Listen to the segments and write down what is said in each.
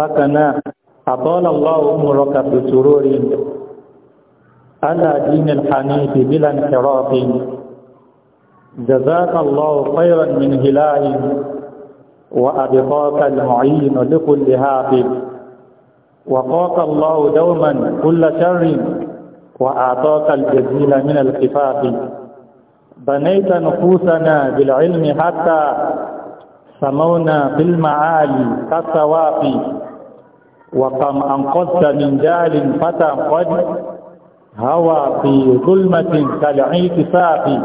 bákan náà àtọ́lá lọ́wọ́ múrọ́kà tó ṣòro rí aládìní hanifi جزاك الله خيرا من هلال وأبقاك المعين لكل هافل وقاك الله دوما كل شر وأعطاك الجزيل من الخفاف بنيت نفوسنا بالعلم حتى سمونا بالمعالي كالثوافي وكم أنقذت من جهل فتى قد هوى في ظلمة كالعيتفاق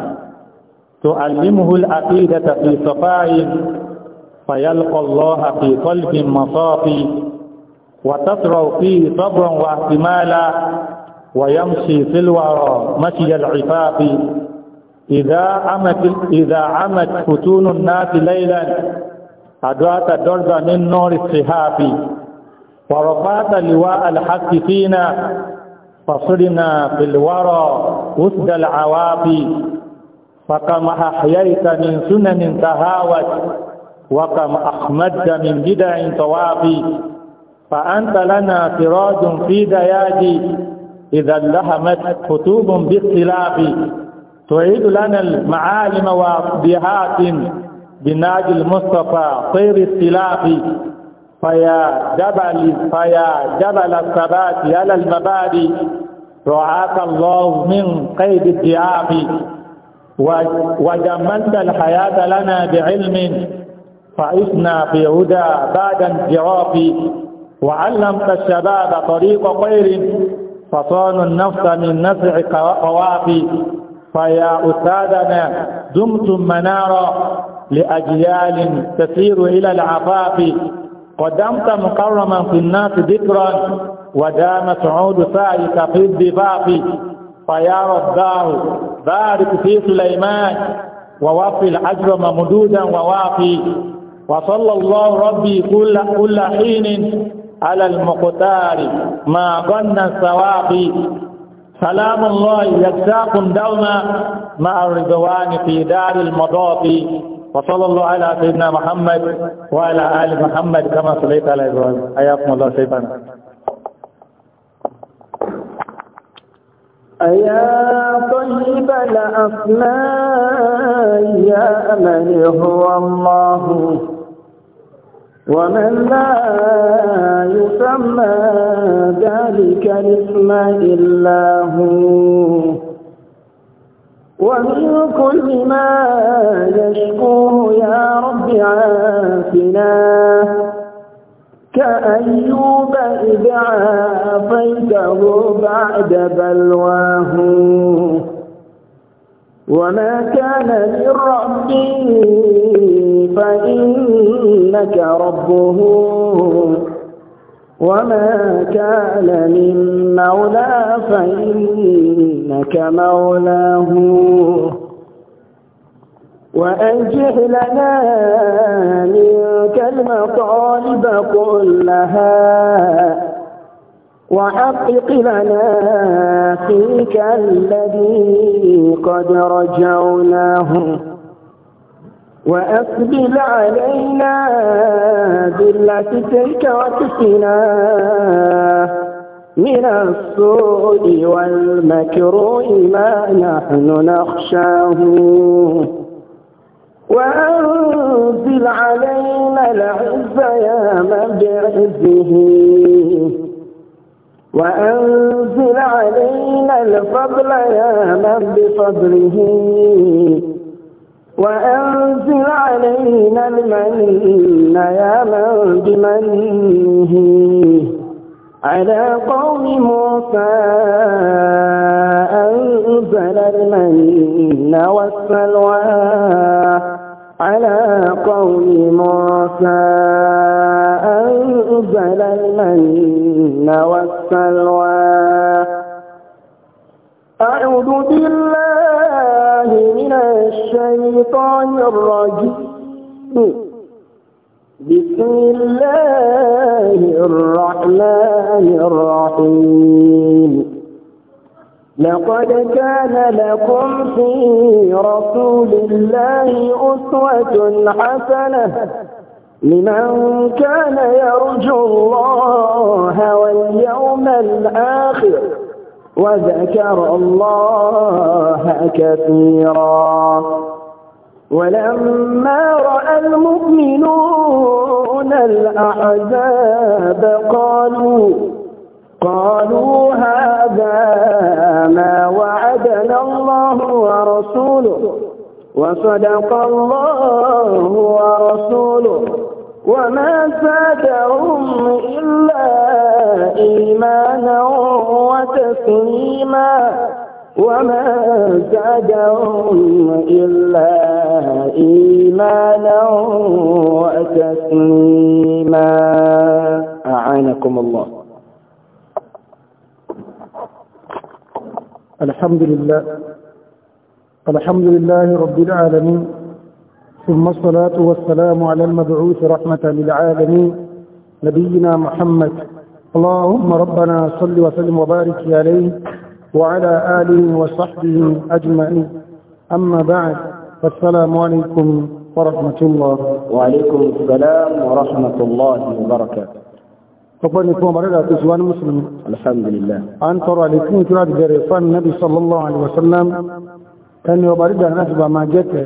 تعلمه العقيدة في صفاء فيلقى الله في قلب مصافي وتطرأ فيه صبرا واحتمالا ويمشي في الورى مشي العفاف إذا عمت إذا عمت فتون الناس ليلا أدرت درب من نور الصحافي ورفعت لواء الحق فينا فصرنا في الورى وسد العوافي فكم أحييت من سنن تهاوت وكم أحمدت من بدع طوافي فأنت لنا سراج في دياجي إذا لهمت كتب باختلاف تعيد لنا المعالم وبهات بناج المصطفى طير السلاف فيا جبل فيا جبل الثبات على المبادئ رعاك الله من قيد الذئاب وجملت الحياة لنا بعلم فعشنا في هدى بعد انجراف وعلمت الشباب طريق خير فصانوا النفس من نفع قوافي فيا أستاذنا دمتم منارا لأجيال تسير إلى العفاف قدمت مكرما في الناس ذكرا ودام سعود سعيك في الضفاف فيا رباه بارك في سليمان ووفي الأجر ممدودا ووافي وصلى الله ربي كل كل حين على المقتار ما ظن الثواب سلام الله يجزاكم دوما مع الرضوان في دار المضاف وصلى الله على سيدنا محمد وعلى آل محمد كما صليت على إبراهيم حياكم الله شيخنا أيا طيب الأسماء يا من هو الله ومن لا يسمى ذلك الاسم إلا هو ومن كل ما يشكوه يا رب عافنا كأيوب إذ عافيته بعد بلواه وما كان من ربي فإنك ربه وما كان من مولى فإنك مولاه وأنجح لنا منك المطالب كلها وحقق لنا فيك الذي قد رجعناه وأقبل علينا تلك وتقنا من السوء والمكروه ما نحن نخشاه وأنزل علينا العز يا من بعزه وأنزل علينا الفضل يا من بفضله وأنزل علينا المن يا من بمنه على قوم موسى أنزل المن والسلوى على قوم موسى أنزل المن والسلوى أعوذ بالله بالله من الشيطان الرجيم بسم الله الرحمن الرحيم لقد كان لكم في رسول الله أسوة حسنة لمن كان يرجو الله واليوم الآخر وذكر الله كثيرا ولما رأى المؤمنون الأحزاب قالوا قالوا هذا ما وعدنا الله ورسوله وصدق الله ورسوله وما زادهم إلا إيمانا وتسليما وما زادهم إلا إيمانا وتسليما أعانكم الله الحمد لله الحمد لله رب العالمين ثم الصلاة والسلام على المبعوث رحمة للعالمين نبينا محمد اللهم ربنا صل وسلم وبارك عليه وعلى آله وصحبه أجمعين أما بعد فالسلام عليكم ورحمة الله وعليكم السلام ورحمة الله وبركاته فقال لكم مرحبا تسوان مسلم الحمد لله أن ترى لكم كرات جريفان النبي صلى الله عليه وسلم كان يبارد أن أسبع ما جاته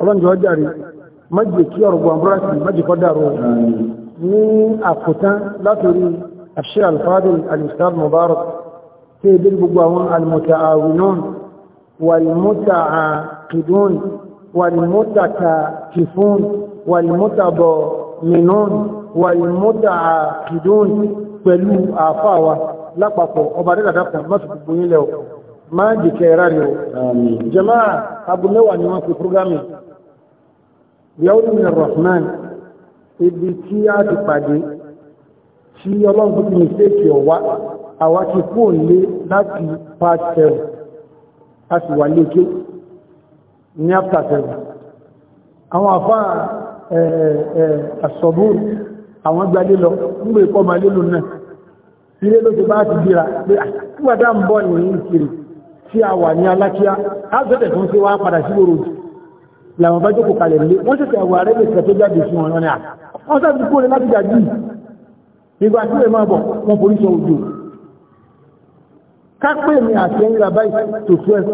ọlọ́njọ́ jàre májè kí ọ̀rọ̀ gbọ́n búrásì májè kọ́ dàrú ní àkótán látòrí àṣẹ alfadil alistad mubarak tí èdè gbogbo àwọn almutaawinun walmutaaqidun walmutakatifun walmutadominun walmutaaqidun pẹ̀lú àfáwa lápapọ̀ ọba dídàdàpọ̀ mọ́sù gbogbo yín lẹ́wọ̀ máa jìkẹ́ rárí o jẹ́máà abúlẹ́wà ni wọ́n fi púrógámì yàwó ní rahman ibi tí a ti pàdé tí ọlọ́run ti ní stéèkì ọ̀wá àwa ti fún òlé láti part 7 a sì wà léke ní after 7 àwọn àfá àṣọ̀bùn àwọn gbalé lọ nígbè kọ́ ma lélo náà sílé ló ti bá ti dìra pé ah, àkíwàdá ń bọ́ ní ìkiri tí a wà ní alákíá á sí wá padà sí oròdù làwọn bá jókòó kalẹ̀ lé wọ́n ṣẹ̀ṣẹ̀ wà rẹ̀ lè tó jáde sí wọn lọ́nà wọ́n sábà kó lè láti jàjú ìgbà tí lè máa bọ̀ wọn forí sọ òjò kápẹ́ mi àti ẹ̀yìn bàbá tó tó ẹ̀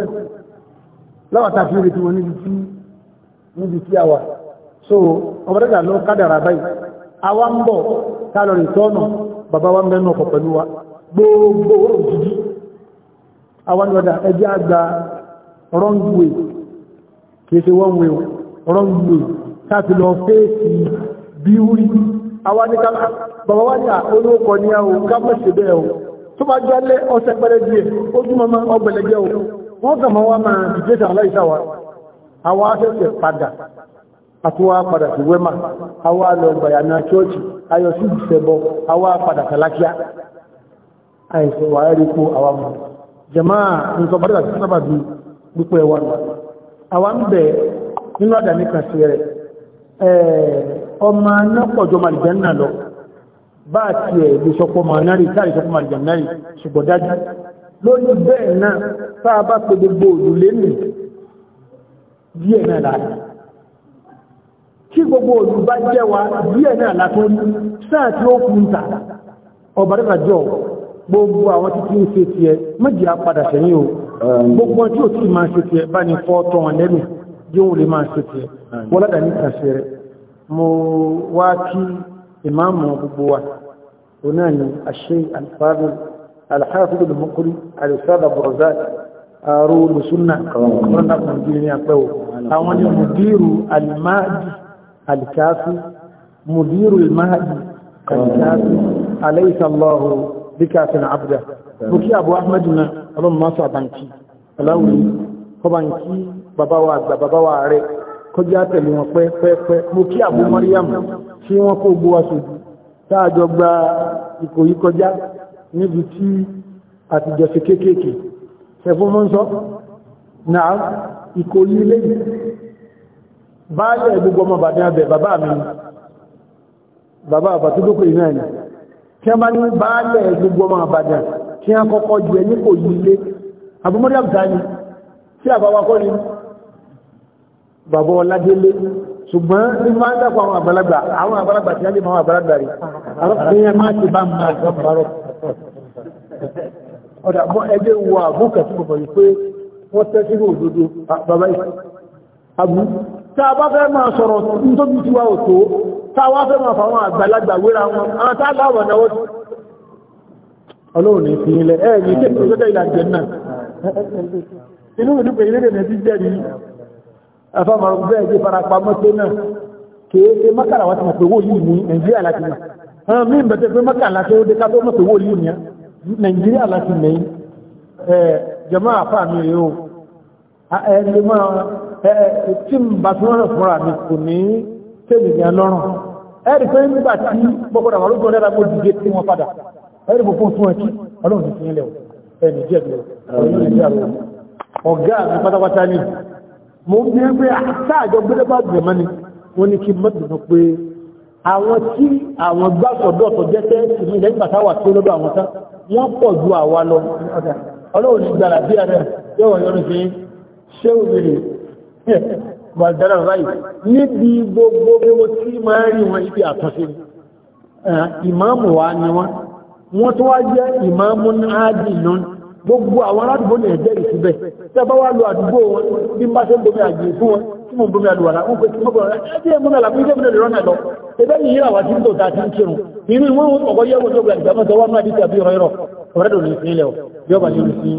láwàtà fi retí wọn níbi tí níbi tí a wà so ọmọdéjà lọ kádàrà báyìí àwa ń bọ̀ kálọ̀ rè tọ́nà bàbá wa mẹ́nu ọkọ̀ pẹ̀lú wa gbogbo òjijì àwọn ọ̀dà ẹjẹ́ àgbà wrong way kìí ṣe wọ́n wẹ̀ rọ́ngbè káàkiri lọ fèèsì bí wúrí àwọn ní káàkiri ní àwọn káàkiri bẹ́ẹ̀ o tó bá jálẹ̀ ọ̀sẹ̀ pẹ́rẹ́ díẹ̀ ojú ọgbẹ̀lẹ́gẹ́ o wọ́n padà àtúwà padà sí wẹ́mà àwọn alọ́gbàyà náà àwa ń bẹ̀ nínú àdàmì kan sí rẹ̀ ọmọ anápọ̀jọ màlìjánà lọ bá àti ẹ̀ lè sọpọ̀ màánárì káàrí sọpọ̀ màlìjánárì ṣùgbọ́n dájú lórí bẹ́ẹ̀ náà sáà bá pe gbogbo òlùlé nì díẹ̀ náà láàrín kí gbogbo òlù bá jẹ́ díẹ̀ náà látún sáà tí ó kú ń ta gbogbo àwọn títí ń ṣe tiẹ̀ méjì á padà sẹ́yìn o gbogbo tí ó ti máa ṣe tiẹ̀ bá ní fọ́ tọ́ wọn lẹ́nu yóò wọ́n lè máa ṣe tiẹ̀ wọ́n ládà ní kàṣẹ rẹ̀ mo wá kí ìmáàmù gbogbo wa onáà ni àṣẹ alfààdù alhàfíìdù lùmọ́kúrí bíkà sínú abdá mo kí abu ahmed náà ọlọ́run máa sọ àbáǹkì aláwòrán kọ́báǹkì bàbá wa àgbà bàbá wa ààrẹ kọjá tẹ̀lé wọn pẹ́ẹ́pẹ́ẹ́pẹ́ mo kí abu mariam tí wọ́n kó gbó wa sójú táàjọ gba ìkòyí kọjá níbi tí àtijọ́sí kéékèèké ṣẹ̀fún mọ́ ń sọ náà ìkòyí ilé báyẹ̀ gbogbo ọmọ bàdé abẹ bàbá mi bàbá àbàtúndókò ìnáà tí a bá ní baálẹ̀ gbogbo ọmọ àbàdàn tí a kọ́kọ́ jù ẹ ní kò yí ilé àbúmọ́dé àbùdáyé tí àbáwá kọ́ ni bàbá ọládélé ṣùgbọ́n ní máa ń dápọ̀ àwọn àgbàlagbà àwọn àgbàlagbà tí a lè máa àgbàlagbà rí àrọ́pìnrin máa ti bá máa àgbàrọ̀ tá a bá fẹ́ máa sọ̀rọ̀ nítorí tí wa ò tó a wá fẹ́ máa fàwọn àgbàlagbà wéra wọn àwọn tá a láwọ̀ náwó tí ọlọ́run ní fi ilẹ̀ ẹ̀ ní tẹ́kọ̀ọ́ sọ́jọ́ ìlàjẹ̀ náà inú ìdúpẹ̀ ilé rẹ̀ ti jẹ́ ní afẹ́mọ̀rún bẹ́ẹ̀ jẹ́ farapamọ́ tó náà kéèké mọ́kànlá wá ti mọ̀ pé wó yìí ní nàìjíríà láti mọ̀ ọ̀rọ̀ mí bẹ̀tẹ̀ pé mọ́kànlá tó dé ká tó mọ̀ pé wó yìí ní nàìjíríà láti mẹ́yìn jẹ́mọ́ àfáà mi tí ń bá tí wọ́n rẹ̀ fúnra mi kò ní tẹ́lẹ̀ ní ọlọ́run ẹ̀rì pé nígbà tí gbọ́gbọ́dà wà lójú ọ̀rẹ́ra kó dìde tí wọ́n padà ẹ̀rì fún fún ẹ̀kí ọlọ́run ti yẹn lẹ́wọ̀ ẹni jẹ́ ẹgbẹ̀rẹ̀ ọ̀gá mi pátápátá ní mo ń bí pé sáàjọ ah, gbẹ́dẹ́ bá bẹ̀ mọ́ni wọ́n ní kí mọ́tò pé àwọn tí àwọn gbàsọ̀dọ̀ tó jẹ́ tẹ́ẹ̀sì mi lẹ́yìn bàtà wà tí ó lọ́dọ̀ àwọn tán wọ́n pọ̀ ju àwa lọ ọlọ́run ní bí ẹ̀rẹ̀ yóò wọ̀ yọrin sí ṣé òmìnir bàdàrà báyìí níbi gbogbo bí tí máa rí wọn ibi àtúnṣe ìmáàmù wa ni wọn wọn tó wá jẹ́ ìmáàmù áàdì náà gbogbo àwọn aládùúgbò ní ẹ̀jẹ̀ rẹ̀ síbẹ̀ tí a bá wá lo àdúgbò wọn bí bá ṣe ń bomi àgbè fún wọn tí mo ń bomi àdúwàlá wọn pé tí mo bọ̀ ẹgbẹ́ ìmúna làbí ìjẹ́ ìmúna lè rọ́nà lọ ẹgbẹ́ yìí rà wá sí tó ta sí ń kírun inú ìwọ̀n ọkọ̀ yẹ́wọ̀n tó gbà ìgbàmọ́sọ wọn náà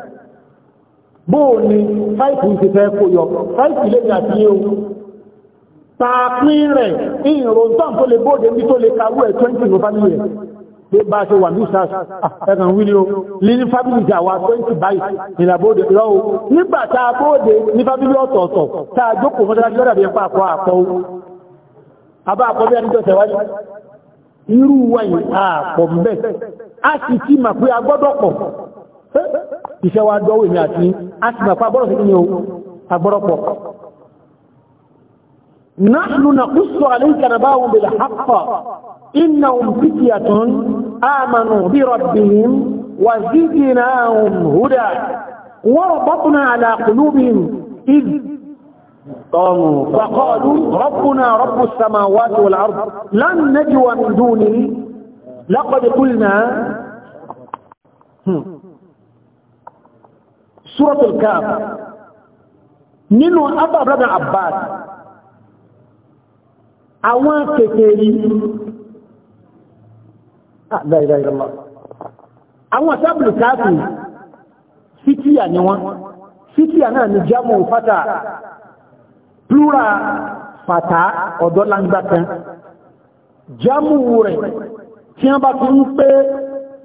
bóò ni fáìpù ti fẹ́ kó yọ fáìpù lè ní àti yíò tààpín rẹ̀ ìrò tán tó lè bóòdé ní tó lè kàwú ẹ̀ 20 ní fámílì ẹ̀ pé bá ṣe wà ní sars ẹ̀kàn wílé o lè ní fámílì jà wà 20 báyìí ìlà bóòdé lọ́wọ́ nígbà tá a bóòdé ní fámílì ọ̀tọ̀ọ̀tọ̀ tá a jókòó mọ́tàlájú lọ́dà bí ẹ̀pá àpọ̀ àpọ̀ abá àpọ̀ bí ẹni tó tẹ̀wájú irú iṣẹ́ wa dọ́wọ́ èmi àti asìmọ̀pá bọ́rọ̀ sí ní agbọ́rọ̀pọ̀ nahnu naqussu alayka nabahum bil haqqi innahum fityatun amanu bi rabbihim wa zidnahum huda wa rabatna ala qulubihim id فقالوا ربنا رب السماوات والأرض لن نجوى من دونه لقد قلنا suratul Kahf nínú abúrúdà Abbas àwọn kèfèrí ah, àwọn sábìlì káàkì fítíyà ni wọ́n fítíyà náà ni jámù fátà plural fàtà ọ̀dọ́ lágbàtán jámù rẹ̀ tí wọ́n bá tún pé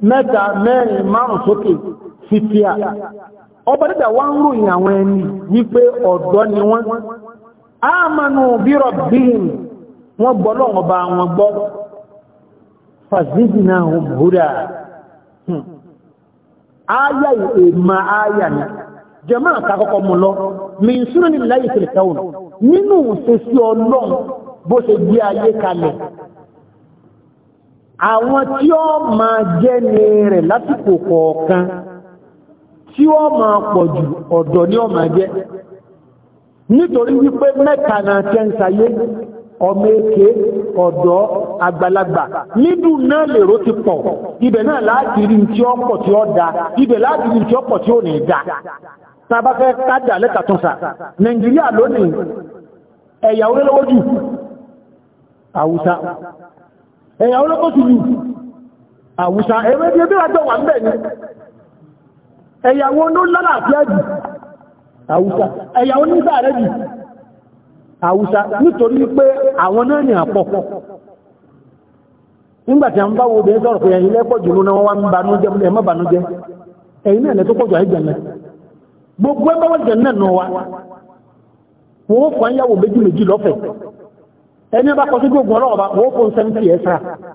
mẹ́ta mẹ́rin márùn-ún sókè fítíyà ọba dídà wá ń ròyìn àwọn ẹni wípé ọ̀dọ́ ni wọ́n ámànù bí rọ̀bìn wọ́n gbọ́ lọ́wọ́ bá wọn gbọ́ fàzídì náà ń búra áyà èèmà áyà ni jẹ́mọ́ àkàkọ́kọ́ mú lọ mìíràn ní láyé ìṣẹ̀lẹ̀ káwọn nínú ìṣesí ọlọ́run bó ṣe gbé ayé kalẹ̀ àwọn tí ó máa jẹ́ ní rẹ̀ lásìkò kọ̀ọ̀kan tí ó máa pọ̀ jù ọ̀dọ̀ ní ọmọ jẹ́ nítorí wípé mẹ́ta náà tẹ́ ń sayé ọmọ èké ọ̀dọ́ àgbàlagbà nínú náà lèrò ti pọ̀ ibẹ̀ náà láti rí tí ó pọ̀ tí ó da ibẹ̀ láti rí tí ó pọ̀ tí ó ní da tàbá fẹ́ kájà lẹ́ta tún sà nàìjíríà lónìí ẹ̀yà olólówó jù àwùsá ẹ̀yà olólówó jù àwùsá ẹ̀rẹ́dẹ́gbẹ́ra jọ wà ń bẹ̀ ni ẹ̀yàwó ló lálàáfíà jù àwùsá ẹ̀yàwó nígbà rẹ̀ jù àwùsá nítorí pé àwọn náà ní nígbàtí a ń bá wo obìnrin sọ̀rọ̀ pé ẹ̀yin lẹ́pọ̀ jùlọ lónà wọ́n ń banújẹ́ ẹ̀mọ́ banújẹ́ ẹ̀yin náà lẹ́tọ́ pọ̀jù àìjẹ̀ gbogbo ẹgbẹ́ wọ́n náà méjì méjì ẹni bá kọ́ sí gbogbo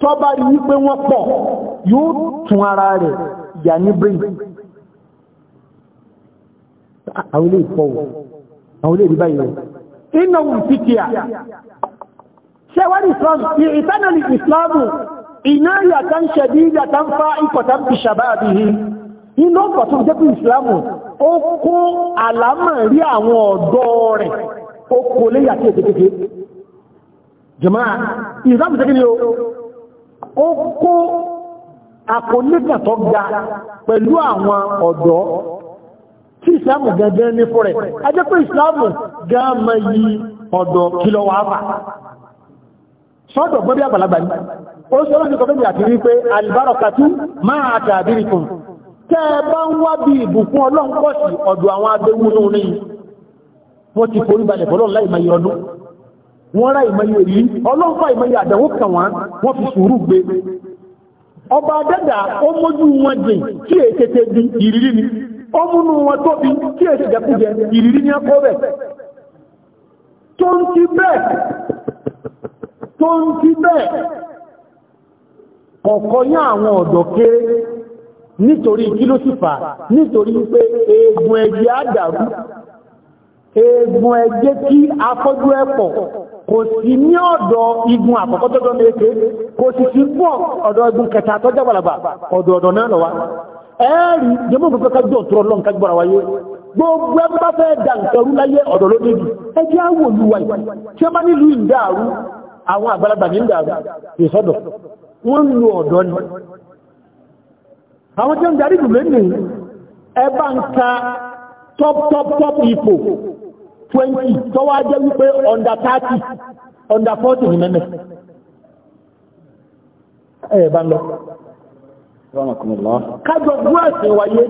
tó bá rí wípé wọ́n pọ̀ yóò tún ara rẹ̀ yà ní brain àwọn ilé ìfọwọ́ àwọn ilé ìrìbá ìrìn iná wù sí kí à ṣẹwàrí islam ìtànàlì islamu iná yàtà ń ṣẹ̀dí yàtà ń fa ìkọ̀tà fi ṣàbá àbíhí iná ọ̀pọ̀tún jẹ́kù islamu ó kó àlámà rí àwọn ọ̀dọ́ rẹ̀ ó kò lé yàtà ètèkèké jẹ́máà ìsìlámù ni ó ó kó àkólébà tó ga pẹ̀lú àwọn ọ̀dọ́ tí ìsìláàmù gẹ́gẹ́ ní fún rẹ̀ ajẹ́ pé ìsìláàmù gẹ́gẹ́ mọ yí ọ̀dọ̀ kìlọ̀ wà fà sọ́dọ̀ gbọ́bí àgbàlagbà ní ó sọ́rọ̀ ní kọfẹ́ àti wípé alìbárọ̀kàtú máa tàbírí kan tẹ́ bá ń wọ́n rá ìmọ̀yẹ yìí ọlọ́fà ìmọ̀yẹ àdẹ̀wò kàn wọ́n wọ́n fi sùúrù gbé ọba dẹ́dà ó mójú wọn jìn kí è tètè di ìrírí ni ó múnú wọn è tètè kújẹ ìrírí bẹ̀ tó ń ti tó ń ti àwọn kí nítorí pé eegun kò sí ní ọ̀dọ̀ igun àkọ́kọ́ tó dọ́nà èké kò sí pọ̀ ọ̀dọ̀ igun kẹta tó jábàlàbà ọ̀dọ̀ ọ̀dọ̀ náà lọ wa ẹ̀ẹ́rì jẹ́mú òfin kọ́kọ́ tó ọlọ́run wáyé gbogbo ẹgbẹ́ bá fẹ́ dà nkẹrú láyé ọ̀dọ̀ ẹjẹ́ twenty tọ́wọ́ ajẹ́ wípé under thirty under forty ní mẹ́mẹ́. ẹ ẹ bá ń lọ. kájọ gbọ́ ẹ̀sìn wáyé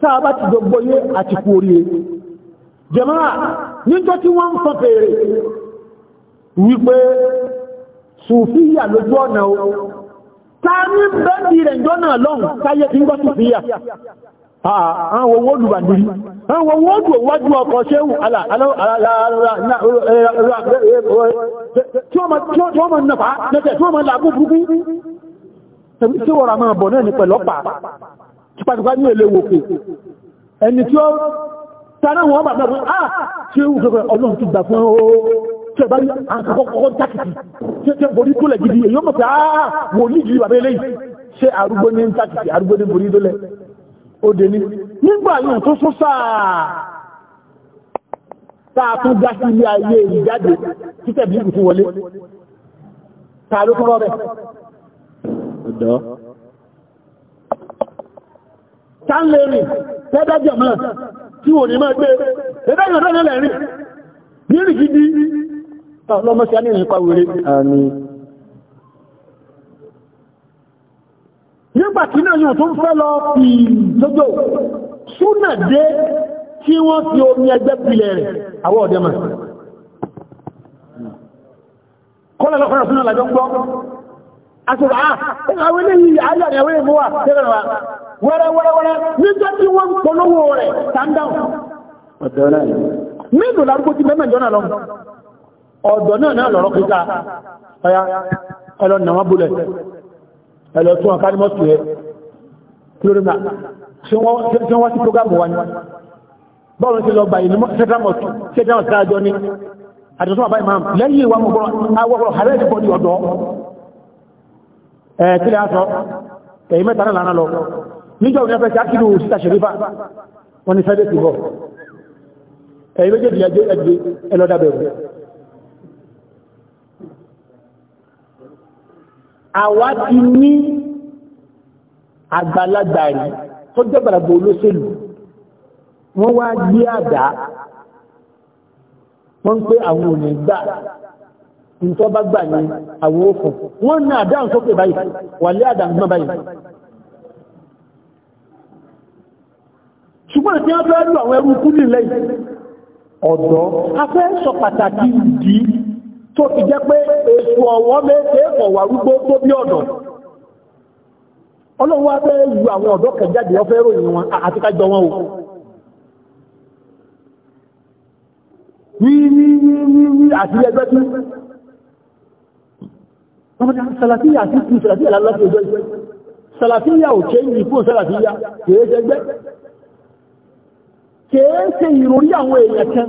tá a bá ti jọ gbọ́ yé àti kú oríire jẹ̀mọ́ra níjọ́ tí wọ́n ń sọ fèrè wípé sùfíyà lójú ọ̀nà o ta ní bẹ́ẹ̀ di rẹ̀ jọ́nà lọ́hùn táyé tí ń gbọ́ sùfíyà àwọn owó olùbàdìrí àwọn owó òdù wájú ọkọ̀ ṣéhùn tí wọ́n mọ̀ nàfà nẹ́tẹ̀ tí wọ́n mọ̀ làágùn burúkú tí wọ́n ra máa bọ̀ náà ní pẹ̀lọ́pàá tipatipa ní èlé wòkè ẹni tí ó tàrà wọn bàbá fún àà tí ó wùfẹ́ ọlọ́run ti gbà fún oó tí ẹ̀bá ní àkọ́kọ́ tákìtì tí ó tẹ́ borí tó lẹ̀ gidi èyí ọmọ pé àà wò ní gidi bàbá eléyìí ṣe àrúgbó ní tákìtì àrúgbó ní borí tó lẹ̀ ó dé ní nígbà yìí tó sún sáà táà tún dá sí ilé ayé ìjáde títẹ̀ bí ìkùtù wọlé táà ló kúrọ́ rẹ̀ ọ̀dọ́ tánlẹ̀rìn tẹ́dájọ̀ mọ́ tí wò ní mọ́ gbé tẹ́dájọ̀ tẹ́lẹ̀rìn ní ìrìkìdí ọlọ́mọ́sí á ní ìrìnkọwèrè àmín nígbàtí náà yóò tó ń fẹ́ lọ fi lójò súnà dé tí wọ́n fi omi ẹgbẹ́ pilẹ̀ rẹ̀ àwọ́ ọ̀dẹ́ mà kọ́lẹ̀ lọ́kọ́rọ̀ súnà làjọ gbọ́ aṣọ́gbà ah, àwọn eléyìí ayọ̀ ni àwọn èèmọ́ wà tẹ́rẹ̀ wa wẹ́rẹ́wẹ́rẹ́wẹ́rẹ́ níjọ́ tí wọ́n polówó rẹ̀ tàndán mélòó lárúgbó ti mẹ́mẹ́ jọ́nà lọ ọ̀dọ̀ náà náà lọ́rọ̀ kíkà ọ̀yá ẹlọ́nà wọn búlẹ̀ ẹlọ tún ọ̀ká ní mọ́tò ẹ lórímà tí wọ́n sí program wa ní bọ́ọ̀rún sí lọ gbà ìlú sẹ́tàmọ̀tù sẹ́tàmọ̀tù àjọ ní àjọsọ́ àbá imam lẹ́yìn ìwà mọ̀gbọ́n awọ́rọ̀ harẹ́ẹ̀dì pọ̀ ní ọ̀dọ́ ẹ̀ tí lè aṣọ ẹ̀yìn mẹ́ta náà lánà lọ níjọ́ òní afẹ́sẹ̀ ákìlú síta ṣerífà wọ́n ni sẹ́dẹ̀ sí bọ̀ ẹ̀yìn méjèèjì ẹlọ́dà bẹ̀rù àwa ti ní àgbàlagbà rí tó jẹ́gbàlagbà olóṣèlú wọ́n wá gbé àdá wọ́n ń pé àwọn òní gbà nǹkan bá gbà ní àwọn òfin wọ́n ní àdá ń sókè báyìí wà lé àdá ń gbọ́n báyìí ṣùgbọ́n tí wọ́n àwọn ẹrú kúlì lẹ́yìn ọ̀dọ́ a sọ pàtàkì ìdí tó fi jẹ́ pé èṣù ọ̀wọ́ méje ọ̀wà rúgbó tó bí ọ̀dọ̀ ọlọ́run wá fẹ́ lu àwọn ọ̀dọ́ kan jáde ọ̀fẹ́ ròyìn wọn àti ká jọ wọn o wíwíwíwí àti ẹgbẹ́ tí sàlàfíyà àti ìpín sàlàfíyà lálọ́sí ọjọ́ ìgbẹ́ sàlàfíyà ò kéyìn ìpín sàlàfíyà kèé ṣẹgbẹ́ kèé ṣe ìròrí àwọn èèyàn kan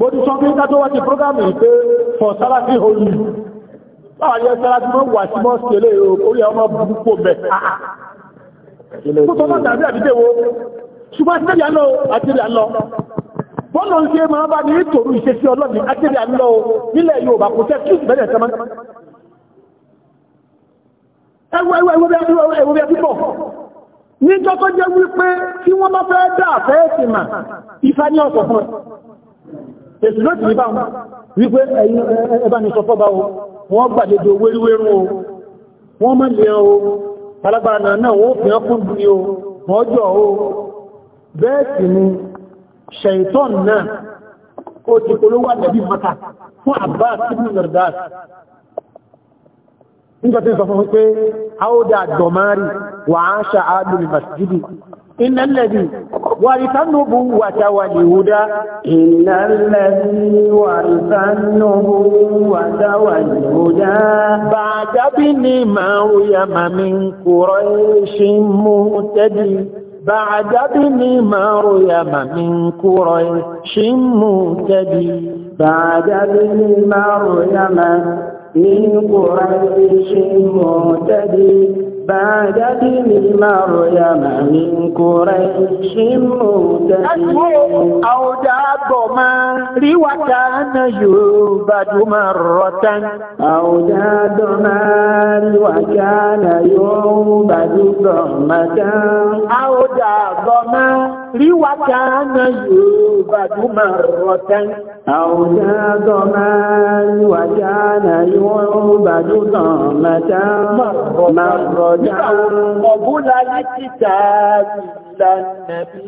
bó ti sọ pé ká tó wá ti prógámù yìí pé for salary holy báwa yẹ salary mọ́ wà sí mọ́ sílé orí ọmọ púpọ̀ bẹ̀ kó tọ́ náà dàbí àdídé wo ṣùgbọ́n àtẹ́rì àlọ́ àtẹ́rì àlọ́ bọ́ọ̀lù ń ṣe máa bá ní ètòrú ìṣesí ọlọ́ọ̀ni àtẹ́rì àlọ́ nílẹ̀ Yorùbá kò tẹ́ kí ìbẹ̀rẹ̀ sẹ́mọ́ ẹwọ ẹwọ ẹwọ ẹwọ bí ẹbí bọ̀ níjọ́ tó jẹ́ wípé tí wọ́n bá fẹ́ dá àfẹ́ ẹ̀sìn mà ìfà ní ọ̀sọ̀ fún ẹ èsì ló tìí bá wọn wípé ẹbá ní sọ fọ́bá o wọ́n gbàlejò wéríwérún o wọ́n mọ́ lè o alágbàrà náà wọ́n fi ní o wọ́n jọ o bẹ́ẹ̀ sì ni ṣẹ̀ìtọ́n náà ti mọ́ta fún àbá إن الذي ورث النبوة والهدى إن الذي ورث النبوة والهدى بعد بن مريم من قريش مهتدي بعد بن مريم من قريش مهتدي بعد بن مريم من قريش مهتدي بعد ابن مريم من قريش مهتدين أو داب ما وكان يوبد مرة أو داب ما وكان يوبد ضمة أو داب ما ríwá dáná yóòbá dúmà rọ̀tán. Àwùjádọ́ máa ríwá dáná yóòbá dúmà mẹ́tán márọ̀dán. Ọ̀búlá ní títà ìlànà bí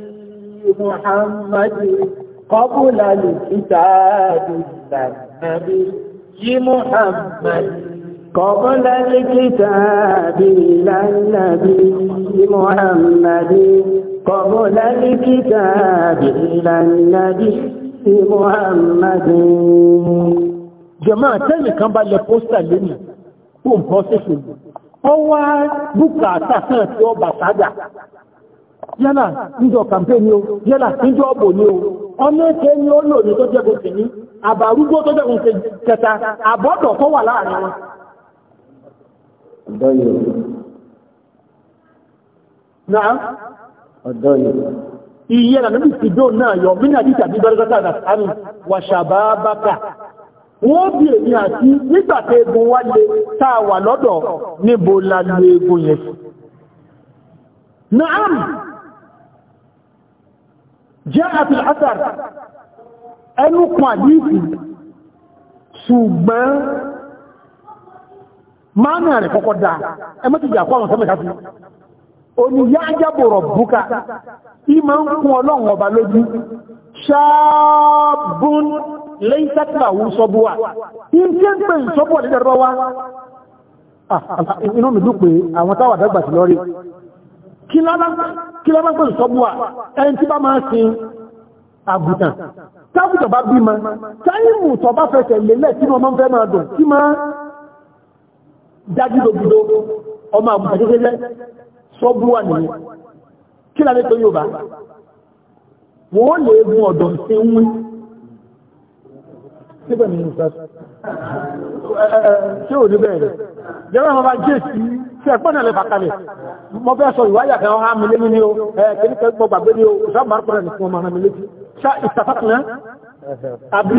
Mùhàmmadu, kọbúlá ní títà ìlànà bí Muhammadu. قبل الكتاب إلى النبي محمد قبل الكتاب إلى النبي محمد jàmáà tẹ́lẹ̀ kan bá lẹ pósítà lónìí fún pọ́sẹ̀sì ọ wá búkà àtàkàn tí ó bà sádà yálà níjọ kàmpẹ́ni o yálà níjọ ọ̀bọ̀ ni o ọmọ ẹ̀kẹ́ ni ó lò ní tó jẹ́ gbogbo ní àbárúgbó tó jẹ́ gbogbo kẹta àbọ́dọ̀ tó wà láàrin wọn الضير نعم الضير iye na nabi fido náà yọ mí náà títà bí bẹ́rẹ́gọ́ta àdàkánù wà ṣàbábákà wọ́n bí èmi àti nígbàtẹ́ egun wá lè táà wà lọ́dọ̀ níbo la lè egun yẹn sí náàm jẹ́ àti àtàr ẹnukùn àdíìsì ṣùgbọ́n máàmù rẹ̀ kọ́kọ́ dáa ẹ mọ́ ti jà kọ́ àwọn sọ́mẹ́ta sí oníyá ajábòrọ̀ búkà tí ma ń kún ọlọ́run ọba lójú ṣáàbùn lẹ́yìnsátìláwù sọ́búwà tí ń tí ń pè sọ́búwà lẹ́dẹ̀rọ wá ah, ah, inú mi dùn pé àwọn táwà dàgbà sí lọ́rí kí lábá pè sọ́búwà ẹni tí bá máa sin àgùtàn tábùtọ̀ bá bí ma táyìmù tọ́ bá fẹsẹ̀ lélẹ̀ tí wọ́n máa fẹ́ máa dùn tí máa dájúdògbùdó ọmọ àbùkàtẹ́fẹ́lẹ́ sọ́búwà nìyí kí lábẹ́ tó yóò bá wọ́n lè gun ọ̀dọ̀ sí ń wí síbẹ̀ ní ìsọ́sọ́ ṣé ò ní bẹ̀rẹ̀ yẹ́rọ àwọn ọba jẹ́ sí sí ẹ̀pọ́n náà lè fàkalẹ̀ mo fẹ́ sọ ìwáyà kan ọha mi lémi ní o kìí kẹ́ gbọ́ gbàgbé ní o ìsọ́bàárùpọ̀ rẹ̀ nìkan ọmọ ara mi létí ṣá ìsàfàkùnrin àbí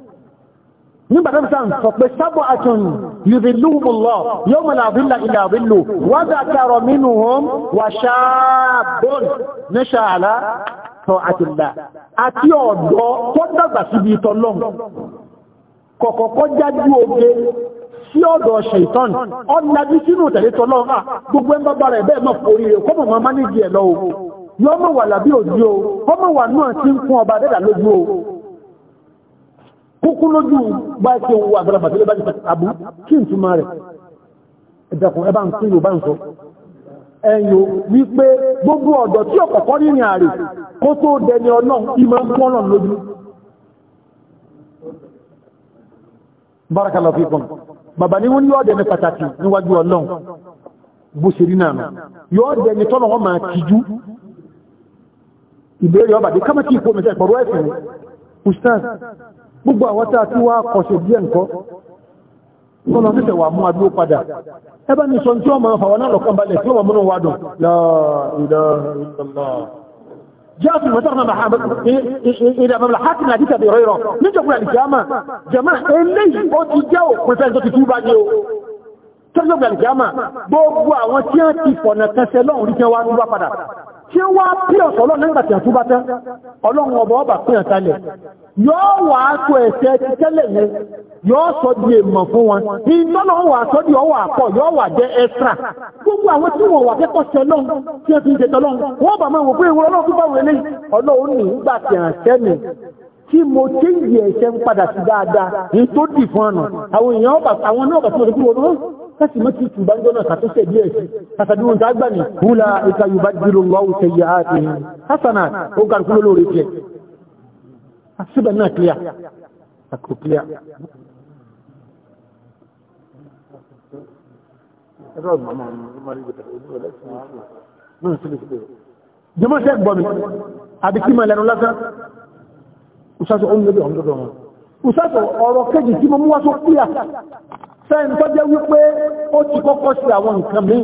nígbàtí sáà ń sọ pé sábọ̀ àtúnù yùdìlúhùmùlọ yóò mọ̀lá àbílà ilẹ̀ àbílò wọ́n dà kàrọ̀ mínú hom wà ṣáàbọ̀n ní ṣàlá tọ́ àtìlá àti ọ̀dọ́ tó dàgbà síbi tọ́lọ́m kọ̀kọ̀kọ́ jájú oge sí ọ̀dọ̀ ṣèitán ọ̀nàjú sínú tẹ̀lé tọ́lọ́m ah, gbogbo ẹ̀ ń bá rẹ̀ bẹ́ẹ̀ mọ̀ kúkú lójú bá ṣe owó àgbàlagbà tó lè bá ṣe àbú kí n túnmà rẹ̀ ẹ̀dẹ̀kùn ẹbá ń sí yóò bá ń sọ ẹ̀yò wípé gbogbo ọ̀dọ̀ tí ọ̀kọ̀kọ́ nínú ààrẹ kó tó dẹni ọlọ́run ìmọ̀ ń pọ́nà lójú bárakàlọ́ fi kàn bàbá ní wọ́n ní ọ̀dẹ̀ ní pàtàkì gbogbo àwọn tí a ti wá kọ̀ṣẹ̀ díẹ̀ nǹkan kọ́nà títẹ̀ wà mú adúró padà ẹbá ní sọ tí ó máa fàwọn náà lọ́kàn balẹ̀ tí ó wà múnú wádùn جاء في المسار محمد إلى مملحات الحديث أبي هريرة نجا قول الجامع جماعة إلي أوتي جاو قلت أنت تتوبا جاو ترجو قول الجامع بوبوا وانتيا تيفونا تسلون ريكا وانوا بابدا tí ó wá pí ọ̀sọ̀ ọlọ́run nígbà tí àtúbá tán ọlọ́run ọba ọba pín ọ̀tálẹ̀ yóò wà á tó ẹ̀ṣẹ̀ ti sọ di èèmọ̀ fún wọn ìtọ́nà wà sọ ọwọ́ àpọ̀ yóò wà jẹ́ extra gbogbo àwọn tí wà kẹ́kọ̀ọ́ tí ó fi ń jẹ wò pé ọlọ́run ọlọ́run tí àṣẹ mi tí mo tí ń yẹ ń padà fún ọ̀nà àwọn èèyàn àwọn kasi mati tuban jona ka tose biye shi kasa duwon ta gbani hula ika yubaddilu Allah sayyi'ati hasanat o gar kulo lori ke asiba na clear akko clear jama se gbomi abi ki ma lenu lasa usaso on nabi on do do usaso ọ̀rọ̀ kejì tí mo mú wá sọ fẹ́ni tó jẹ́ wípé ó ti kọ́kọ́ sí àwọn nǹkan míì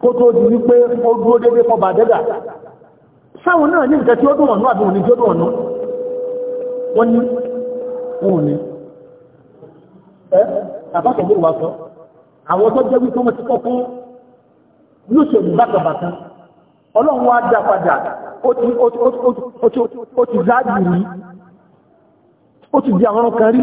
kó tó di wípé ó dúró dédé kọ bà dẹ́dà sáwọn náà ní nǹkan tí ó dùn ọ̀nà àbí òní tí ó dùn ọ̀nà wọ́n ní òun ni ẹ́ àwọn tó jẹ́ wípé ti kọ́kọ́ di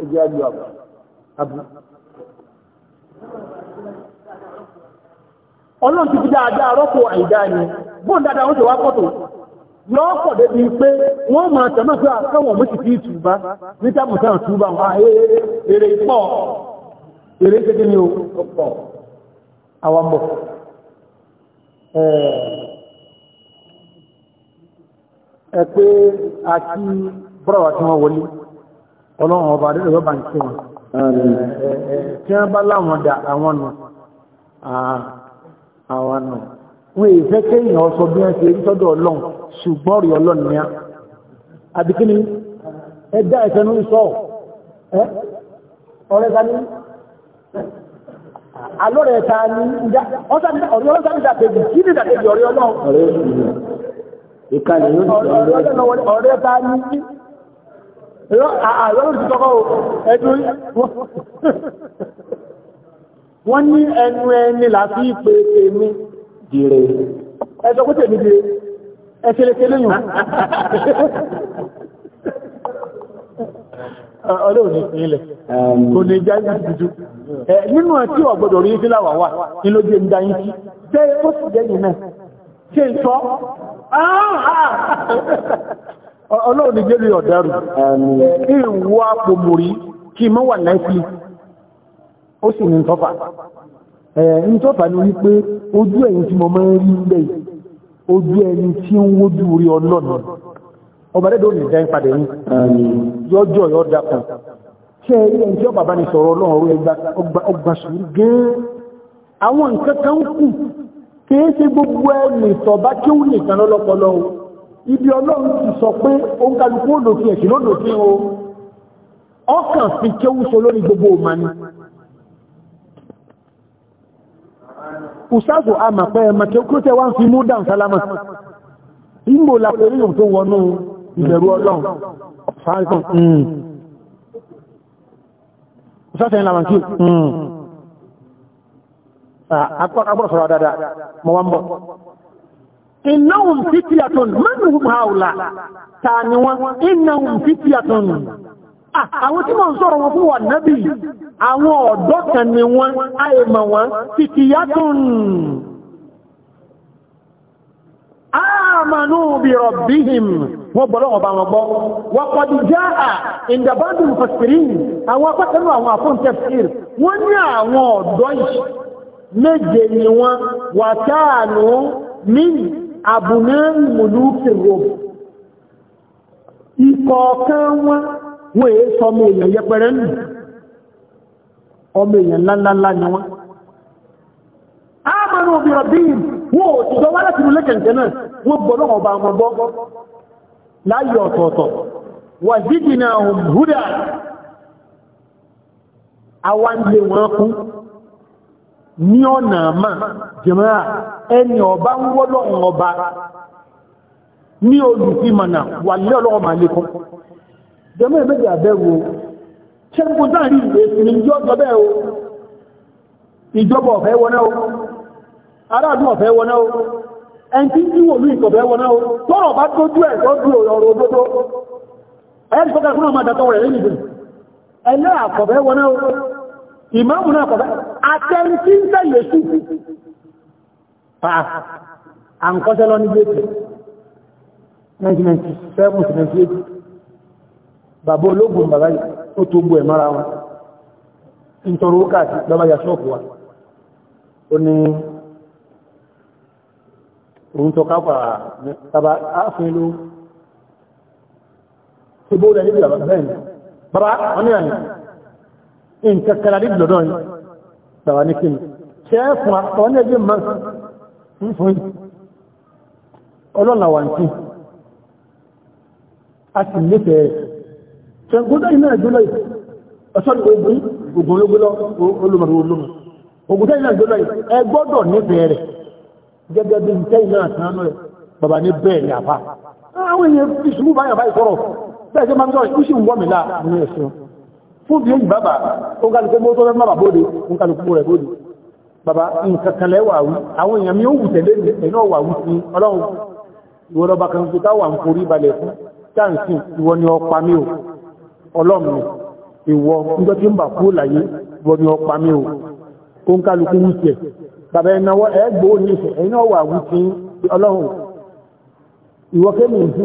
ẹjẹ́ àlù àbú. ọlọ́run ti fi dáadáa rọ́pò àìdá ni bóun dáadáa wọ́n ti wá pọ̀tò yọ́ débi pé wọ́n máa tẹ̀mọ́ pé àkọwọ̀n mú ti fi ìtùbá ní èrè pọ̀ èrè ọlọ́run ọba adé lọ́wọ́ bá ń kí wọn tí wọ́n bá láwọn dà àwọn nù àwọn nù wọ́n èyí fẹ́ kéèyàn ọsọ bí wọ́n ṣe rí tọ́dọ̀ ọlọ́run ṣùgbọ́n rí ọlọ́run ní àbíkíní ẹ dá ẹ̀fẹ́ ní sọ ọ̀rẹ́ ta ní alọ́rẹ̀ ta ní ọ̀rẹ́ ọlọ́run dàbẹ̀bì kí ni dàbẹ̀bì ọ̀rẹ́ ọlọ́run ọ̀rẹ́ ta ní wọ́n ní ẹnu ẹni láti ìpè tèmi dìrè ẹjọ́ kó tèmi dìrè ẹ̀kẹ́lẹ́kẹ́lẹ́ yùn ọlọ́run ní ilẹ̀ kò ní já ìdíjú nínú ẹ̀ tí ọ̀gbọ̀dọ̀ rí ìdíláwà wà ní lójú ẹ̀mí dáyín kí jẹ́ ó sì jẹ́ yìí náà ṣe ìtọ́ ọlọ́run ní jẹ́lú ọ̀dẹ́rù ìwọ àpòmòrí kí mọ́ wà láìpí ó sì ní tọ́fà ní tọ́fà ní wípé ojú ẹ̀yìn tí mọ́ mọ́ rí ilẹ̀ ojú ẹni tí ń wójú rí ọlọ́nà ọba dédé ò ní jẹ́ ìpàdé ní yọjọ́ yọ dákan ṣe rí ẹni tí ó bàbá ní sọ̀rọ̀ ọlọ́run ibi ọlọ́run ti sọ pé ó ń kálukú òdòfin ẹ̀sìn lódòfin o ọkàn fi kéwúso lórí gbogbo òmàní ìsáàkù àmàpẹ́ ẹmàkẹ́ kúrò tẹ́ wá ń fi mú dáun sálámà ìgbò lápẹ̀rí yóò tó wọnú ìbẹ̀rù ọlọ́run sáàkùn ìsáàkùn ìlàmàkí àkọ́kọ́ إنهم فتية من هم هؤلاء ثانيا إنهم فتية Ah, àwọn tí mò ń sọ̀rọ̀ wọn fún wa nábì àwọn ọ̀dọ́ kan ni wọ́n àìmọ̀ wọ́n fìtìyàtùn àmànú bí rọ̀bíhìm wọ́n gbọ́dọ̀ ọba wọn gbọ́ wọ́n kọjú já à ìdàbádùn fàṣírín àwọn abụ mùlùkì rome ìkọ̀ọ̀kan wọn wọ́n èé sọ ọmọ èèyàn yẹpẹrẹ nù ọmọ èèyàn ńláńláńlá ni wọ́n ámànà òbí rọ̀bíìn wọ́n ò ti láti ilé náà wọ́n ọba wọn láyé ọ̀tọ̀ọ̀tọ̀ wà zidina hùdà àwọn ilé na ọ̀nà àmà jẹ̀mọ́ra ẹni ọba ń wọ́lọ̀ ọba ní olùfimọ̀nà wà ní ọlọ́wọ́ máa lékún jẹ̀mọ́ ẹ̀mẹ́jì àbẹ́wò ṣẹ́gun táàrí ìsinmi jọ́ jọbẹ́ o ìjọba ọ̀fẹ́ wọná o aráàlú ọ̀fẹ́ wọná o ẹni tí ń wò ní ìkọ̀fẹ́ wọná o tọ́rọ̀ bá tójú ẹ̀ tó ọ̀rọ̀ òdodo ìmáàmù náà kọ̀dá àtẹni tí ń tẹ̀lé sí pa àǹkọ́sẹ́ lọ ní 1997-1998 bàbá ológun bàbá ó tó gbọ́ ẹ̀mọ́ra wọn nítorí ó káàkiri lọ́bá yà ṣọ́ọ̀pù wa ó ní òun tó kápà nǹkan kan àdé lọ́dọ̀ yìí tàwa ní kíni ṣe é fún àwọn ní ẹgbẹ́ mọ́ ń fún yìí ọlọ́nà wà ń kí a sì nífẹ̀ẹ́ ṣẹ̀gbọ́dọ̀ iná ìjọlọ́ yìí ọ̀ṣọ́ ogun ogun ológúnlọ́ olùmọ̀rún olùmọ̀ ogun tẹ́yìn náà ìjọlọ́ yìí ẹ gbọ́dọ̀ nífẹ̀ẹ́ rẹ̀ gẹ́gẹ́ bí tẹ́yìn náà sàn rẹ̀ bàbá ní bẹ́ẹ̀ ní àfà àwọn èèyàn fi sùúrù báyà báyìí sọ̀rọ̀ bẹ́ẹ̀ fún bí èyí bàbá ó kálùkú mọ́ tó mẹ́bà bóde ń kálùkú rẹ̀ bóde bàbá nǹkankanlẹ̀ wà wú àwọn èèyàn mi ó wù tẹ̀lé ẹ̀nà wà wú sí ọlọ́run ìwọ lọ́ba kan tó táwà ń forí balẹ̀ fún táǹsì ìwọ ni ọpa mi ò ọlọ́run ìwọ níjọ́ tí ń bà kú láyé ìwọ ni ọpa mi ò ó ń kálùkú wù tẹ̀ bàbá ẹ̀nàwọ́ ẹ̀gbò ní ìṣẹ̀ ẹ̀nà wà wú sí ọlọ́run ìwọ kémi ìdí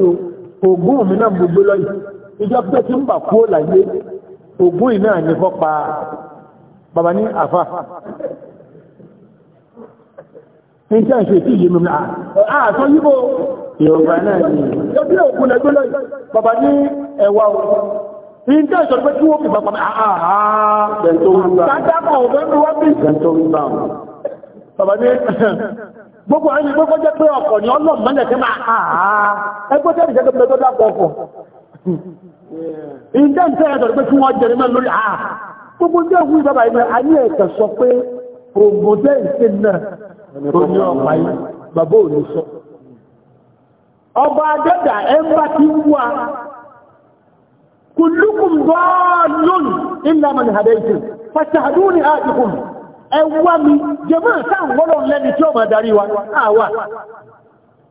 o mi náà gbogbo lọ́yìn ìjọ tí ń bà kú láyé ògùn iná ní fọ́pa bàbá ní àfà ní tí a ń ṣe tí yìí mímú àtọ́ yíbo yorùbá náà ní ọdí ògùn ẹgbẹ́ lọ́yìn bàbá ní ẹwà o ní tí a ń sọ pé kí wọ́n fi bàbá ní àhà sàdámà ọ̀fẹ́ mi wá bí bàbá ní gbogbo ẹni gbogbo jẹ́ pé ọkọ̀ ni ọlọ́mọdé kí àhà ẹgbẹ́ tẹ́lifíṣẹ́ tó ǹjẹ́ ǹjẹ́ ẹ̀dọ̀ pé kí wọ́n jẹrìí mẹ́rin lórí àá ah! gbogbo ǹjẹ́ òkú ìbábà yìí mẹ́rin ayé ẹ̀kẹ́ sọ pé ògbóǹjẹ́ ìṣe náà tó ní ọ̀pá yìí bàbá ò ní sọ. ọba adẹ́dà ẹ̀mbà ti ń wá kùlùkùn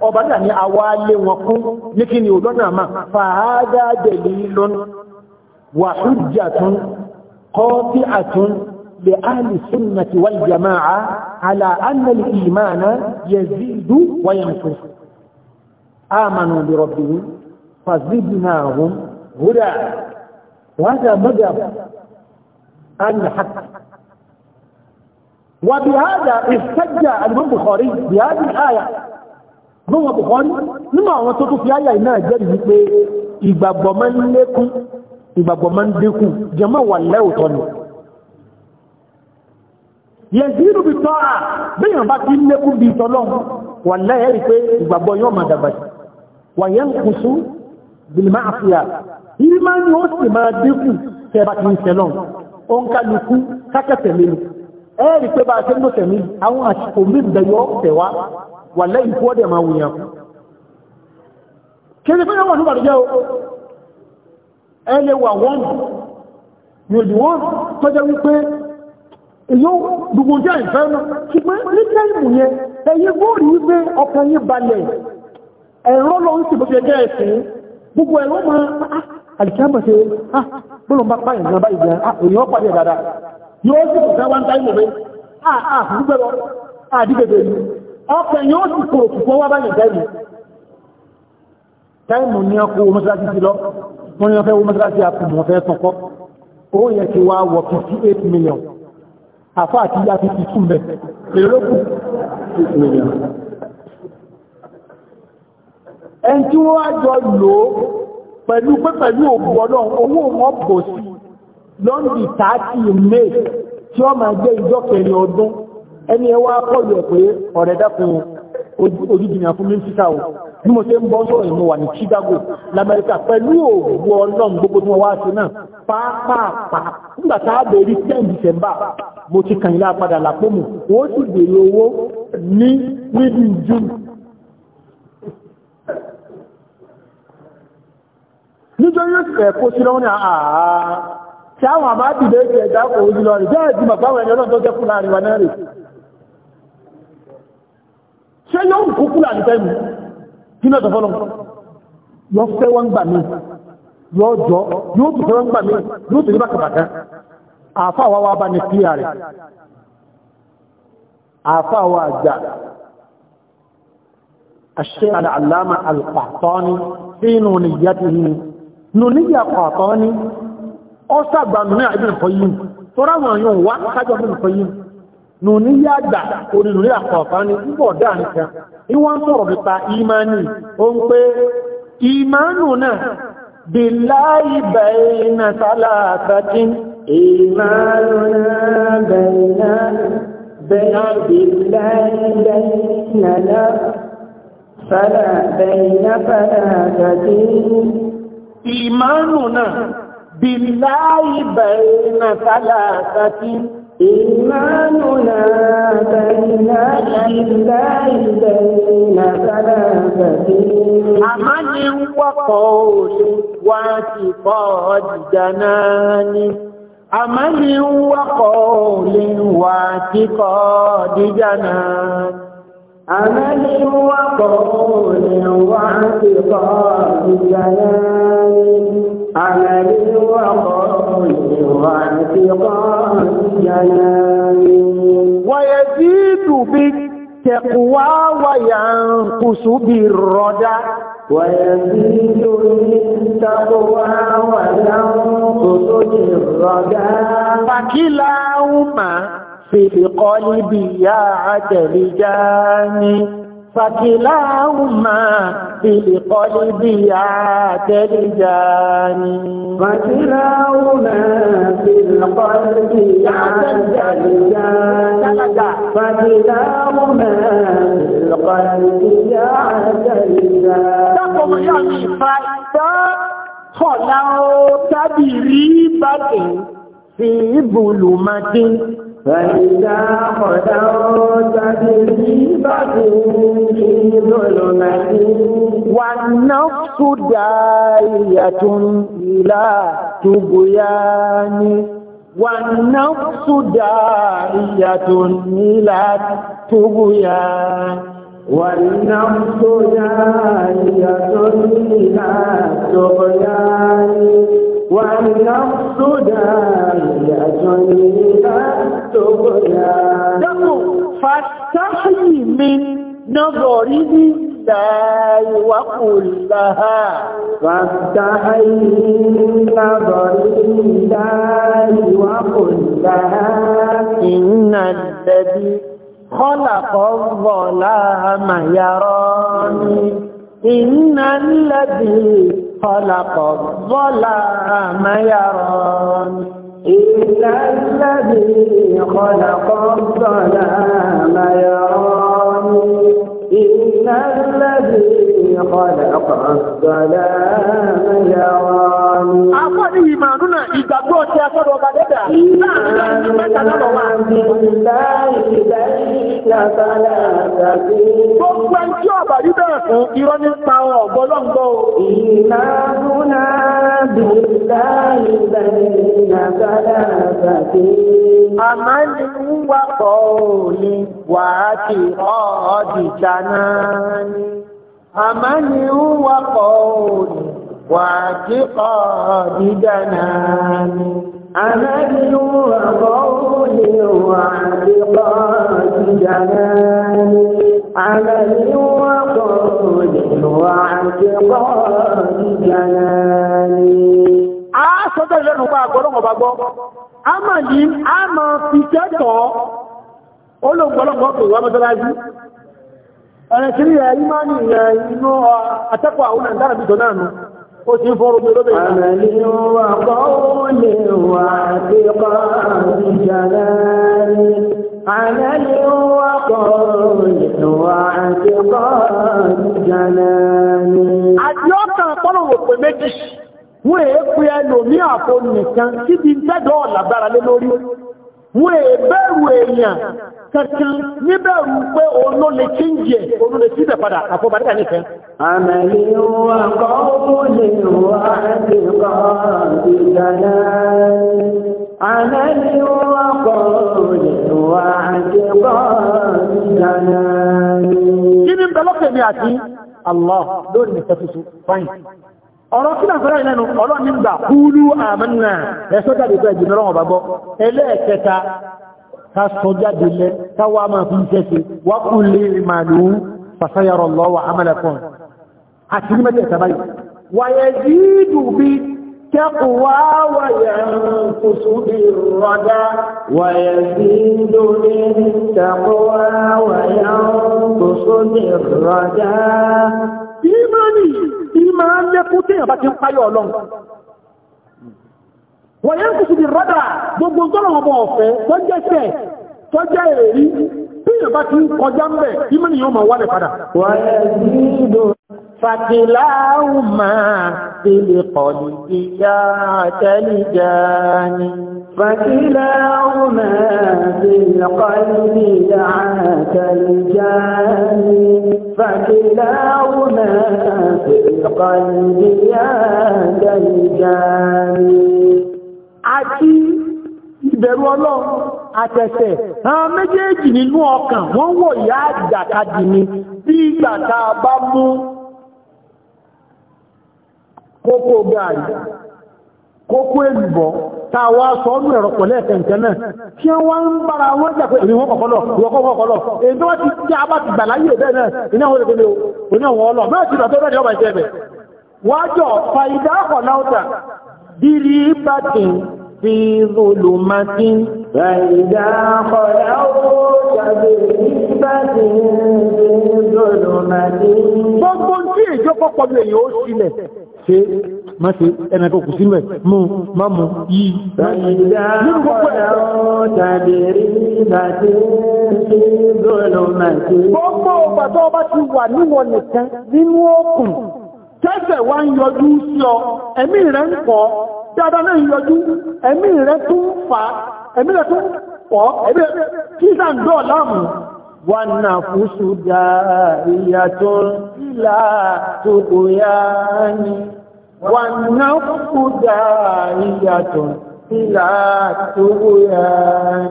ọba náà ni àwa lé wọn kún ní kí ni ò lọ́nà àmà fàádà dalilun wa hujjatun qati'atun li ahli sunnati wal jama'a ala anna al-imana yazidu wa yanqus amanu bi rabbihim fazidnahum huda وهذا مذهب أهل الحق وبهذا احتج الإمام البخاري بهذه الآية lọ́wọ́ Bukhari nínú àwọn tó tó fi àyà iná jẹ́rìí wípé ìgbàgbọ́ máa ń lékún ìgbàgbọ́ máa ń dínkù jẹ́mọ́ wà lẹ́ọ̀tọ́ ni yẹ̀sìrù bí tọ́ à bẹ́yàn bá ti lékún bí tọ́lọ́ wà lẹ́ẹ̀rí pé ìgbàgbọ́ yóò máa dàgbà wà yẹn kùsù bìlìmá àfíà ìrí máa ń yóò sì máa dínkù tẹ́ bá ti ń sẹ́lọ̀ ó ń kálukú kákẹ́tẹ̀ mélòó ẹ̀ẹ́rí pé bá a ṣe ń wà lẹ́yìn kó dẹ̀ máa wùyàn kéde fẹ́ràn wà nígbàdí jẹ́ o ẹlẹ́ wà wọ́n yòdì wọ́n tọ́jẹ́ wípé èyí gbogbo jẹ́ ìfẹ́ náà ṣùgbọ́n nígbẹ́ ìmù yẹn ẹ̀yẹ góòrì wípé ọkàn yín balẹ̀ ẹ̀rọ lọ ń sì bó ṣe jẹ́ ẹ̀sìn gbogbo ẹ̀rọ máa ah, àlìkámọ̀ ṣe ah, bọ́lọ̀ bá ọkàn yóò sì kò òkùnkùn wá báyìí tẹ́lù tẹ́lù ní ọkọ̀ owó mọ́síláṣí sí lọ wọ́n ni wọ́n fẹ́ owó mọ́síláṣí àpùmọ̀ fẹ́ tọ́kọ́ owó yẹ ti wá wọ 58 million àfá àti yá ti ti túnbẹ̀ èròkù 6 million ẹn tí wọ́n á jọ lò ó pẹ̀lú pé pẹ̀lú òkú ọlọ́run owó wọn bọ̀ sí lọ́ndì 30 may tí wọ́n máa gbé ẹni ẹwà pọ̀lú ẹ̀ pé ọ̀rẹ́ dákun ojújìnà fún mínísítà o bí mo ṣe ń bọ́ sọ̀rọ̀ ìmọ̀ wà ní Chicago lamẹ́ríkà pẹ̀lú òwú ọlọ́run gbogbo tí wọ́n wá sí náà pàápàá nígbà tá a bèèrè ten December mo ti kàn ilá padà lápòmù wọ́n sì bèèrè owó ní nídìí June nítorí yóò sì kó sí lọ́wọ́ ní àà tí àwọn àbá dìbò ètò ẹ̀dá kò rẹ̀ bẹ́ẹ̀ ti bàbá àwọn ẹni ọlọ́run tó jẹ́ fún láàrin wa náà rè ṣe yóò kó kúrò àdìtẹ́mù kí náà tọ́fọ́lọ́ yóò fẹ́ wọ́n gbà mí yóò jọ yóò tún fẹ́ wọ́n gbà mí yóò tún nípa kàbàkà àfáwà wa bá ní píà rẹ̀ àfáwà àjà àṣẹ àlàmà alqahtani sínú nìyàtìhì nù níyà qahtani ọ́sàgbà nù ní àìbìnrin fọ́yìn tó ráwọn yóò wá kájọ́ bìnrin fọ́yìn nùní yàgbà orí nùní àkọ̀ọ̀fà ní púpọ̀ dáǹkan ní wọ́n sọ̀rọ̀ nípa ìmánì o ń pé ìmánù náà bí láì bẹ̀ẹ̀nà sálàtàkín ìmánù náà bẹ̀ẹ̀nà bẹ̀ẹ̀nà bí láì bẹ̀ẹ̀nà sálàtàkín إيماننا بينك إلا بين ثلاثة عمل وقول واعتقاد جنان عمل وقول واعتقاد جنان عمل وقول واعتقاد جنان عمل وقول الشيطان في طغيانه ويزيد بالتقوى وينقص بالردى ويزيد بالتقوى وينقص بالردى فكلاهما في القلب يا عدل جاني فكلاهما بالقلب يعتلجان فكلاهما بالقلب يعتلجان فكلاهما بالقلب يعتلجان فكلاهما بالقلب يعتلجان في ظلمة فإذا قدرت بمصيبة في ظلمة والنفس داعية إلى طغيان والنفس داعية إلى طغيان والنفس داعية إلى طغيان والنفس داعية إلى الدنيا فاستحي من نظره لله وكلها فاستحي من نظره لله وكلها إن الذي خلق الظلام يراني إن الذي خلق الظلام يرى إلا الذي خلق الظلام يرى إلا الذي خلق الظلام يراني أقول إيماننا إذا قلت يا صدق بدأ إيمان بالله ليس ثلاثة Gbogbo ẹni tí ọ̀bà rí bẹ̀rẹ̀ fún irọ́ ní pa ọ̀gbọ́ lọ́gbọ́. Ìmánúná billahi bayna salasati. Àmọ́ ni wúwà pọ̀ ní wàá àmánì ń wakọ̀ òní wà kíkọ́ dídánà ni. àmánì ń wakọ̀ òní wà kíkọ́ dídánà ni. àmánì ń wakọ̀ òní wà kíkọ́ dídánà ni. a sọ́jọ́ ìlẹ́nu pa àgbọ̀dọ̀ ọ̀bà gbọ́. àmánì a máa fi kẹ́tọ̀ọ́ olóògbọ́lọ́gbọ́ pè wá mọ́sálásí. ẹ̀rẹ̀kìríyà ìmáni ìyẹ̀ inú àtẹ́kọ̀ àwọn ìdára bí tọ́nà nù ó ti ń fọ́rọ̀ bí olóbẹ̀ Wọ́n èé pé ẹlòmí àfo nìkan síbi tẹ́dọ̀ ọ̀làgbára lé wọ́n è bẹ̀rù èèyàn kankan níbẹ̀rù pé oló lè chíńjẹ̀ oló lè síbẹ̀ padà àfọ́bàdíkà nìkan. àmàlì wà kọ́ ó lè wà ní kọ́ ìdáná àmàlì wà kọ́ ó lè wà ní kọ́ ìdáná. kí ni bẹ́lọ́kẹ̀ mi àti Allah lónìí fẹ́ tuntun fáyìn ọ̀rọ̀ tí náà fẹ́rẹ̀ ìlẹ́nu ọlọ́ni gbà kúlú àmìnà ẹ̀sọ́ jáde pẹ́ ìjìnà ọ̀rọ̀ bàbọ́ ẹlẹ́ẹ̀kẹta ká sọ jáde lẹ káwà máa fi ṣẹ́ṣe wà kú lè màlú fàṣayọrọ̀ lọ́wọ́ ìmánì yìí máa ń lékún tí èèyàn bá ti ń páyọ̀ ọlọ́run wọ́n yẹn kùsù bí rọ́dà gbogbo tọ́lọ̀ ọmọ ọ̀fẹ́ tó jẹ́ tẹ̀ tó jẹ́ èrí tí èèyàn bá ti ń kọjá ń bẹ̀ ìmánì máa wálẹ̀ padà. wọ́n yẹ nílò fàtìláhùn máa فكلاهما في القلب يا ديجان àti ìbẹ̀rù ọlọ́run àwọn méjèèjì nínú ọkàn wọ́n ìyá àjàkadì bí ìgbà tá a bá mú kókó kókó tàwa sọ ọdún ẹ̀rọ pọ̀lẹ́ ẹ̀kẹ̀ǹkẹ̀ náà tí wọ́n ń bára wọ́n jà pé kọ̀kọ́lọ̀ ti jẹ́ abá ti bẹ́ẹ̀ náà iná wọ́n lè oní àwọn ọlọ́ ebe má ṣe ẹnàkọ́ kù sílẹ̀ mú má mú yìí gbogbo ọgbàtọ́ ọba ti wà níwọ̀n nìkan nínú òkùn tẹ́sẹ̀ wá ń yọjú sí ọ ẹ̀mí rẹ̀ ń pọ̀ dáadáa náà ń yọjú ẹ̀mí rẹ̀ tún fà ẹ̀mí rẹ̀ tún pọ̀ ẹ̀mí rẹ̀ والنفس داعية إلى الطغيان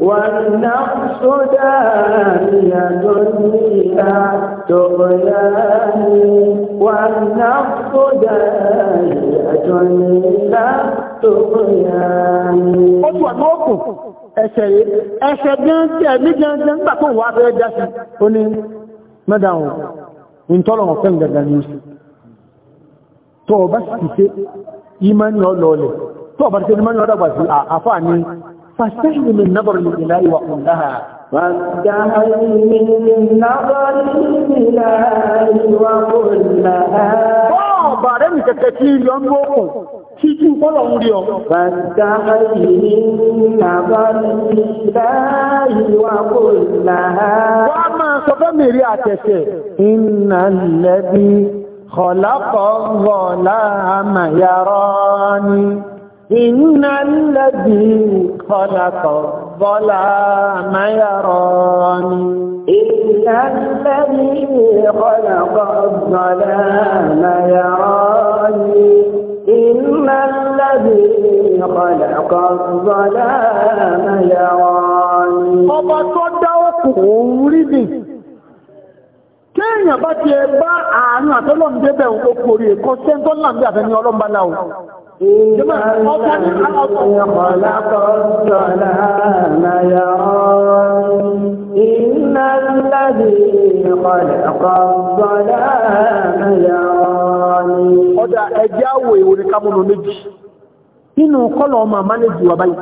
والنفس داعية إلى الطغيان والنفس داعية إلى الطغيان Ọdún ọdún ọkùn ẹ̀ṣẹ̀ yìí, ẹ̀ṣẹ̀ gan tí ẹ̀mí gan gan gbà tó wà fẹ́ dá sí, ó ní mẹ́dàun, ìntọ́lọ̀ ọ̀fẹ́ ìgbẹ̀gbẹ̀ ní oṣù tó ọba sì ṣe ìmánì ọlọ́ọ̀lẹ̀ tó ọba ṣe ìmánì ọdọ́gbà sí àfáà ní fàṣẹ́yìn mi nábọ̀rọ̀ ní ìlà ìwà ọ̀dáhà Bọ́ọ̀bà rẹ̀ mi kẹ̀kẹ́ tí rí ọmọ òkun tí tí ń pọ́lọ̀ orí ọ. Bàtà ìrìn nàbà ní ìdáyíwá kò láàá. Wọ́n máa sọ fẹ́ mèrè àtẹ̀ṣẹ̀. Ìnà lẹ́bí خلق ظلام يراني إن الذي خلق ظلام يراني إن الذي خلق الظلام يراني إن الذي خلق الظلام يراني téèyàn bá ti ẹ bá àárín àtọ́lọ́m débẹ̀ ó kórè ẹ̀kọ́ sẹ́ńtọ́ náà bí àfẹ́ni ọlọ́mbà náà إن الذي خلق الظلام يراني ọjà ẹjá wo ìwòrìkámúnú méjì nínú kọ́lọ̀ ọmọ àmánẹ́jì wà báyìí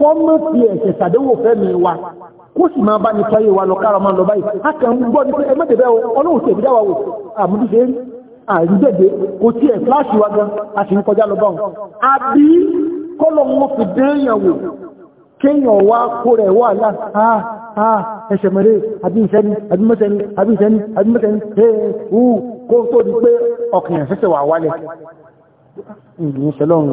kọ́ mọ́ fi ẹ̀sẹ̀ tàdéwò fẹ́ mi wa kó sì máa bá ní sọ́yé wa lọ kára máa lọ báyìí a kàn ń gbọ́ ní pé ẹgbẹ́dẹ̀ bẹ́ẹ̀ ọlọ́run tẹ̀bí dáwà wò àmúdíje àrídẹ̀dẹ̀ kò tí ẹ̀ fláṣì wa gan a sì ń kọjá lọ báwọn àbí kọ́lọ̀ wọn fi déèyàn wò kéèyàn wá kó rẹ̀ wà láà ẹsẹ̀ mẹ́rẹ́ àbí ìṣẹ́ni àbí mẹ́sẹ̀ni àbí ìṣẹ́ni àbí mẹ́sẹ̀ni kó tó di pé ọkàn ẹ̀sẹ̀sẹ̀ wà wálẹ̀ ìgbìyànṣẹ́lọ́run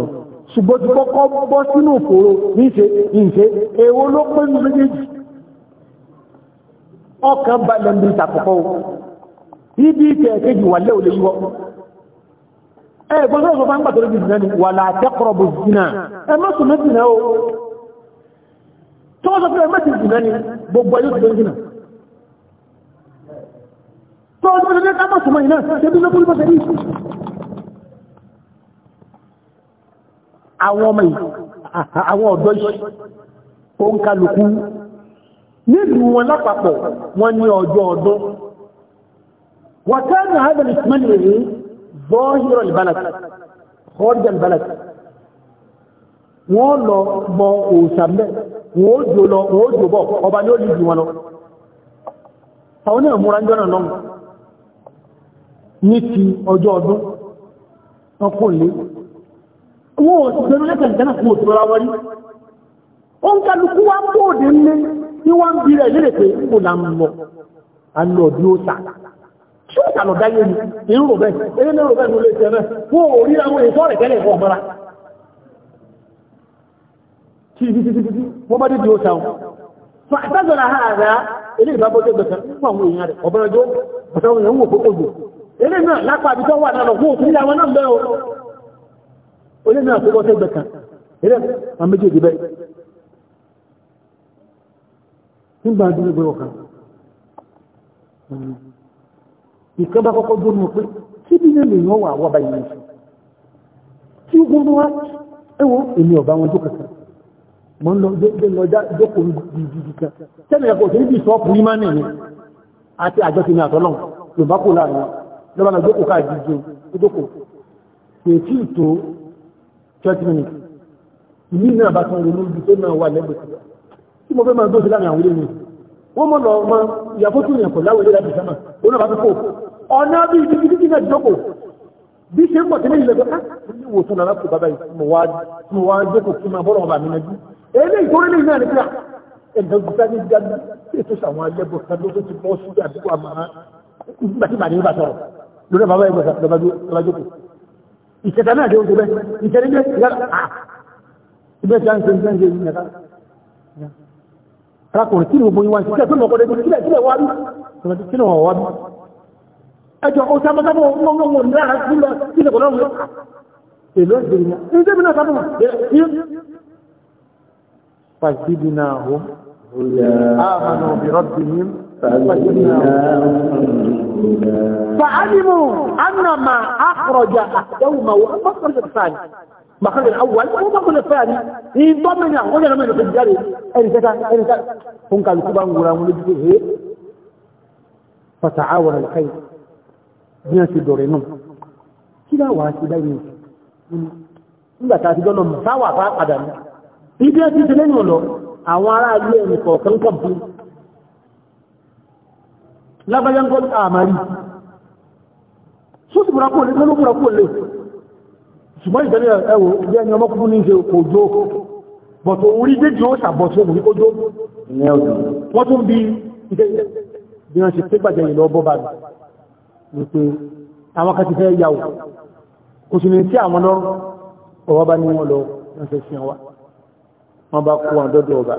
ṣùgbọ́n ti kọ́kọ́ bọ́ sínú òfòrò níṣe ìṣe èwo ló pé ní méjèèjì ọkàn balẹ̀ ń bí ìtàkùkọ́ ibi ìtẹ̀ ẹ̀kejì wà lẹ́ òlè yíwọ́ ẹ gbọ́dọ̀ sọ fún àgbàtọ̀ lójú ìdíná ni wà látẹ́kọ̀rọ̀ o tí wọ́n sọ fún ẹ méjì zina ni àwọn ọmọ yìí àwọn ọ̀dọ́ yìí ó ń kálukú nílùú wọn lápapọ̀ wọ́n ní ọjọ́ ọdún wàtánà hadal ismail rèé zọ́hírọ̀ albalad kharij albalad wọ́n lọ mọ òòsà mẹ́ wọ́n ó jò lọ wọ́n ó jò bọ̀ ní ó ń jọ́nà lọ́nà ní ti ọjọ́ ọdún ọkùnlé wọn ò sẹ́nu lẹ́kẹ̀ẹ́ náà wọ́n ń bi rẹ̀ lérè pé kò là ń lọ alọ́dí ó tà tí ó tà lọ dáyé ni èrò rò bẹ́ẹ̀ eré ní rò bẹ́ẹ̀ na lè tẹ̀ bẹ́ẹ̀ wọn ò rí àwọn èso rẹ̀ di na ha oníná àkókò sẹ́gbẹ̀ kan eré àwọn méjèèjì bẹ́ẹ̀ nígbà dúró gbé ọkàn ìkan bá kọ́kọ́ dúró mọ̀ pé tí bí lè lèyàn wà wà báyìí nìyẹn tí ó gbọ́n wá ẹwọ́ èmi ọ̀bá wọn jókòó kan mọ́ ń lọ gbé lọ jókòó gidi kan sẹ́mi ẹ̀kọ́ òṣèlú bí sọ́ọ̀pù yìí máa nìyẹn àti àjọṣe ní àtọ́lọ́n ló bá kó láàrin lọ́ba lọ jókòó káàdì jẹun ó jókòó kò tí tó twenty minutes ìlú náà bá tún ronú ibi tó náà wà lẹ́gbẹ̀ẹ́ tí mo fẹ́ máa gbóṣe láàrin àwọn ilé wọ́n mọ̀ lọ ọmọ ìyàfó tún yàn pẹ̀lú àwọn ilé láti sámà ó náà bá tún kò ọ̀nà bí ibi títí tí náà jókò bí ṣe ń pọ̀ tẹ́lẹ̀ ilẹ̀ gbọ́ká ní wò tún lára kò bàbá yìí mo wá jókò kí máa bọ́rọ̀ ọba mi náà jú èlé ìtòrí lè náà nígbà ah, ẹ̀dọ̀ gbígbá ní gbígbá tí ètò sàwọn alẹ́bọ̀ kadó tó ti bọ́ sí àdúgbò àmà nígbà tí bàdé bá sọ̀rọ̀ lórí bàbá yìí ìṣẹ̀dá náà jẹ́ oúnjẹ bẹ́ẹ̀ ìṣẹ̀dá jẹ́ ìbẹ̀ ah, tí a ń ṣe ìṣẹ́ ìṣẹ́ ìṣẹ́ arákùnrin kí ni gbogbo ìwọ̀n ìṣẹ́ tó mọ̀kọ́ lẹ́gbẹ̀ẹ́ kílẹ̀ kílẹ̀ wá bí kílẹ̀ wọ̀ wá bí ẹjọ́ ó sá mọ́sá mọ́ mọ́ mọ́ ní ara sí lọ sí lọ lọ́rùn lọ èlò ìṣẹ̀lẹ̀ ní ìṣẹ́ mi náà sábà fàṣíbi náà hó آمنوا بربهم فعلموا أن ما أخرج أحدهما ومخرج الثاني مخرج الأول ومخرج الثاني إن ضمن وجد من في الجري إن كذا إن كذا هم كانوا كبار غلام ولجيه فتعاون الخير بين سيدورينهم كلا واسدين nígbà tá a ti dọ́nà mọ̀ sáwà fápadà ní ibi ẹ ti ti lẹ́yìn ọ̀lọ́ àwọn aráàlú ẹnì kọ̀ọ̀kan kọ̀ọ̀kan lábájá ń kọ́ àmàrí sóòtù burakú lè lọ́lọ́ burakú lè ṣùgbọ́n ìtẹ́lẹ̀ ẹwọ bí ẹni ọmọ kúrú ní ṣe òjò bọ̀tọ̀ orí déjì ó ṣàbọ̀tí omi kójó wọ́n tún bí bí wọ́n ṣe pé gbàjẹ́ ìlọ ọbọ̀ bá wípé àwọn kan ti fẹ́ yàwó kò sì ní sí àwọn lọ ọwọ́ bá ní wọn lọ wọ́n ṣe fi hàn wá wọ́n bá kó wọn dọ́dọ̀ ọba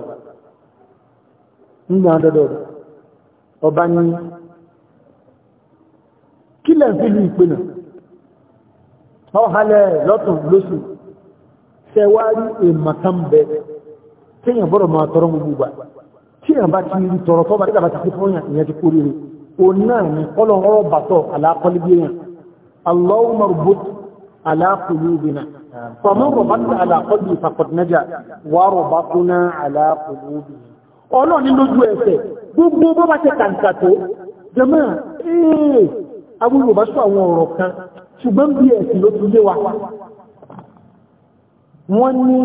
ọba ní kí lẹ́ ń fi lú ìpinà ọ̀hálẹ̀ lọ́tùn lóṣù tẹwárí èmàtàn bẹ tíyàn bọ́rọ̀ máa tọrọ gbogbo gbà tíyàn bá ti rí tọrọ tọ́bà nígbà tí fún yàn ìyẹn ti kórìí o náà ní kọ́lọ̀ ọ̀rọ̀ bàtọ̀ aláàkọ́lẹ́gbé yàn allahumma rubut ala qulubina faman rubatta ala qalbi faqad ní lójú ẹsẹ̀ gbogbo bó bá ṣe kàǹkà tó jẹmọ́ ee àwọn Yorùbá sọ àwọn ọ̀rọ̀ kan ṣùgbọ́n bí ẹ̀sìn ló tún lé wa wọ́n ní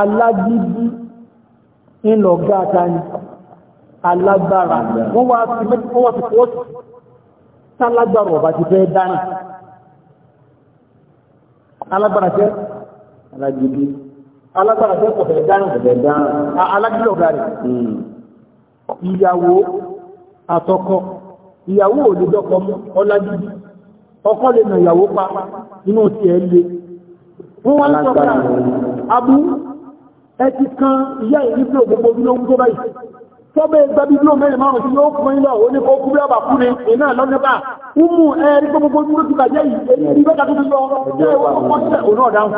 alágídí ńlọ̀gá àtàní alágbára wọ́n wá sí mẹ́tíkọ́wọ́ sí pọ́ọ̀sì tálágbára ọ̀bá ti fẹ́ dáná alágbára jẹ́ alágídí alágbára jẹ́ kọ̀fẹ́ dáná alágídí ọ̀gá rẹ̀ hmm ìyàwó àtọkọ ìyàwó ò lè dọ́kọ mú ọlágídí ọkọ lè nà ìyàwó pa inú ti ẹ̀ le wọ́n wá ń sọ pé abú ẹ ti kan ìyá ìrí pé ògbogbo bí ló ń gbé báyìí tọ́bẹ̀ ìgbàbí bí ó mẹ́rin márùn tí yóò fún ilọ̀ òní kó kúrẹ́ ọba fún ní iná lọ́nẹ́bà umu ẹ̀rí gbogbo dúró ti bàjẹ́ yìí èyí ti bẹ́ta tó ti lọ ọ̀rọ̀ ọ̀dáhùn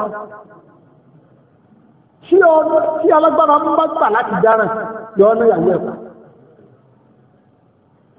tí alágbára ń bá gbà láti dáràn yọ ọ́nà ìyàwó ẹ̀kọ́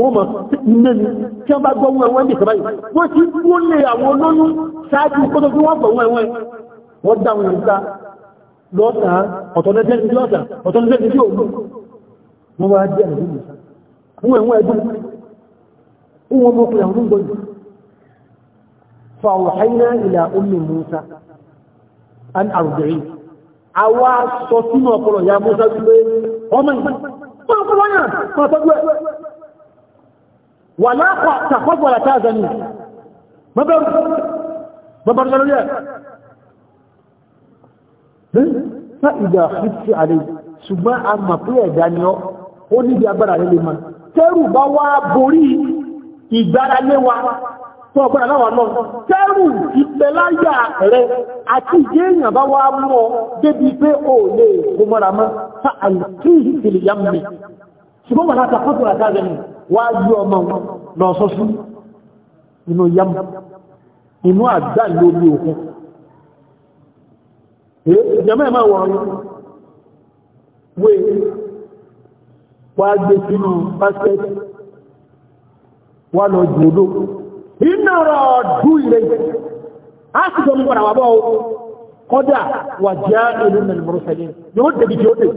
wọ́n mọ̀ nílé ni tí wọ́n bá gbọ́ wọn ẹ̀wọ́n nìkan báyìí wọ́n ti kú lè àwọn olóyún ṣáájú kó tó fi wọ́n bọ̀ wọn ẹ̀wọ́n wọ́n dá wọn ìta lọ́ta ọ̀tọ̀lẹ́jẹ́ ti lọ́ta ọ̀tọ̀lẹ́jẹ́ ti fàwọ̀háínà ìlà omi Musa an àrùdẹ̀rí àwa sọ sínú ọpọlọ ya Musa wípé ọmọ ìgbà wàlá tàkọ́bù wàlá táàzà ní bọ́bẹ̀rù bọ́bẹ̀rù lórí ẹ̀ fa ìdá fífí àrẹ ṣùgbọ́n a mọ̀ pé ẹ̀dá ni ọ́ ó níbi agbára rẹ̀ lè máa tẹ́rù bá wá borí ìgbára lé wa tó ọgbára láwà lọ tẹ́rù ìpẹ̀láyà rẹ̀ àti ìjẹ́yàn bá wá mọ́ débi pé ó lè kó mọ́ra mọ́ fa àìkí ìfìlìyàn mi ṣùgbọ́n wà látàkọ́bù wàlá táàzà ní wájú ọmọ lọ sọ́sún inú yam inú àgbà lórí òkun ìjọmọ́ ẹ̀mọ́ wọ̀n wé wájú sínú basket wà lọ jùlọ iná rọ̀ dú ilẹ̀ a sì tó mú padà wà bọ́ kọ́dà wà jẹ́ ìlú mẹ́lìmọ̀rọ̀sẹ̀lẹ̀ yóò dẹ̀bí tí ó dẹ̀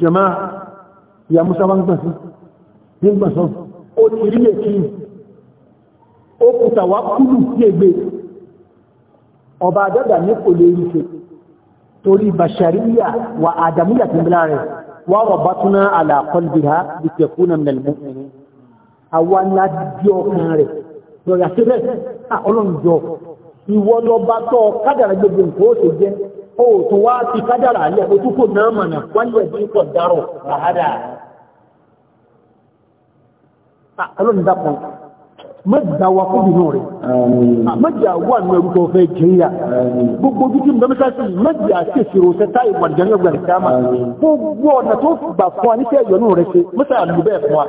jẹmá ìyá musa wá ń gbọ̀nsí ní gbọ̀nsán ó ti rí èkí ó kùtà wá kúrù sí ègbè ọba àdọ́dà ní kò lè rí ṣe torí bàṣàríyà wà àdàmúyà tí mìlá rẹ̀ wà rọ̀bá túná àlàkọ́lbìhá bí tẹ̀kúnà mẹ́lmú àwa ó tó wá ti kádàrà lẹ̀ ó túkò náà mọ̀nà wáyé bí pọ̀ dárọ̀ làádà alóńdàpọ̀ ah, mẹ́jà wa kó bínú rẹ̀ mẹ́jà wà ní ẹrù tó fẹ́ jẹ́yà gbogbo títí mẹ́mẹ́ta sí mẹ́jà sí ìṣirò sẹ́tà ìwàjẹ́ ní ọgbẹ̀rẹ̀ dáma gbogbo ọ̀nà tó gbà fún wa níṣẹ́ ìyọnú rẹ̀ ṣe mẹ́ta àlùbẹ́ fún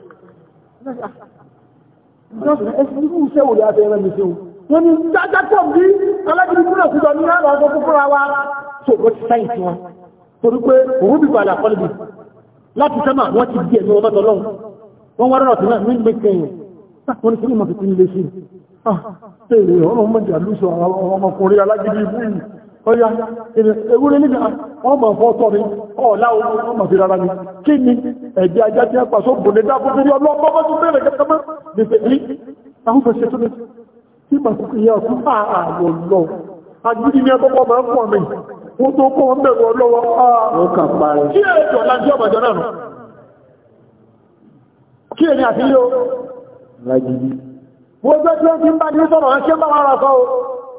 irú eh, iṣẹ́ wo ni a fẹ́ rẹ́ mi sí o wọ́n ní dájá pọ̀ bí alágídí kúrò sí lọ ní àná ọjọ́ fúnra wa tó o ti sáyìn sí wọn torí pé òun bí padà kọ́lé mi láti sẹ́mà wọ́n ti di ẹ̀mí ọmọ tọ́lọ́ wọ́n wá rọ̀rọ̀ sí náà ní ilé kẹyìn ah, wọ́n ní kí ni mo fi ti ń lé sí i ah, ṣé ìrìn ọ̀rọ̀ mọ̀jà lóṣù ọmọkùnrin alágídí ibú yìí ọya ewúrẹ́ nígbà wọ́n mọ̀ fọ́ tọ́ mi ọ̀lá wọ́n mọ̀ sí rárá mi kí ni ẹ̀jẹ̀ ajá tí a pàṣọ bò lè dábò lórí ọlọ́pọ̀ bá tún bẹ̀rẹ̀ kẹta mọ́ gbèsè ní àwọn fẹ̀ṣẹ̀ tó lè tí mà sí ìyá ọ̀tún ààwọ̀ lọ agídí ní ẹgbọ́gbọ́ máa ń pọ̀ mi wọ́n tó kọ́ wọn bẹ̀rù ọlọ́wọ́ ààrùn kí ẹ̀jọ̀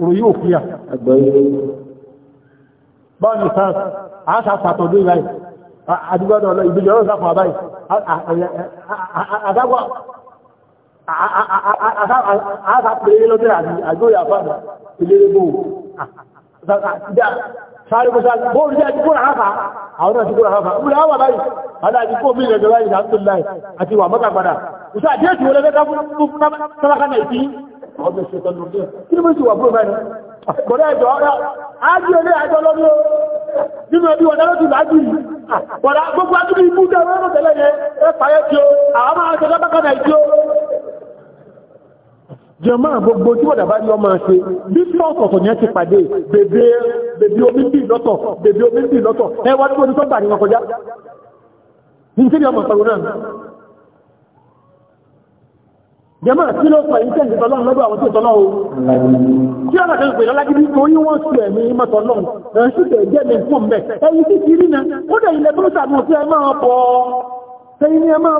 ìròyìn òkúyà bọ́ọ̀nì sáà àṣà pàtàkì ìráyì àdúgbọ́dọ̀ lọ ìbíjọ ọ̀rọ̀ sáfà báyìí àdágbà àṣà pèrè lọ́tẹ́ àgbóyà fàdà ìlérí bóò sáré kó sáré bóò rí àjíkó àhàfà àwọn àjíkó àhàfà múlẹ̀ àwà báyìí àdá àjíkó mí ìrẹ̀jọ báyìí àti wà mọ́kà padà àwọn ọmọ ìṣẹ́ tọ́lú ọdún kí ni mo ti wà fún ìfẹ́ rẹ̀ bọ̀dẹ̀ ọ̀rọ̀ ájú ilé àjọ lọ́bí nínú ẹbí wọn lọ́dún lájú yìí ah, bọ̀dá gbogbo ajú ibú jẹ́ gbogbo tí wọ́n dàbá ní ọmọ ṣe bí sọ́ọ̀tọ̀ ọ̀tọ̀ yẹn pàdé bèbè omi bì lọ́tọ̀ bèbè omi bì lọ́tọ̀ ẹ wá tí wọ́n ti tọ́ jẹ́mọ́ sí ló pẹ̀lú tẹ́ ìdíjọ́ lọ́nà lọ́dọ̀ àwọn tí o tí ọ̀nà pèlú alágídí torí wọ́n sọ ẹ̀mí mọ́tọ̀ ẹ̀rọ sí fún mẹ́ sí na ó dẹ̀ ilẹ̀ sí sẹ́yìn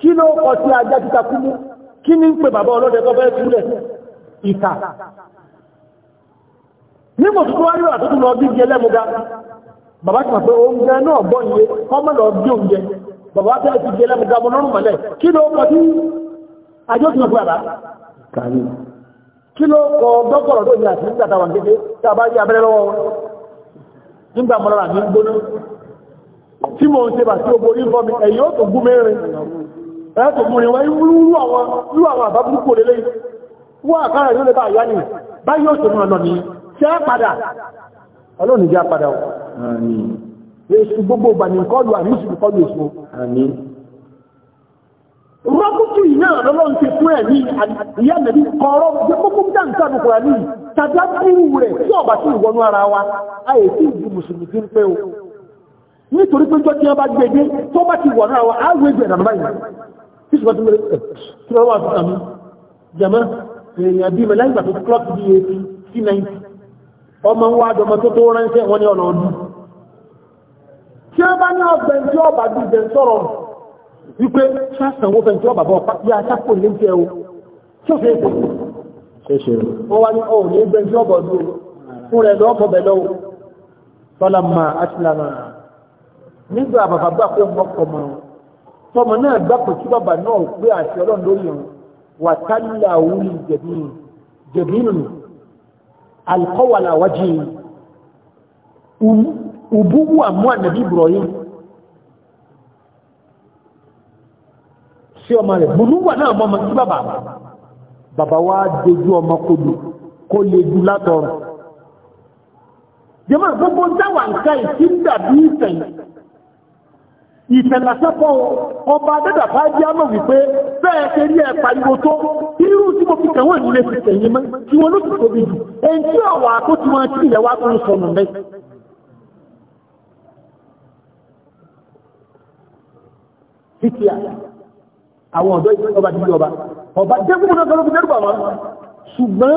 kí ló kọ sí ajá títa kú mú kí ní ń pè bàbá ọlọ́dẹ tó fẹ́ ìta tó wá iye ọmọ lọ bí oúnjẹ bàbá tẹ́ ti gbé lẹ́mù dábọ̀ lọ́rùn mọ́lẹ̀ kí ló kọ tí ajó ti mọ̀ bàbá kàní kí ló kọ dọ́kọ̀rọ̀ tó ní àti nígbà táwọn kéde tá a bá yí abẹ́rẹ́ lọ́wọ́ wọn nígbà mọ́lọ́ra mi ń gbóná tí mo ń ṣe bà tí o borí fọ́ mi ẹ̀yìn ó tó gún mẹ́rin ẹ̀ tó gún ìwọ̀n irú àwọn irú àwọn àbábúrú ó ṣe èsù gbogbo ìbànú kọlù àmísù kọlù èso àmì rọ́kùtù iná lọ́lọ́run ti fún ẹ̀ ìyá mẹ́rin kọ́rọ́ nǹkan rà ní tàbí àbúrú rẹ̀ tí ọ̀bà sí ìwọnú ara wa ìlú mùsùlùmí ń pẹ́ o nítorí pé jọ́ tí wọ́n bá tó bá ti wa á wé báyìí tó tí ó bá ní ọgbẹ̀ tí ó bá dìbẹ̀ sọ̀rọ̀ wípé ṣáṣẹ̀wó fẹ́ tí ó bàbá ọ̀pá yá sápò ní jẹ́ o tí ó fẹ́ ṣẹṣẹ̀ wọ́n wá ní ọ̀hún ní gbẹ̀ tí ó bọ̀ dúró fún rẹ̀ lọ́kọ̀ bẹ̀ lọ́wọ́ tọ́lá ma aṣílámà nígbà bàbá gbà pé mọ́kọ̀ mọ́ tọmọ náà gbà pé tí bàbá náà gbé àṣẹ ọlọ́run lórí ọ̀hún wà tálà wúlì jẹ̀bínú alkọ́wàlà wájì ububu amua nabi ibrahim sí ọmọ rẹ̀ bùnúwà náà mọ́ sí bàbá bàbá wá dojú ọmọ kodò kó lè du látọrùn jẹ́mọ́ gbogbo dáwà nǹkan ìsí ń dàbí ìtàn ìtàn lásẹ́pọ̀ ọba dẹ́dàfà jẹ́ àmọ́ wípé bẹ́ẹ̀ ṣe rí ẹ̀ pariwo tó irú tí mo fi kẹ̀wọ́n ìlú lè fi tẹ̀yìn tí wọn ló ti tóbi jù èyí tí ọ̀wà tó ti wọn tí tó ń sọnù mẹ́sì dúkìá àwọn ọ̀dọ́ ìpínlẹ̀ ọba dídí ọba ọba jẹ́kùn náà tọ́lọ́bí dẹ́rùbà wọn ṣùgbọ́n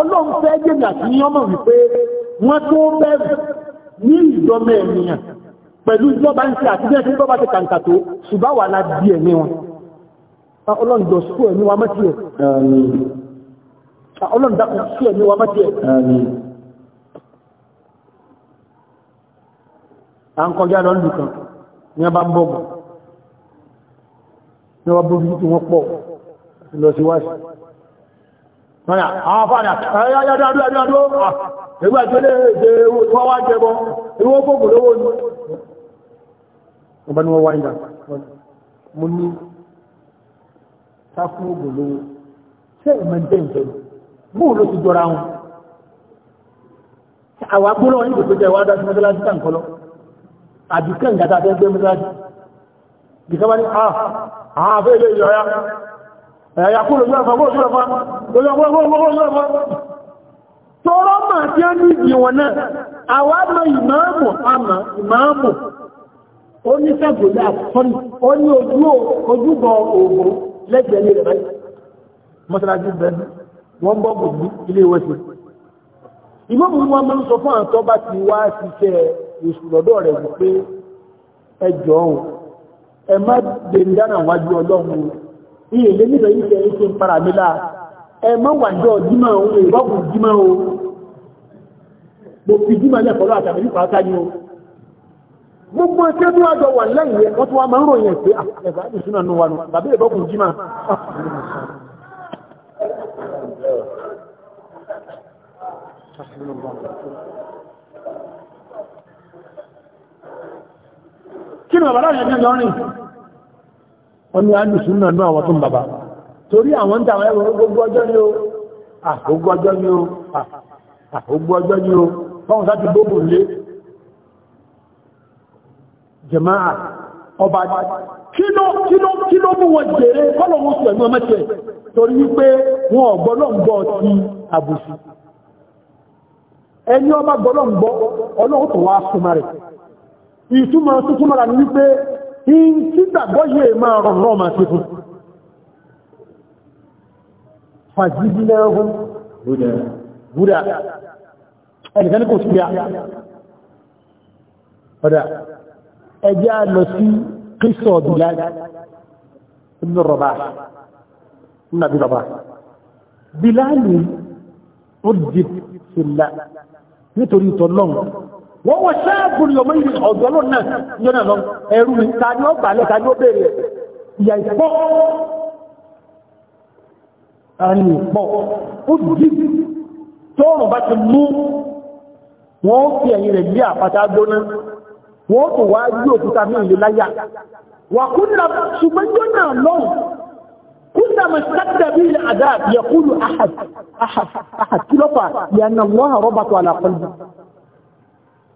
ọlọ́run fẹ́ jẹ́mi àti ní ọmọ wípé wọ́n tó bẹ̀rù ní ìdọ́mọ ènìyàn pẹ̀lú ìjọba ń ṣe àti bí ẹ̀sìn bọ́ba ti kàǹkà tó ṣùgbọ́n wà láti di ẹ̀mí wọn ọlọ́run jọ sùkú ẹ̀mí wa mọ́tì ẹ̀ ọlọ́run dákun sùkú ẹ̀mí wa mọ́tì ẹ̀ à ń kọjá lọ́ndù kan ní ọba ń bọ̀gbọ̀n wọ́n bó fi tí wọ́n pọ̀ lọ sí wáṣì wọ́n àwọn fàdà ayájájájájó ẹgbẹ́ ìjọlé èdè wọ́n wá jẹbọ ìwọ́ gbogbo lówó ní ọba ni wọ́n wá ìdá mo ní sáfún gbogbo lówó ṣe ìmẹ́ntẹ́ ìjọ bóò ló ti jọra wọn àwọn agbóná wọn ní kò tó jẹ ìwádá sí mọ́tọ́lá ìjọba ní àwọn ah, àfẹ́ ah, ilé ìyọ̀ya ẹ̀yà kúrò ní àfà bóòsù rẹ̀fà tọ́rọ máa tí ó ní ìdí wọn náà àwọn àmà ìmáàmù àmà ìmáàmù ó ní sàgbòlá àtọ́nì ó ní ojúbọ òògùn lẹ́gbẹ̀ẹ́ ní ìrẹ̀lẹ́ mọ́sánàjú bẹ̀rẹ̀ wọ́n bọ́ gbogbo ilé ìwẹ̀sẹ̀ ìmáàmù wọn máa ń sọ fún àtọ́ bá ti wá ṣiṣẹ́ ìṣùlọ́dọ̀ rẹ̀ wípé ẹjọ́ òun ẹ má dèrí dáná wájú ọlọ́run iye lé nílò yìí kẹ́ ṣe ń para mi láà ẹ má wàjọ dímọ̀ òun ìrọ́bù dímọ̀ o mo fi dímọ̀ lẹ̀ fọlọ́ àtàbí nípa ata ni o gbogbo ẹgbẹ́ tó wájọ wà lẹ́yìn rẹ̀ wọ́n tún wá máa ń ròyìn ẹ̀sẹ̀ ẹ̀fà ìṣúná nù wà nù tàbí ìrọ́bù dímọ̀ Kí ni bàbá láàrin ẹ̀jẹ̀ lọ́rìn? Ọnụ ní alùsùn náà náà wọ́n tún bàbá torí àwọn ń tàwọn ẹ̀rọ gbogbo ọjọ́ ni o àgbogbo ah, ọjọ́ ni ah, ah, ọjọ́ ni ó fọ́n sáti gbogbo lé jẹmáà ọba mú wọn jèrè kọ́lọ̀ wọn torí wípé wọn ti àbùsù ẹni ọba tó wá súnmọ́ rẹ̀ ìtumọ̀ in tí gbàgbọ́ yẹ máa rọrọ máa ti fún fàjídínáhùn búdá ẹnìkan kò sí ọ̀dá ẹjá lọ sí kíṣọ̀ bílá inú rọ̀bá nàbí rọ̀bá bílá ní ó dìbò sílá nítorí ìtọ́lọ́run wọ́n wọ́n ṣáàbù ní ọmọ ìlú ọ̀dọ́ lọ náà yọ́nà lọ ẹ̀rù mi ta ni ó gbà lẹ́ta ni ó béèrè ìyà ìpọ́ àní ìpọ́ ó dì tóòrùn bá ti mú wọ́n fi ẹ̀yìn rẹ̀ bí àpáta gbóná wọ́n tó wá yí òkúta mí ìlú láyà wà kúnnà ṣùgbọ́n yọ́nà lọ́hùn كل ما اشتد به العذاب يقول أحد أحد أحد كلفة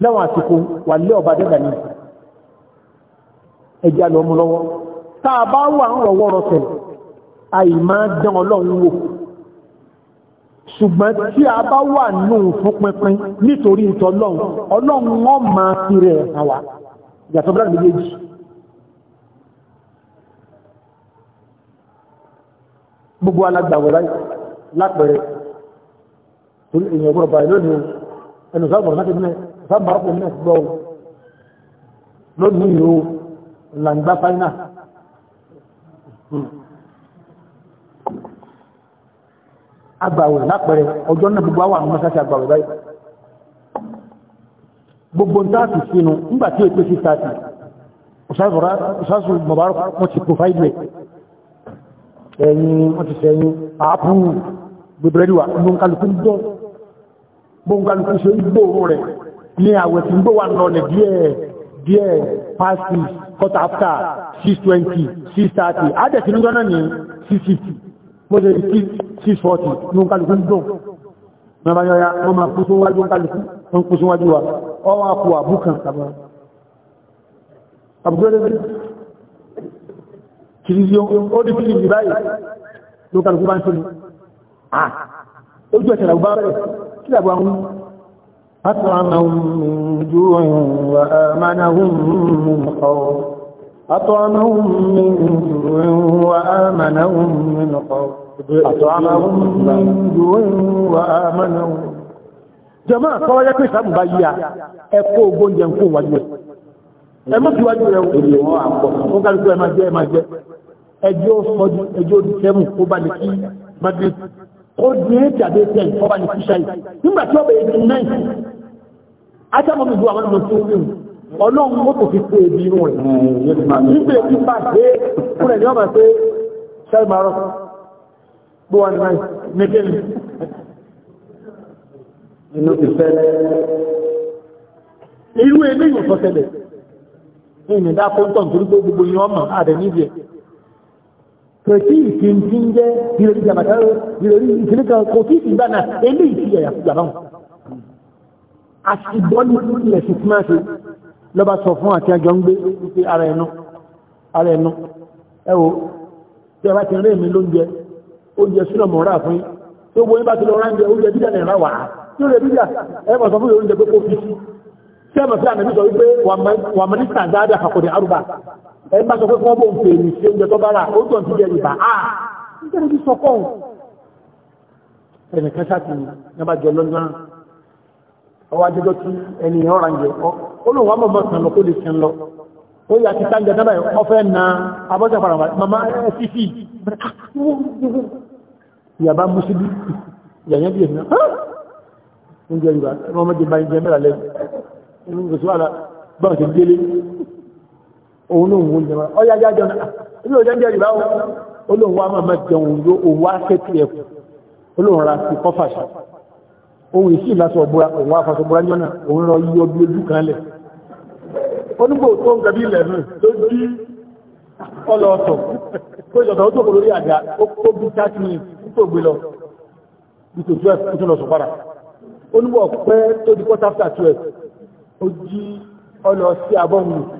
láwọn àsìkò wà lé ọba dẹ́gbà ní ẹjá lọ mú lọ́wọ́ tá a bá wà ń rọwọ́ rọsẹ̀ àì máa dán ọlọ́run wò ṣùgbọ́n tí a bá wà nù fún pínpín nítorí ìtọ́ ọlọ́run wọ́n máa fi rẹ̀ hàn ìyàtọ̀ bíláàdì méjèèjì gbogbo alágbàwẹ̀ lápẹẹrẹ èèyàn ọgbọ̀n báyìí lónìí ẹnu sáàbọ̀ sábà kò ní ẹ̀sùgbọ́ o lónìí o làǹgbá fáínà agbàwẹ̀ lápẹẹrẹ ọjọ́ náà gbogbo àwọn amọ́sáṣí agbàwẹ̀ báyìí gbogbo ntáàtì sínú nígbàtí èpè sí tààtì ọ̀sáṣù mọ̀bára wọ́n ti pòfáìlì ẹ̀yìn wọ́n ti sẹ́yìn àápù gbẹ̀bẹ̀rẹ̀ wà gbọ́nkálukú ṣe ń gbòòrò rẹ̀ ní àwẹ̀ tí ń bọ̀ wà lọlẹ̀ díẹ̀ díẹ̀ past quarter after 620 630 àdẹ̀tì níjọ́ náà ní 650 mọ́sẹ̀ 640 ní kálùkù ń dùn mẹ́bàá yọ́ya wọ́n máa kú síwájú kálùkù wọ́n kú síwájú wa ọwọ́ àpò àbúkan àbúgbẹ́rẹ́ أطعمهم من جوع وآمنهم من خوف أطعمهم من جوع وآمنهم من خوف أطعمهم من جوع وآمنهم jàmáà kọ́wọ́ yẹ́ pé ìsàmù bá yíya ẹ̀kọ́ ògbóǹjẹ ń kó wájú ẹ̀ ẹ mọ́ sí wájú rẹ̀ òkèlè wọn àpọ̀ ó kálukú ẹ máa jẹ́ ẹ máa jẹ́ ẹjọ́ fọdún ẹjọ́ dìtẹ́mù kó bá lè kí madrid odi eight àbí ten ọba ní fisa yìí nígbà tí ọba eighty nine ajábọ̀ mi ju àwọn ọmọ tó wíwù ọlọ́run ó kò fi kó ebi inú rẹ̀ nígbà èyí bá dé fúnra ẹni ọba pé ṣáì máa rọ gbó wa nìyẹn nìkéni. inú ti fẹ́ irú eléyìí ọ̀sọ̀ tẹ̀lẹ̀ ní ìdáko ń tọ̀ nítorí gbogbo yìí àdẹ̀ níbi ẹ̀ kò tí ì fi ti ń jẹ́ ìròyìn jàmàtà ìròyìn ìṣẹ̀lẹ̀ kan kò tí ì fi gbàna eléyìí ti yàyà fún jàmàtà. àṣìbọ́lù ilẹ̀ sì fún àṣẹ lọ́ba sọ fún àti àjọ ń gbé wípé ara ẹnu ara ẹnu ẹ wo tí a bá ti rẹ́ mi lóúnjẹ oúnjẹ súnà mọ̀ rà fún yín tó gbóyún bá ti lọ ránjẹ oúnjẹ bíjà ní ìrà wà á tí ó lè bíjà ẹ mọ̀ sọ fún oúnjẹ pé kó fi sí tí ẹ mọ̀ sí àmì ẹ bá sọ pé kí wọ́n bò ń pè ní ṣe oúnjẹ tó bá rà ó tàn ti jẹ ìbà á nítorí ti sọ kọ́ ẹnìkan ṣáàtì ní bá jẹ lọ́nà ọwọ́ adéjọ́ tí ẹnìyàn ọ̀ràn jẹ ó lóun wà mọ̀ mọ̀ sàn lọ kó lè sàn lọ ó yà ti sáńjẹ dábàá yìí ọfẹ́ na abọ́jà farama mama fífi yàbá mùsùlùmí yàyàn bí ènìyàn oúnjẹ yorùbá ẹni wọn mọ̀ jẹ báyìí jẹ mẹ́rà lẹ́yìn ẹni wọn kò sí wàhálà báwọn òun ló ń wo ìjọba ọyá jájọ náà ilé òjò jẹ́ ìbá wọn olóhùn wa máa jẹun yó òun wá kẹ́tì ẹ̀kù olóhùn ra sí kọ́fàṣà ohun ìsì ìlàsọ ọ̀bùra òun afasọ ọ̀bùra jọ náà òun rọ yíyọ bí ojú kan lẹ̀ onígbò tó ń gẹbí ilẹ̀ náà tó jí ọlọ́ọ̀tọ̀ tó ìjọba ó tòkó lórí àga ó kó bí táàkì tó gbé lọ bí tó twelve tó lọ sùn padà onígbò pẹ́ tó di quarter after twelve ó jí ọlọ́ọ̀ sí abọ́ òun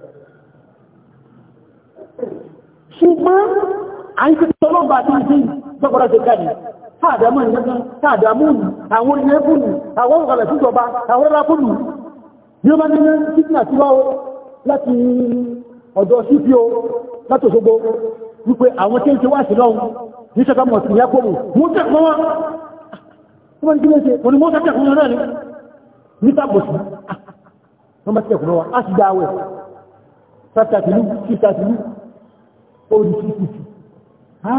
ṣùgbọ́n a ń tẹ́tọ́ lọ́gbà tí ń dín gbọ́gbọ́dá ṣe gáàdì káàdàmú ìyẹ́gbẹ́ káàdàmú nù àwọn ìyẹ́bùnù àwọn ọ̀gọ̀lẹ̀ síjọba àwọn rábùnù ní ó bá ní sípìnà tí wáwó láti ọ̀dọ̀ sípìó láti òṣogbo wípé àwọn tí ń ṣe wá sí lọ́wọ́ ní ṣẹ́gbàmọ̀ sí ìyẹ́kòrò mú tẹ́kọ̀ọ́ wọ́n ní kí ló ṣe wọ́n ni mọ́ tẹ́kọ̀ọ́ náà ní nítàbòsí wọ́n bá tẹ́kọ̀ọ́ wá á sì dáwẹ̀ sátàtìlú sí sátàtìlú orí kìkìkì ha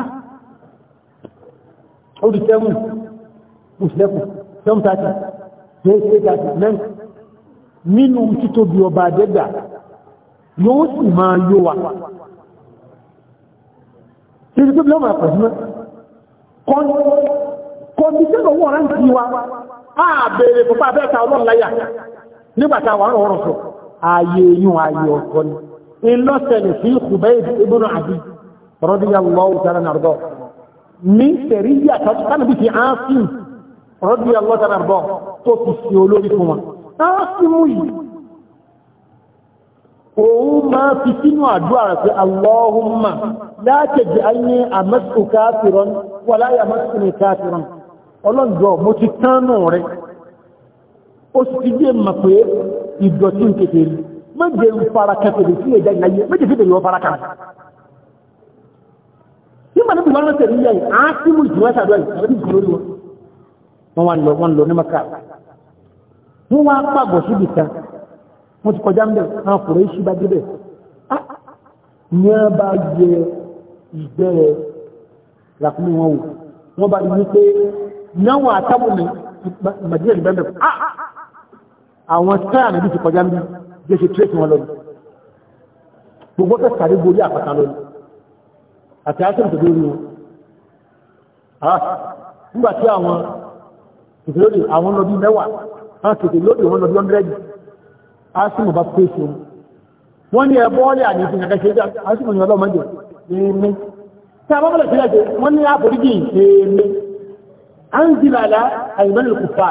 orí seven ìṣẹ́kù seven thirty eight eight thirty nine nínú títóbi ọba àdẹ́gbà yóò sì máa yó wa títí tó bí ọmọ àpàdúmọ́ kọ́ndíṣẹ́lọ̀ wọ́n rántí wa ààbèrè pọ̀pá abẹ́ta ọlọ́láyà nígbàtà wà ń rọrùn sọ ààyè yún ààyè ọ̀tọ̀ ni ìlọ́sẹ̀lẹ̀ sí Khubayb ibn Adi radiyallahu ta'ala nàrọ̀dọ̀ ní sẹ̀rí yàtọ̀ tánàbí ti áásìm radiyallahu ta'ala nàrọ̀dọ̀ tó fi sí olórí fún wọn áásìmù yìí òun máa fi sínú àdúrà rẹ̀ pé Allahumma la taj'alni àmẹ́sù káfìrán wà láyé àmẹ́sù ní káfìrán mo ti tánù rẹ̀ ó sì ti gbé mọ̀ pé ìdọ̀tí kékeré méje ń fara kẹfẹ̀rẹ̀ sí ẹ̀dá ìnáyé méje fi bèèrè wọn fara kan nígbà níbi wọn lọ́sẹ̀ níyà yìí àá sí mú ìjìnwá ṣàdọ́ yìí àwọn ìjìnwá lórí wọn wọn lọ wọn lọ ní maka wọn wá pàgọ́ síbi kan wọn ti kọjá mbẹ àwọn kùrẹ́ iṣu bá débẹ̀ ní a bá yẹ ìgbẹ́rẹ̀ làkúnmí wọn wò wọn bá yí pé náwọn àtàwọn mi màdíyà ìgbẹ́mbẹ̀ àwọn sáà níbi ti kọjá mbẹ jẹ́ ṣe tírèkì wọn lọ́nà gbogbo tẹ́ sàrí gorí àpàtà lọ́nà àti àṣẹ ìtòdó orí wọn ah, nígbà tí àwọn tètè lóde àwọn lọ bí mẹ́wàá àwọn tètè lóde wọn lọ bí ọ́ndẹ́rẹ́dì àṣẹ mọ̀ bá pèsè wọn wọ́n ní ẹbọ́ ọ̀lẹ́ àní ìfìyàn kẹ́kẹ́ jẹ́ àṣẹ mọ̀ ní ọlọ́mọ jẹ́ ẹ̀mí tí a bá bọ̀lẹ̀ sílẹ̀ jẹ́ wọ́n ní àforíjì ẹ̀mí anzilala àìmọ́nì kùfàà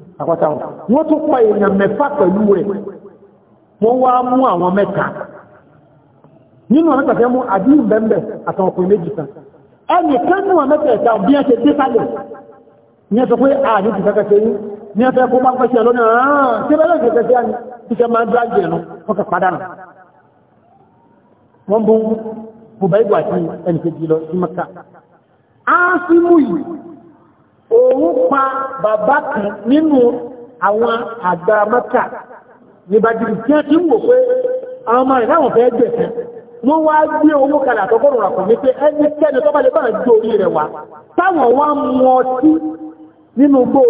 àpáta wọn wọ́n tún pa èèyàn mẹ́fà pẹ̀lú rẹ̀ wọ́n wá mú àwọn mẹ́ta nínú àwọn mẹ́ta fẹ́ mú àdíyù bẹ́ẹ̀bẹ̀ àtàwọn ọkùnrin méjì kan ẹnì kan nínú àwọn mẹ́ta ẹ̀ta bí ẹ ṣe dé kalẹ̀ ní ẹ sọ pé a ní ti kẹ́kẹ́ sẹ́yìn ní ẹ fẹ́ kó máa pẹ́sẹ̀ lọ́nà ààrùn tí bẹ́ẹ̀ lọ́nà òun pa bàbá kan nínú àwọn àgbà mẹ́ta nìbàdìrì tí ó ti ń wò pé àwọn ọmọ rẹ̀ fẹ́ gbẹ̀sẹ̀ wọ́n wá gbé owó kalẹ̀ àtọ́gọ́rùn ràpọ̀ ní pé ẹni kẹ́ni tó bá lè bá jò orí rẹ̀ wá táwọn wá mú ọtí nínú gbó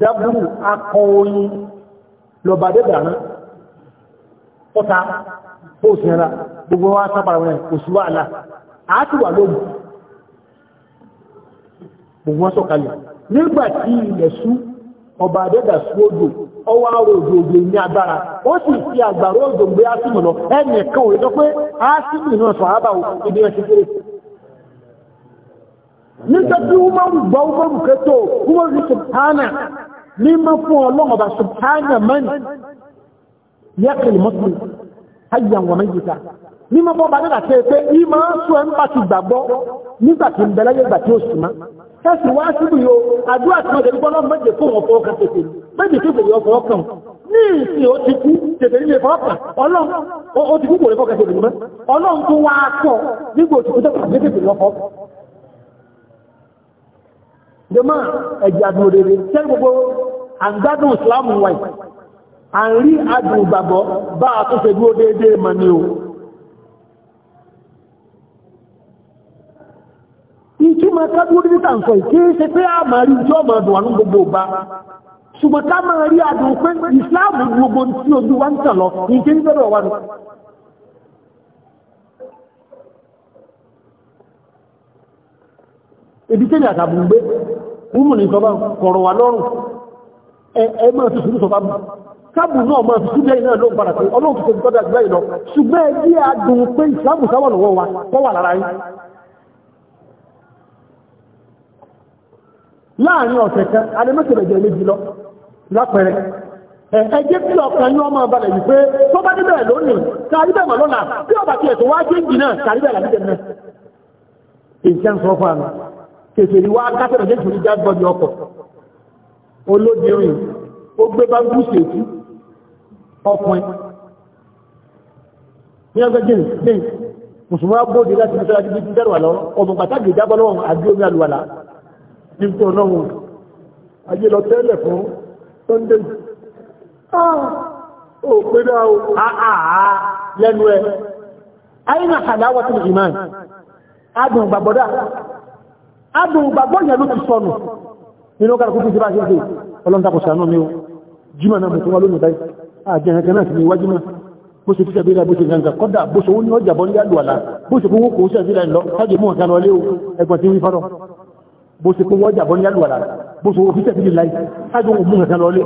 dábùrù akọ oyin lọ́bà dẹ́dàrán pọ́ta fóòsìnra gbogbo ala sápàrà wọn òṣùwà àlà àti wà lóòmù gbogbo wọ́n sọ̀kalẹ̀ nígbàtí ilẹ̀ sú ọba dẹ́dà sú odò ọwọ́ àrò si òjò fi àgbàrá òjò gbé ásìmù lọ ẹnì kan òjò pé ásìmù náà sọ̀ nígbà tí umaru gbọ́ umaru kẹtọ́ umaru subhana ní ma fún ọlọ́run ọba subhana mani yẹ́kìlì mọ́sùlùmí ayé àwọn méjìká ní ma bọ́ ọba nígbà tí ẹ pé ìmọ̀ sọ ẹ̀ ń bá ti gbàgbọ́ nígbà tí ń bẹ̀rẹ̀ yẹ́gbà tí ó sì má ẹ̀sì wá síbi yóò àdúrà tí wọ́n dẹ̀gbọ́n náà méje fún ọ̀fọ́ ọkàn tètè méje tó fèrè ọkọ̀ ọkàn ní ìsìn ó ti kú tètè nílé fọ́ọ̀kàn ọlọ́run ó ti kú kò lè fọ́ọ̀kàn tètè nígbà ọlọ́run tó wá kọ̀ nígbà òtún tó fà jẹmọ́ ẹ̀jẹ̀ àdùn òdèrè tẹ́ gbogbo àǹgbádùn ìsìlámù wáyé à ń rí àdùn ìgbàgbọ́ bá a tó ṣe dúró déédéé mà ní o ìtumọ̀ ká dúró déédéé tàǹsọ̀ kí í ṣe pé a máa rí ìjọ ọmọ ọdún àánú gbogbo ọba ṣùgbọ́n ká máa rí àdùn pé ìsìlámù gbogbo tí ojú wa ń tàn lọ ìjẹ́ nígbẹ́rẹ̀ wà nù ibi tẹ́lẹ̀ àtàbùgbé wúmù ní ìjọba kọ̀rọ̀ wà lọ́rùn ẹ máa fi sùúrù sọ̀fà sábù náà máa fi sùúrù lẹ́yìn náà ló ń padà pé ọlọ́run ti ṣùgbọ́n adùn pé lọ́wọ́ wa kọ́ wà lára yín láàrin ọ̀sẹ̀ kan adẹ́mẹ́sẹ̀lẹ̀jẹ̀ méjì lọ lápẹẹrẹ tí ọkàn kèfèrí wá kásẹ̀rọ̀ jẹ́ ìfòrí jágbọ́dì ọkọ̀ olóde orin ó gbé bá gúúsù ètú ọkùnrin ní ọjọ́ jìn ní mùsùlùmí agbóde láti fi sọ́ra jíjí dẹ́rù àlọ́ ọmọ pàtàkì ìjábọ́ lọ́wọ́ àbí omi àlùwàlà ní tó lọ́wọ́ ayé lọ tẹ́lẹ̀ fún sunday ah, ó pé náà ó àà lẹ́nu ẹ̀ ayé náà àdáwọ̀ tó ìmáà adùn gbàgbọ́dá adùn gbàgbọ́ yẹn ló ti sọnù nínú kára kúkú jíba ṣe ọlọ́ntakọ̀ sànú mi ó jíma náà mọ̀tún wá lónìí báyìí àjẹ́ ẹ̀kan náà sì ní iwájú náà bó ṣe títẹ̀ bíra bó ṣe gangan kọ́dà bó ṣe wọ́n ní ọjà bọ́ ní àlù àlá bó ṣe kówó kò sẹ́ẹ̀ sílẹ̀ lọ kájọ mú ọ̀kan lọlé o ẹgbọ̀n tí wí fọ́rọ̀ bó ṣe kówó ọjà bọ́ ní àlù àlá bó ṣe wọ́n fi tẹ̀ sílẹ̀ láì kájọ mú ọ̀kan lọlé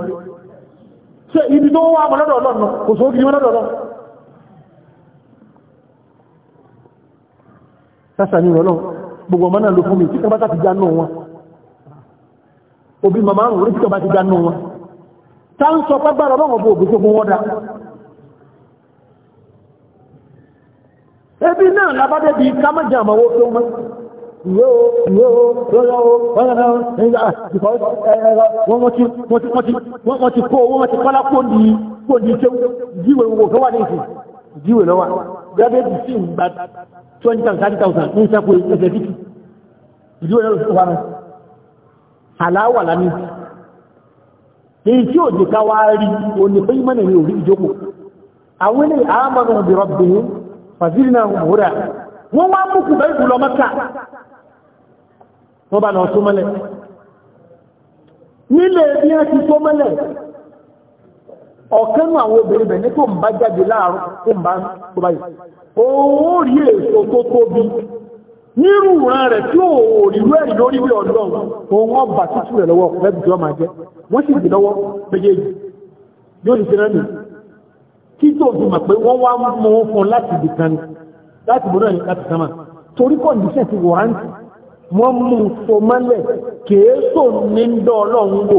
ṣe ibi tó wà ọlọ́run gbogbo ọmọ náà ló fún mi tí kọba ti dánú wọn òbí màmá rùn orí tí kọba ti dánú wọn tá ń sọ pẹ́gbàrà ọlọ́wọ́ bó òbí gbogbo wọ́n ebi náà labádé bí kámẹ́jà àmọ́wó tó mọ́ ìwé o ìwé o lọ́yọ́ o wọ́n ti kó wọ́n ti kọ́lá kó ní kó ní ṣe jíwèé wò kọ́wà ní ìsìn jíwèé lọ́wà gẹ́gẹ́ bí sí ìgbà twenty thousand thirty thousand ń sẹ́kù ẹsẹ̀ fífi ìdí òye ló wà náà àláwà lámì èyí tí ò dìka wá rí òní pé ìmọ̀ nìyí òrí ìjókòó àwọn ilé àmọ́nà òbí rọ́bìnrin fàzílì náà wò rà wọ́n wá mú kùbẹ́ ìlú lọ mẹ́ta wọ́n bá lọ tó mọ́lẹ̀ nílé bí wọ́n ti tó mọ́lẹ̀ ọ̀kan náà àwọn obìnrin bẹ̀ ní tó ń bá jáde láàárọ̀ tó ń bá tó báyìí òun ó rí èso tó tóbi nírú ìran rẹ̀ tí ò rírú ẹ̀rí lórí ìwé ọlọ́run òun ọba tútù rẹ̀ lọ́wọ́ lẹ́bí tí wọ́n máa jẹ́ wọ́n sì gbé lọ́wọ́ méjèèjì yóò ní sí náà nì kí tó fi mọ̀ pé wọ́n wá mú fún láti ibì kan láti bọ́ ní láti sánmà torí kọ̀ǹdíṣẹ̀ ti wọ̀rántì wọ́n mú fọmọ́lẹ̀ kèé tó ní ń dọ́ ọlọ́run wò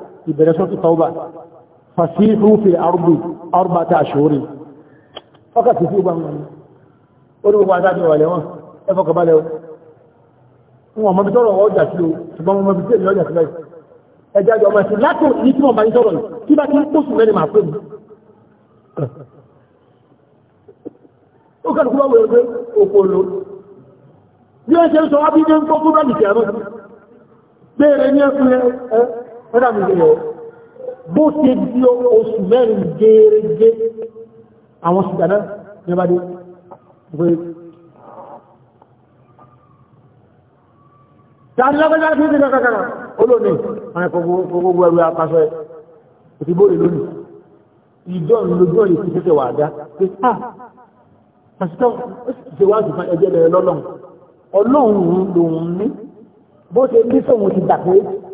ìbẹ̀rẹ̀ sọ́tù tọ́ọ̀bà fasihu fil ardi arbata ashhuri ọkà tí ó bá wọn ni ó ní gbogbo àtàkì wà lẹ́wọ̀n ẹfọ́kàbálẹ̀ wọn mọ̀bí tọ́rọ ọjà sí o ṣùgbọ́n mọ̀bí tí èmi ọjà sí láì ẹjá jọ ọmọ ẹ̀sìn bí ó ṣe ń sọ wá bí ní ń kó fún bá nìkẹ́ àmọ́ ní ẹkùn ẹ wọ́n dàbí ìgbìyànjú bó ṣe di oṣù mẹ́rin gẹ́gẹ́ àwọn ṣùgbà náà ní ọba dé gbé tàbílọ́gbẹ́gbẹ́ tí ó ti kàkàkà olóòní àwọn ẹ̀kọ́ gbogbo ẹrù apasọ ẹ̀ òtìbó rẹ̀ lónìí ìjọ lójú ọ̀yẹ̀ ti ṣẹ̀ṣẹ̀ wà dá pé ha pàṣítọ́ ó sì ṣe wá sí fún ẹgbẹ́ lọ́lọ́run ọlọ́run lòun ní bó ṣe ní sóhun ti dà pé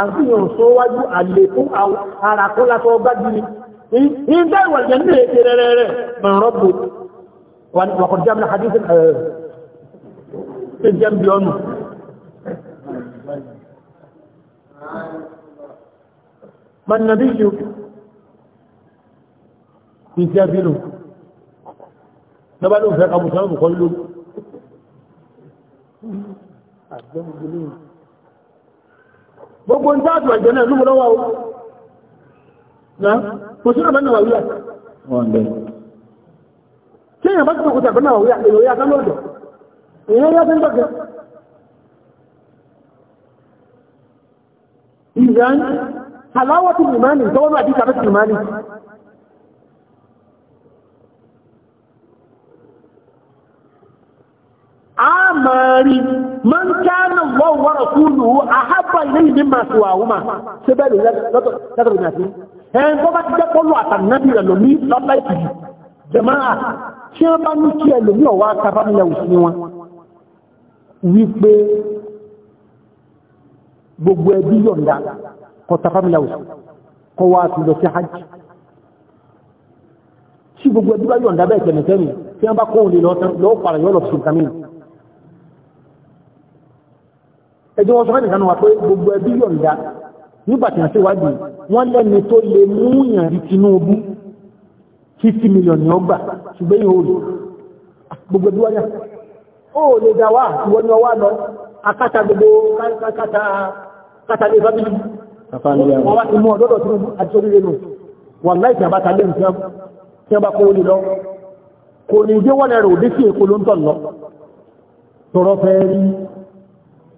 àfihàn sówájú àlékún ara kó látọ́ bá gírí ní ìdá ìwàlẹ̀ ní èdè rẹ̀ rẹ̀ mọ̀rọ̀bù wàkọ̀dí àmì àdíṣẹ́ ẹ̀rẹ̀ jẹ́ bí ọnù mọ̀nàbí yóò ti jẹ́ bínú lọ́bá ló gbogbo ń dáàtù àjẹ́ náà ló mọ́lọ́wọ́ o náà kò sí ọ̀bẹ́ náà wíyà tí èyàn bá ti kòkòtà ọ̀bẹ́ náà wíyà èrò yàtọ̀ lọ́dọ̀ èyàn yá sí ń dọ́gẹ̀ ìyàn aláwọ̀ tí ìmáàlì tọ́wọ́ náà àdíkà amari man kana Allah wa rasuluhu ahabba ilayhi mimma siwahuma sebe le lato bi nati en ko ba ti je polo atan nabi la lo mi lo lai ti jamaa tí wọ́n bá ní kí ẹlòmí ọ̀wá kábàmílẹ̀ òsìn wọn wípé gbogbo ẹbí yọ̀ǹda kọ kábàmílẹ̀ òsìn kọ wá ti lọ sí hajj tí gbogbo ẹbí bá yọ̀ǹda bẹ́ẹ̀ tẹ̀mẹ̀tẹ̀mẹ̀ tí wọ́n bá kóhùn lè lọ́tàn lọ́ọ́ pààrọ̀ yọ́ lọ sí ẹjọ́ wọ́n sọ fẹ́ nìkan wà pé gbogbo ẹbí yọ̀ǹda nígbàtí àti ìwádìí wọ́n lẹ́ni tó lè mú yàn rí Tinubu 50 million ni ó gbà ṣùgbẹ́ yìí orí gbogbo ẹbí wáyà ó lè dá wà ìwọ ni ọwá lọ akátá gbogbo kátà lè fábílì wọ́n wá ti mú ọ̀dọ́dọ̀ Tinubu àti oríire nù wọ́n láì tàbá ta lẹ́nu tí wọ́n bá kó lè lọ kò ní ìdíwọ́lẹ̀ rò dé sí èkó ló ń tọ̀ lọ tọrọ fẹ́ rí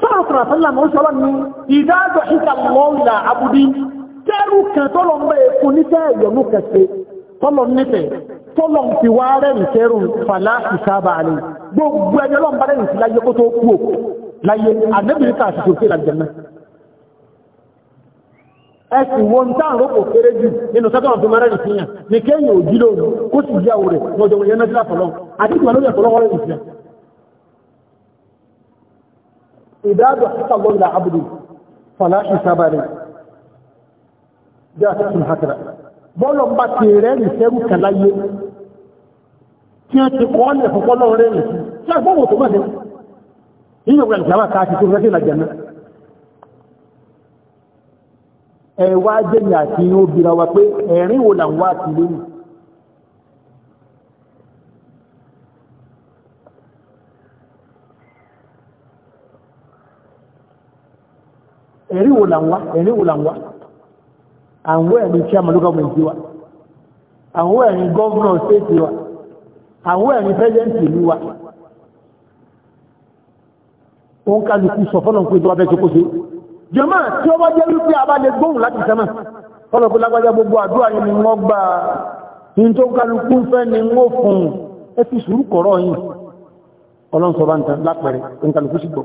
sọ́rọ̀sọ̀rọ̀ àtàlà mọ́ sọ́rọ̀ ní ìdájọ́ ìsàmọ́lá àbúdí tẹ́rù kan tọ́lọ̀ mọ́ èkó nífẹ́ ìyọ̀nú kẹsẹ̀ tọ́lọ̀ nífẹ̀ tọ́lọ̀ fi wá rẹ̀rìn tẹ́rù fàlá ìsába àlè gbogbo ẹni ọlọ́run bá rẹ̀rìn sí láyé kó tó kú òkú láyé àdébìríkà àti sòfin àjẹmẹ́ ẹsìn wọn tá àrùn kò kéré jù nínú sẹ́tọ̀nà tó mẹ́rẹ̀ nìfihàn ní kéèyàn òjì lóòrùn kó sì yá òrè lọ́jọ́ òyìnbó náà sí àfọlọ́ àti ìgbà lórí àfọlọ́wọ́rẹ́ nìfihàn ìdájọ́ àtúntà lọ́wọ́ ìlà àbúrò fọlá ìsábàrẹ̀ jẹ́ àtúntà hàkìrà bọ́ọ̀lọ̀ bá ti rẹ̀ rí sẹ́rù kàláyé tí ó ti kọ́ lẹ̀ fọ́kọ́ lọ́wọ́ rẹ̀ rí sí àgbọ̀wò tó mẹ́rin yíyọ̀ rẹ̀ ìjàmà káàkiri tó rẹ̀ ìlàjẹ̀mẹ́ ẹ̀wà jẹ́ ìyà àti obìnrin wa pé ẹ̀rín wo làwọn àti lóyìn ẹ̀rí wò là ń wá ẹ̀rí wò là ń wá àwọn ẹ̀rí chairman local government wa àwọn ẹ̀rí governor state wa àwọn ẹ̀rí president ìlú wa wọn kálukú sọ fọlọ ń pè tó wá bẹ tó kó ṣe jọmọ tí ọba jẹ wípé abá lè gbóhùn láti sẹmọ fọlọ pé lágbájá gbogbo àdúrà yẹn ni wọn gbà ní tó kálukú fẹ ni wọn fún ẹ fi sùúrù kọrọ yìí ọlọ́nsọ̀bá ń tán lápẹẹrẹ ń kálukú sí gbọ́.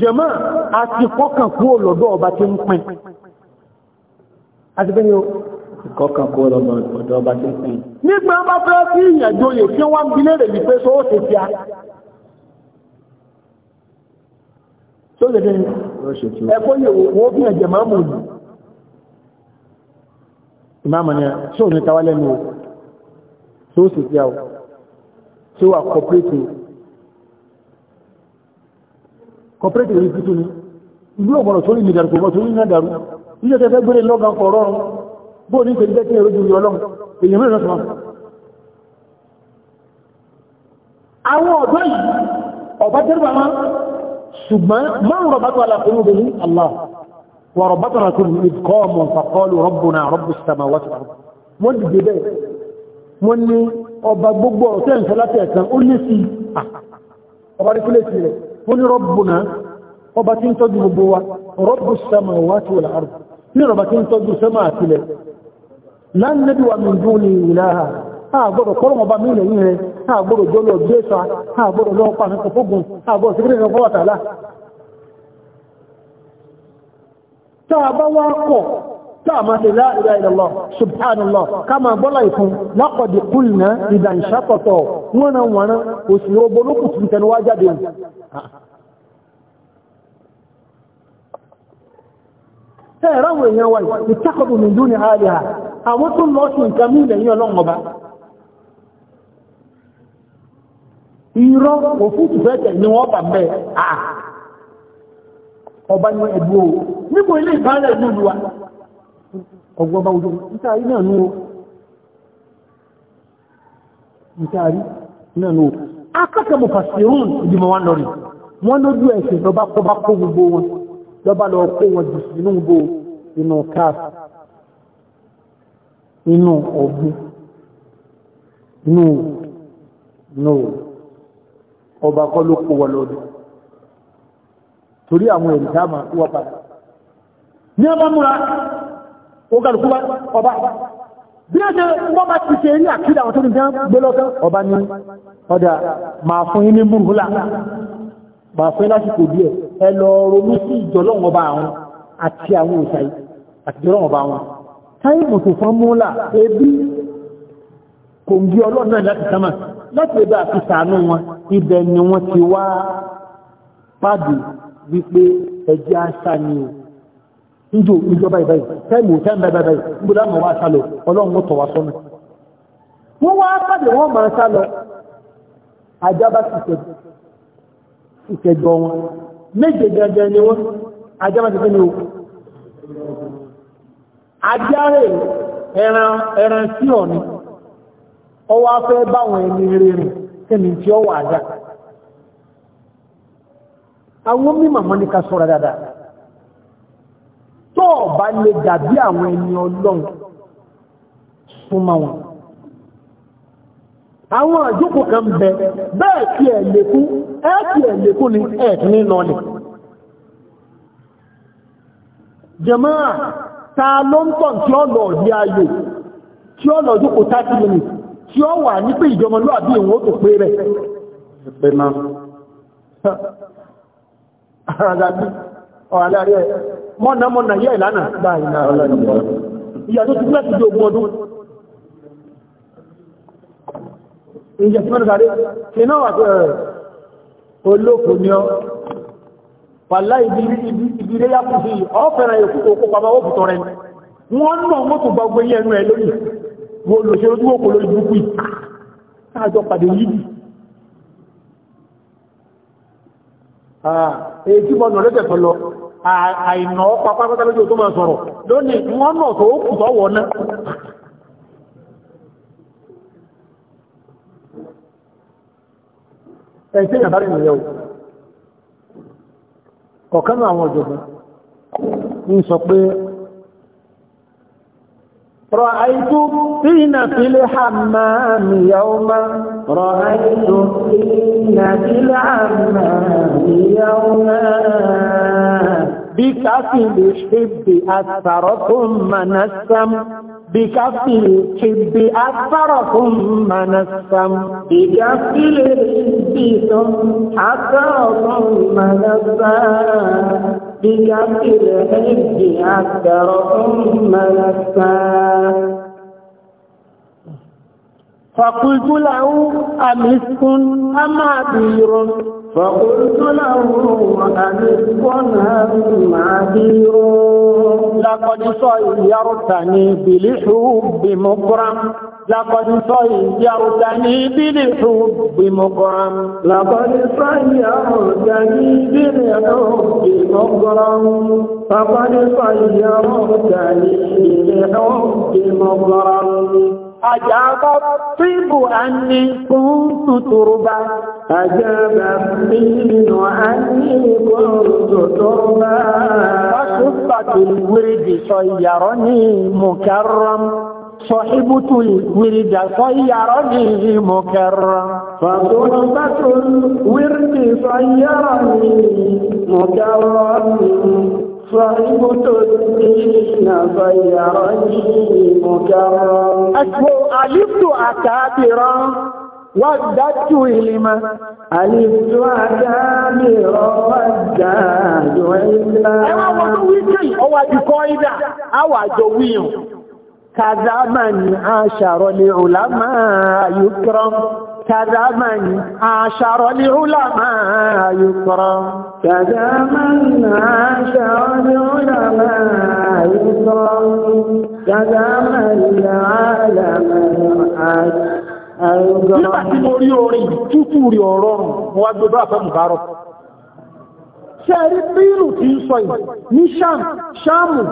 jẹ̀mọ́ àti kọ́kàn kú ọlọ́dọ̀ ọba tí ń pín àti bẹ́ni o kọ́kàn kú ọlọ́dọ̀ ọba tí ń pín nígbà bá fẹ́ sí ìyàjòyè tí wọ́n bí lérè ní pé sóó ti fi a tó lè dẹ́ni ẹ̀kọ́ yẹ̀wò wọ́n bí ẹ̀jẹ̀ máa mú ní ìmáàmù ni sóò ní tawálẹ́nu o sóò sì fi a o tí wà kọ́pẹ́tì cooperative yìí tuntun ni ìlú ọ̀gbọ̀nà tó rí mi dàrú kò tó rí náà dàrú ilé tẹ́fẹ́ gbére lọ́gà ọkọ̀ rọrùn bó ní ṣe jẹ́ kí ẹ̀rọ ju yọ wọ́n dìde ọba gbogbo ọ̀tẹ́ ìfẹ́látẹ̀ ẹ̀kan ó lé sí ah, ọba fúlé sí rẹ̀ wọ́n ní rọ́bùnà ọba tí ń tọ́jú gbogbo wa rọ́bù samawati wal ard ní ọba tí ń tọ́jú sẹ́mà wa min duni ha àgbọ̀dọ̀ kọ́lọ̀mọ̀ mílẹ̀ yìí rẹ̀ àgbọ̀dọ̀ jọlọ gbéṣà àgbọ̀dọ̀ lọ́pàá a ya? ṣe la ilaha illallah subhanallah káàmà bọ́lá ìfún lákọ̀dì kúlìnà ìdà ìṣàkọ̀tọ̀ wọ́n wọ́n òsì robo lókù tí tẹnuwá jáde ẹ̀ráwọ̀ èèyàn wáyé ìtàkọ̀dù min duni àárẹ̀ àwọn tó lọ sí nǹkan mí lẹ́yìn ọlọ́run ọba ọgbọ́n bá ojú ìtàrí náà ní o ìtàrí náà ní o akẹ́kẹ́ mọ̀ fàṣírún ìdìmọ̀ wọn lọ́rin wọ́n lójú ẹ̀sẹ̀ lọ bá kó bá kó gbogbo wọn lọ́bá lọ kó wọn jù sínú gbò inú káàf inú ọ̀gbù inú ọba kọ́ ló kó wọn lọ́dún torí àwọn ẹ̀rí dáàmà wọ́n padà ní ọba múra ó kàlùkú bá ọba bí ó ṣe wọ́n bá ti ṣe ní àkídà àwọn tó ní jẹ́ gbélọ́tán ọba ní ọdá máa fún yín ní múrùhúlà máa fún lásìkò díẹ̀ ẹ lọ ronú sí ìjọlọ́wọ́ bá àwọn àti àwọn òṣàyí àti ìjọlọ́wọ́ bá wọn táìmù tó fún múlà ebí kò ń gí ọlọ́run náà láti sámà láti ẹgbẹ́ àti sàánú wọn ibẹ̀ ni wọ́n ti wá njó ìjọba ìbáyìí tẹ́mù tẹ́mù bẹ́ẹ̀ níbùdó àmọ̀ wá sálọ ọlọ́run tọ̀ wá sọ́nà wọ́n wá pàdé wọ́n máa sálọ ajábá ìkẹjọ wọn méje gẹ́gẹ́ ni wọ́n ajábá ti fẹ́ ni o ẹran ẹran sí ọ ọwọ́ afẹ́ báwọn ẹni tí wà àwọn mímọ̀ mọ́ tó ọba lè dàbí àwọn ẹni ọlọ́run fún ma wọn àwọn àjókò kan bẹ bẹ́ẹ̀ tí ẹ̀ lékún ẹ́ tí ẹ̀ lékún ni ẹ̀ ní nọ́lẹ̀ jẹmáà ta ló ń tọ̀ tí ọlọ̀ ọ̀dí ayò tí ọlọ̀ òjókò 30 minutes tí ó wà ní pé ìjọmọ lóàbí ìwọ̀n tó pé rẹ̀ ọ̀rọ̀lẹ́ rẹ̀ mọ́nà mọ́nà yẹ́ ìlànà láàrin ìyà tó ti gbẹ́sì jò gbọ́dú ìjẹ̀ tí mẹ́rin sáré ṣe náà wà pé olóòkú ni ọ pàlá ìbílé yàpù sí ọ́fẹ́ràn òkú pàmà ó fùtọ̀ rẹ̀ wọ́n náà wọ́n tó gbogbo yẹ́ ẹnu ẹ̀ lónìí wo lòṣèlú tó wọ́pọ̀ lórí burúkú yìí Ah, èyí bọ́nà lẹ́tẹ̀ tó lọ àìnà pápápátá lójú tó máa sọ̀rọ̀ lónìí wọ́n náà tó kù tọ́wọ́ náà ẹ̀sẹ̀ ìyàbárí nìyẹ̀ o ọ̀kan náà àwọn ọ̀jọ̀gbọ́n ń sọ pé رأيت فينا في الحمام يوما رأيت فينا في الحمام يوما بكف الحب أثر ثم نسم بكف الحب أثر ثم نسم بكف الحب أثر ثم نسم ربك في أكثر ثم نسى فقلت له أمسك أم عبير فقلت له أمسك أم عبير لقد صيرتني بالحب مكرم لقد صيرتني بالحب مكرم لقد صيرتني بالحب مكرم فقد صيرتني بالحب مكرم àjàbá tíbù a ní fún tuntun bá àjàbá tíbù a ní fún tuntun bá pàtàkì wíridì sọ ìyàrọ́ ní mùkẹ́rọ́m صاحبة الورد صيرني مكرم فصحبة الورد صيرني مكرم صاحب الدين صيرني مكرم أسوأ aliftu àtàbìrán wọ́n dájú ìlìmọ̀ aliftu àtàbìrán wọ́n dájú ìlìmọ̀ ẹwà wọ́n tó wíkì ọwà jùkọ́ ìdá àwàjọ wíyàn kàdámà ní àṣàrọ̀ lè rùlámà yóò كدما عاشر العلماء يكرم كدما عاشر العلماء يكرم كدما العالم يكرم nígbà tí mo rí orin tútù rí ọ̀rọ̀ mo wá gbogbo àfẹ́ mùbárọ̀ ṣe rí bílù tí ń sọ yìí ní ṣáàmù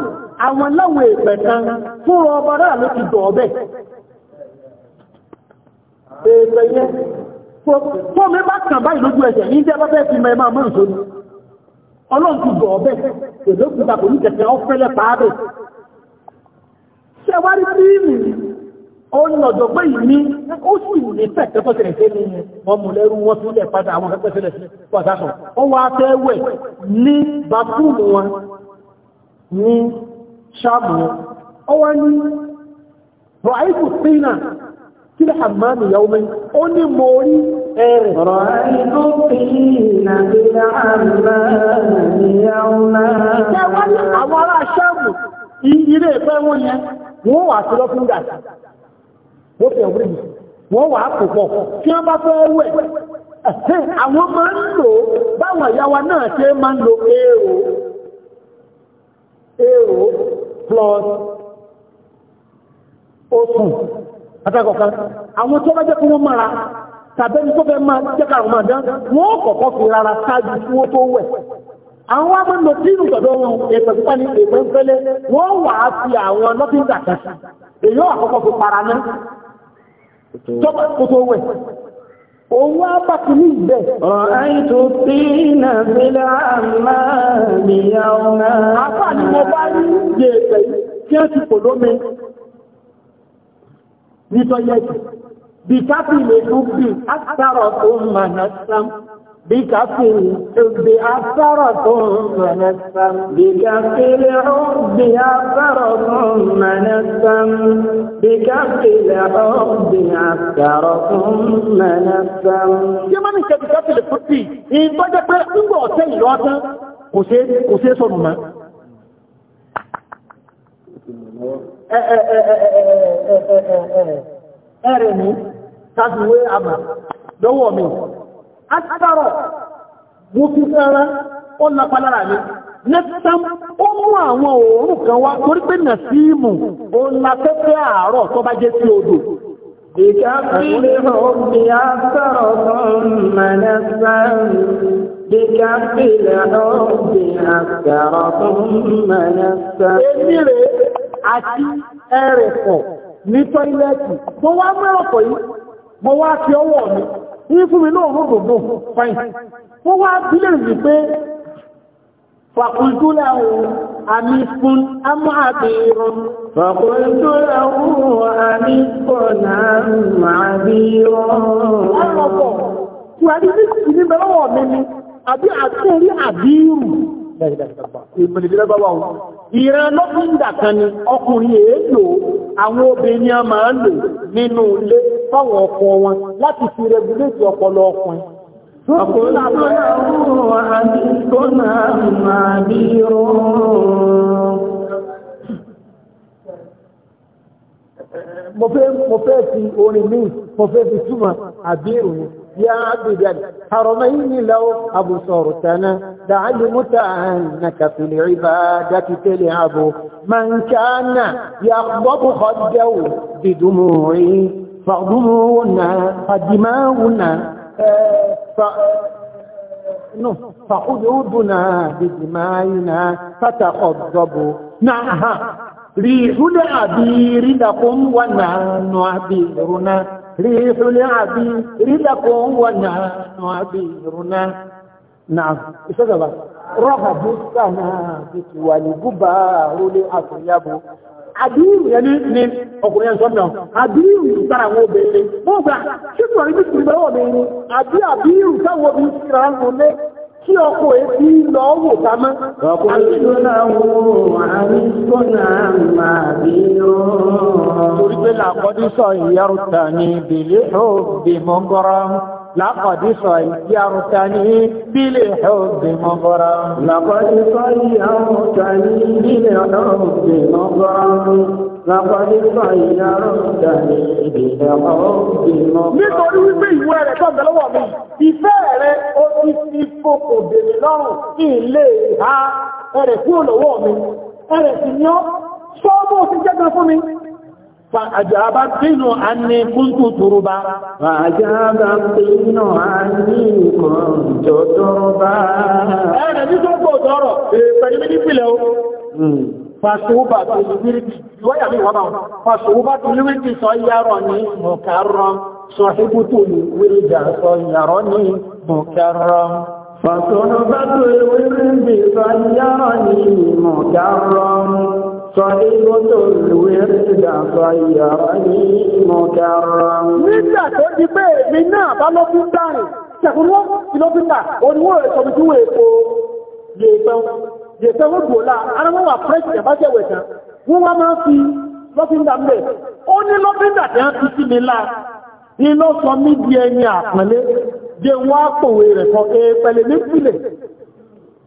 àwọn láwọn èèpẹ̀ kan fún ọba rẹ̀ ló ti dọ̀ ọbẹ̀ èèpẹ̀ yẹn tó mi bá kàn báyìí lójú ẹsẹ̀ ní jẹ́ bẹ́ẹ̀ fi mẹ́ẹ̀má mọ́ ìṣó ni ọlọ́run ti gbọ̀ ọbẹ̀ èdè òkúta kò ní kẹ̀kẹ́ ọ́fẹ́lẹ́ pàábẹ̀ ṣe wá rí fíìmù ọ̀nà ọ̀dọ̀gbẹ́ yìí ní ó sì wù ní fẹ̀ tẹ́kọ̀tẹ̀lẹ̀ sí ni wọ́n mú lẹ́rú wọn tún lẹ̀ padà àwọn akẹ́kọ̀ọ́ sílẹ̀ sí pàtàkì wọ́n wá fẹ́ wẹ̀ ní bàtúùmù wọn ní ṣáàmù wọn wọ́n wá ní bọ̀ àìkù sí náà sí hàmáàmù ìyàwó mi ó ní mo na ẹ̀rìn. ọ̀rọ̀ inú fi nàìjíríà hàmáàmù ìyàwó náà. ṣé wọ́n ní àwọn ará ṣáàmù ilé ìfẹ́ wọn yẹn fi àwọn máa ń lò báwọn náà ṣe máa ń lo èrò èrò plus oṣù àtàkọ̀kan àwọn tó bá jẹ́ kí wọ́n mara tàbẹ́ni tó fẹ́ máa jẹ́kà àwọn àdán wọ́n kọ̀kọ́ fi rárá sáájú tí wọ́n tó wẹ̀ àwọn amọ́nà tí ìrù tọ̀dọ̀ wọn èpè púpá ní èpè ń fẹ́lẹ́ wọ́n wà á fi àwọn lọ́fíìn dàkà èyí àkọ́kọ́ fi para ná tọ́pọ̀ tó wẹ̀ òun á bá ti ní ìgbẹ́. ọ̀rẹ́ tó fi ní tọ́lẹ́tì bí káfílẹ̀ gúgbìn àtàrọ̀ tó mọ̀nà sám bí káfílẹ̀ ògbè àtàrọ̀ tó mọ̀nà sám bí káfílẹ̀ ògbè àtàrọ̀ tó mọ̀nà sám bí káfílẹ̀ ògbè àtàrọ̀ tó mọ̀nà sám. ṣé máa ń ṣe bí káfílẹ̀ fún sí i pé ń bọ̀ ọ̀tẹ́ ìlú ọ̀tán kò ṣe é sọ̀rọ̀ ẹ̀rẹ̀ ní tàbíwé àmà lọ́wọ́ mi. A sárọ̀, mo fi sára, ó lápá mi. Nẹ́tàm, ó mú àwọn òórùn kan wá torí pé nà sí ìmù, ó àárọ̀ tó bá jẹ́ sí odò. àti ẹrẹ̀fọ̀ ní tọ́ílẹ̀tì mo wá mẹ́rọ̀pọ̀ yìí mo wá fi ọwọ́ mi ní fún mi náà ròdòdó fain mo wá bílẹ̀ rí pé فقلت له أمسك fún عبير فقلت له أمسك أم عبير Ọ̀rọ̀pọ̀, tí a Ìran lọ́fíndà kan ni ọkùnrin èèlò àwọn obìnrin a máa ń lò nínú ilé fáwọn ọkọ wọn láti fi rẹgúlétì ọpọlọ ọkùnrin. Mo fẹ́ fi orin mi, mo fẹ́ fi túmọ̀ àbí ìròyìn. يا عبدا حرمين لو أبصرتنا تعلمت أنك في العبادة تلعب من كان يخضب خده بدموعي فدموعنا فدماؤنا فحدودنا بدمائنا فتخضب نعها ريح العبير لكم ونحن عبيرنا ريح العبير لكم ونعبيرنا نعم ايش هذا رهب السنابك والغبار لأطيب àbíyù yẹn ní ọkùnrin ẹ̀ sọ́nà àbíyù sára àwọn obìnrin mọ́gbà ṣíkùnrin bí kìrìbẹ̀wọ̀ mi ni àbí àbíyù sáwọn obìnrin sí ra ń lọ lé tí ọkọ̀ èsì lọ wò tamá. Torí pé làkọ́dí sọ ìyẹ́rù tà ó bè mọ́ gọ́rọ́. لقد صيرتني بالحب مغرا لقد صيرتني بالحب مغرا Lápàdé sàìyà rọ̀dà ní ìdìdà ọ̀gbìnà. Nítorí wípé ìwé rẹ̀ tó bẹ̀rẹ̀ wọ̀ mí, ìfẹ́ rẹ̀ ó ha ẹrẹ̀ kúrò lọ́wọ́ mi. Ẹrẹ̀ sì ni ọ́, sọ́ọ́bù فأجاب الطين أني كنت تربا فأجاب الطين أني كنت تربا أنا دي سوكو دورو فإنني فيلو Fàṣùwúbà tó lúwírìtì, lọ́yà mi wọ́n bá wọn. Fàṣùwúbà tó lúwírìtì sọ yàrọ̀ ní mọ̀kàrán, sọ ìbútò lúwírìjà sọ yàrọ̀ ní mọ̀kàrán. Fàṣùwúbà tó lúwírìtì sọ yàrọ̀ ní mọ̀kàrán. Sọ̀dínlótò ìwé ìdà sọ ìyàwó ní ìmọ̀kẹ́ra. Nígbà tó di pé èmi náà bá ló fún dáàrin, ṣẹ̀kúnwó kìlómítà, oníwó rẹ̀ sọmi tí wọ́n èpo yẹ̀ẹ̀fẹ́ yẹ̀ẹ̀fẹ́ wọ́n gbòòlà, ara wọ́n wà fẹ́ẹ̀sì ẹ̀bájẹ̀wẹ̀ tán, wọ́n wá máa ń fi lọ́fíńdà mẹ́. Ó ní lọ́fíńdà tán fi sí mi lá, iná sọ mí di ẹni àpẹ̀lẹ́, jẹ́ wọ́n á pòwe rẹ̀ kan, èèpẹ̀lẹ̀ ní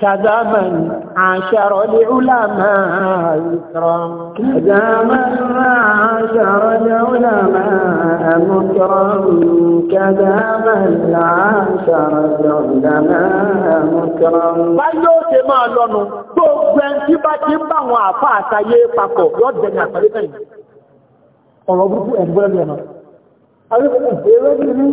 كذا من عاشر العلماء مكرم كذا من عاشر العلماء مكرم كذا من عاشر العلماء مكرم báyọ̀ ṣe máa lọ́nu tó gbẹ́ tí bá ti ń bá wọn àfa àtàyé papọ̀ yóò dẹ̀yìn àpẹẹrẹ bẹ́ẹ̀ ọ̀rọ̀ burúkú ẹ̀ ń gbọ́dọ̀ lọ́nà. àwọn ìpínlẹ̀ ìpínlẹ̀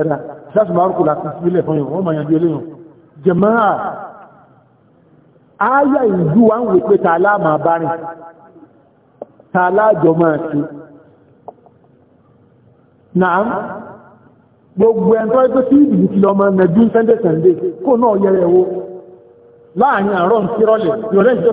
ẹ̀dà ṣáàtì máa rúkù láti sílẹ̀ fún yìí wọ́n ma yànjú eléyìn jẹ̀máà ayà ìlú wa ń wè pé tààlá máa bá rìn tààlá jọ máa ṣe náà gbogbo ẹ̀ntọ́ ẹgbẹ́ sí ìdìbò kìlọ ọmọ ẹ̀nẹ́bí sunday sunday kó náà yẹrẹ ẹ̀wọ́ láàrin àárọ̀ ń kírọ́lẹ̀ ìrọ̀lẹ́ ìjọ́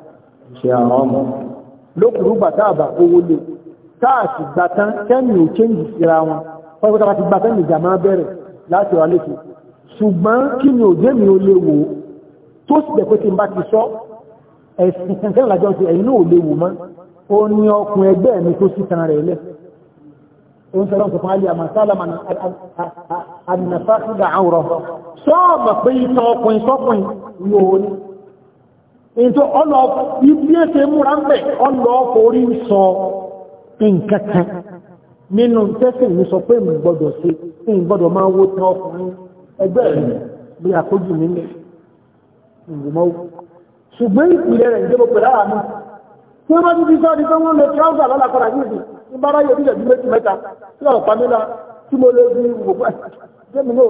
ṣe àwọn ọmọ lókùrú gbà tá àbà owó lè táàsì gbà tán kẹ́mì ò chéǹjì síra wọn pọ́pọ́tà bá ti gbà tán ìjà máa bẹ̀rẹ̀ láti wà lẹ́kọ̀ọ́ ṣùgbọ́n kí ni ò jẹ́mi ò lè wò tó sì bẹ̀ pé tí n bá ti sọ ẹ̀sìn kẹ́kẹ́ làjọ ti ẹ̀yìn náà ò lè wò mọ́ ó ní ọkùn ẹgbẹ́ mi tó sì tan rẹ̀ lẹ̀ ó ń sọ́dọ̀ fún alẹ́ àmà sálàmà ànàfà sí ètò ọlọ ibi ètè múra ń bẹ̀ ọlọ orí ń sọ nǹkankan nínú tẹ́sí ní sọ pé mi gbọ́dọ̀ sí mi gbọ́dọ̀ máa wó tán ọkùnrin ẹgbẹ́ rẹ̀ bí àkójù nílẹ̀ ìgbìmọ̀wó ṣùgbọ́n ìpìlẹ̀ rẹ̀ ìjẹ́bọ̀ pẹ̀lú àwọn di pé wọ́n lè tíráùsà lọ́la padà ní ìdí ìbára yóò bí ìdẹ̀bí méjì mẹ́ta tí wọ́n pàmílà tí mo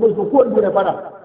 lè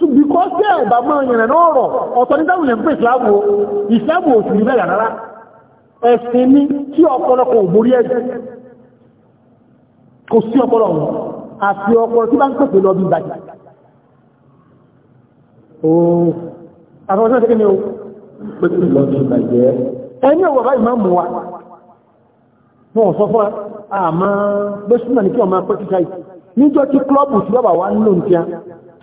ṣùgbìkọ́ sí ẹ̀bà mọ́ ìrìnà náà rọ̀ ọ̀tọ̀ ní dáhùn lè ń pè ìsìláàmù ìsìláàmù òsì ní bẹ̀rẹ̀ rárá ẹ̀sìn ní tí ọ̀pọ̀lọpọ̀ ògbórí ẹ̀jẹ̀ kò sí ọpọlọ ọ̀hún àti ọpọlọ tí bá ń pèsè lọ bí ìbàjẹ́ ẹni ọ̀wọ̀ báyìí máa mú wa wọ́n sọ fún àmá gbésùnà ní kí ọmọ pẹ́ níjọ́ tí klọ́bù tí bàbá wa ń lò ní kíá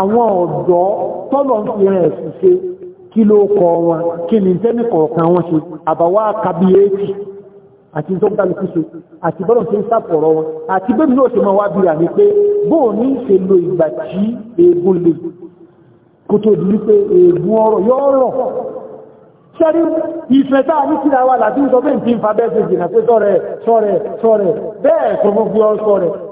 àwọn ọ̀dọ́ tọ́lọ̀ ń fi rẹ̀ ṣe kí ló kọ wọn kí ni tẹ́mì kọ̀ọ̀kan wọn ṣe àbáwá kàbíyèsí àti tó gbá lókúṣe àti bọ́lọ̀ tí ń sàpọ̀rọ̀ wọn àti bẹ́bí ló ṣe máa wá bíra ní pé bóò ní ṣe lo ìgbà tí eegun lè kó tó di wípé eegun ọ̀rọ̀ yóò rọ̀ ṣẹ́rí ìfẹ́ ní síra wa láti ń sọ bẹ́ẹ̀ tí ń fa bẹ́ẹ̀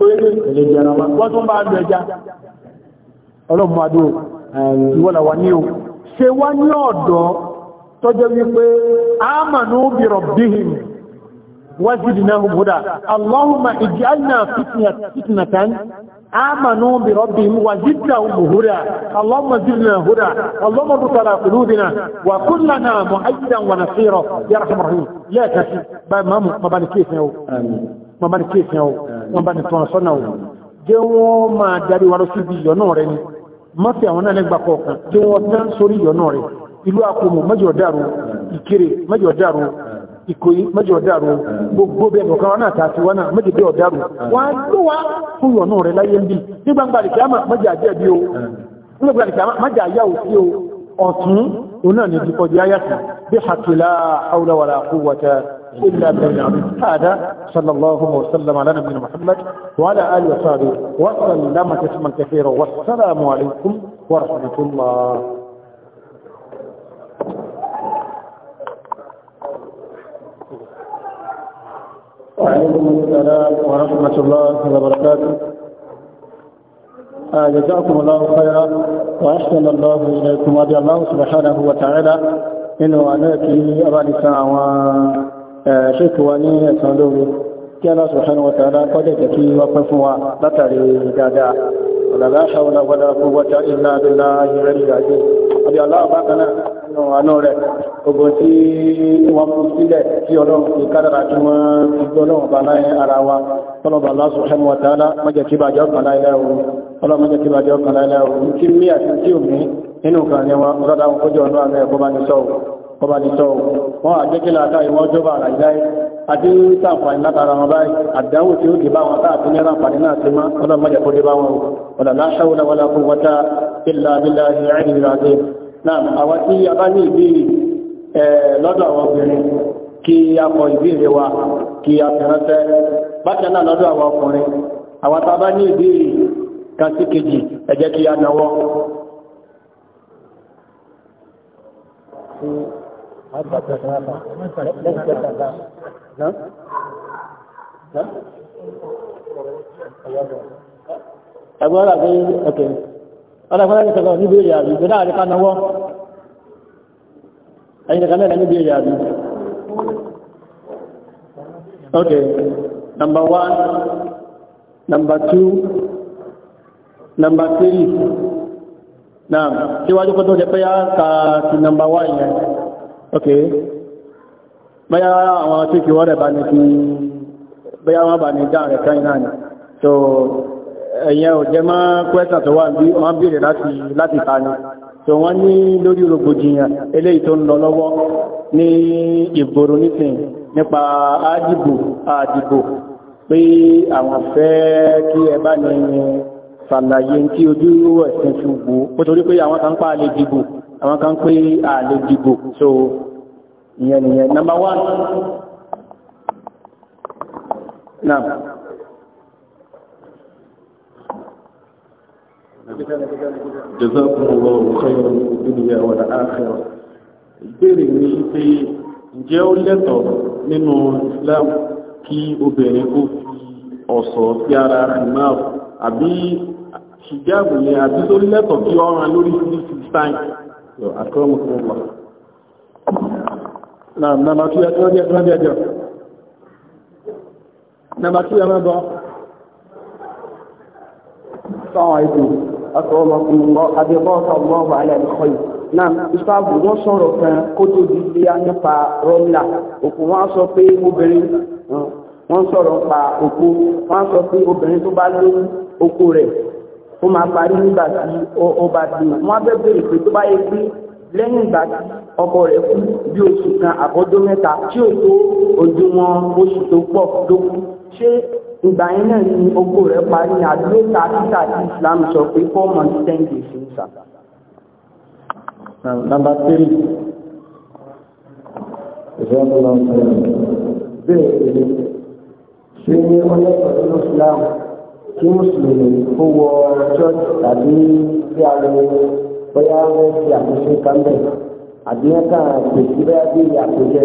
pé èlé jẹran wọn wọ́n tún bá ń lẹ́jà ọlọ́mọdé ìwọ́là wà ní o ṣe wá ní ọ̀dọ́ tọ́jẹ́ wípé amanu bi rabbihim wazidnahum huda allahumma ij'alna fitnatan آمنوا بربهم وزدهم هدى اللهم زدنا هدى اللهم اربط على قلوبنا وكن لنا يا رحمة الرحيم لا تسيب ما مباركيتنا آمين wọ́n bá ní kéèkì ọ̀ wọ́n bá ní tọ́ sọ́nà ọ̀ jẹ́ wọ́n máa darí wa lọ síbi ìyọ̀nà rẹ ni má fi àwọn náà lẹ́gbà kọ̀ọ̀kan jẹ́ wọ́n tán sórí ìyọ̀nà rẹ ìlú akomo mẹ́jọ dàrú ìkéré mẹ́jọ dàrú ìkòyí mẹ́jọ dàrú gbogbo bẹ́ẹ̀ nìkan wọn náà tààtì wọn náà mẹ́jọ bẹ́ẹ̀ dàrú wọn á ló wá fún ìyọ̀nà rẹ láyé ń bì ní إلا بين عبيد هذا صلى الله وسلم على نبينا محمد وعلى آله وصحبه وسلم تسما كثيرا والسلام عليكم ورحمة الله وعليكم السلام ورحمة الله وبركاته آه جزاكم الله خيرا وأحسن الله إليكم وأبي الله سبحانه وتعالى إنه أناكي أبا لساعة ṣètò wa ní ẹ̀sán lórí kí Allah subhanahu wa ta'ala kọ́jẹ̀ jẹ́ kí wọ́n pẹ́ fún wa látàrí dáadáa ọ̀làlá ṣàwọlá wọlá quwwata illa billahi rẹ̀lẹ̀ àjẹ́ àbí aláàbákaná nínú àánú rẹ̀ gbogbo tí wọ́n mú sílẹ̀ tí ọlọ́run ti kádàrà tí wọ́n ti gbọ́ lọ́wọ́ bá láyé ara wa ọlọ́ba Allah subhanahu wa ọba nìtọ́ wọn àjẹ́kílá àtà ìwọ́n jọba àrà ìdáyé àti sàǹfààní látara wọn báyìí àdáwò tí ó dé bá wọn táàfi ní ráǹfààní náà ti má ọlọ́mọdé kó dé bá wọn ọ̀là láṣáwó lọ́wọ́lá fún wọ́tá ìlà abílà ìrìn ìrìnàjò náà àwọn tí a bá ní ìbéèrè lọ́dọ̀ àwọn obìnrin kí a Thank you. أربعة ثلاثة ليس ثلاثة نعم نعم أقول لك أوكي أنا أقول لك أنا نبي يا أبي بدأ لك أنا هو أين كمان نبي يا أبي أوكي number one number two number three naam síwájú kó tó jẹ pé a kà sí number one yẹn ok bẹ́yà àwọn tí kí wọ́n rẹ̀ bá ní kí bẹ́yà wọ́n bá ní dá rẹ̀ káyìn náà ni so ẹ̀yẹn ò jẹ́ máa kwẹ́sà tó wà bí wọ́n bèèrè láti ta ni so wọ́n ní lórí rògbòdìyàn eléyìí tó ń lọ lọ́wọ́ ní ìgboro nísìn nípa àdìbò àdìbò pé àwọn fẹ́ kí ẹ bá ní ṣàlàyé tí ojú ẹ̀sìn ṣùgbò ó torí pé àwọn kan pa lè àwọn kan pé ààlè dìbò so ìyẹn nìyẹn number one náà jazakumullahu khairan dunya wal akhirah ìbéèrè ní pé ǹjẹ́ ó lẹ́tọ̀ nínú Islam kí obìnrin kó fi ọ̀ṣọ́ sí ara himar àbí hijabu ni àbí tó lẹ́tọ̀ kí ọ̀ràn lórí yau a kawo musu ba na na ma tuya tuwa biya tuwa biya biya na ma tuya ma ba sáwọn àìsàn akọ̀wọ́ ma kún mọ́ adébọ́ ọ̀sán mọ́ wà á lẹ́nu kọ́ yìí náà ìsáàbù wọ́n sọ̀rọ̀ kan kó tó di ilé nípa rọ́mìlà òkú wọ́n sọ pé obìnrin wọ́n sọ̀rọ̀ pa òkú wọ́n sọ pé obìnrin tó bá lóyún òkú rẹ̀ ó máa parí nígbà tí ó bá bímọ wọ́n bẹ́ bèèrè pé tó bá yẹ pé lẹ́yìn ìgbà tí ọkọ rẹ̀ kú bí oṣù kan àbọ́jọ́ mẹ́ta tí ò tó òdiwọ̀n oṣù tó pọ̀ tó kú ṣé ìgbà yẹn náà ni ogó rẹ̀ parí ní àdúrótà títà tí Islam sọ pé four months ten days ń sà. nàmbà tírì ìṣẹ́ńtọ́ lọ́wọ́ bẹ́ẹ̀ ṣe ní ọlọ́pàá ní Islam kí mùsùlùmí ó wọ church tàbí bí a lè bóyá wọ́n fi àkóso kánbẹ̀ àbí wọ́n kàn pè sí bóyá bí àkójẹ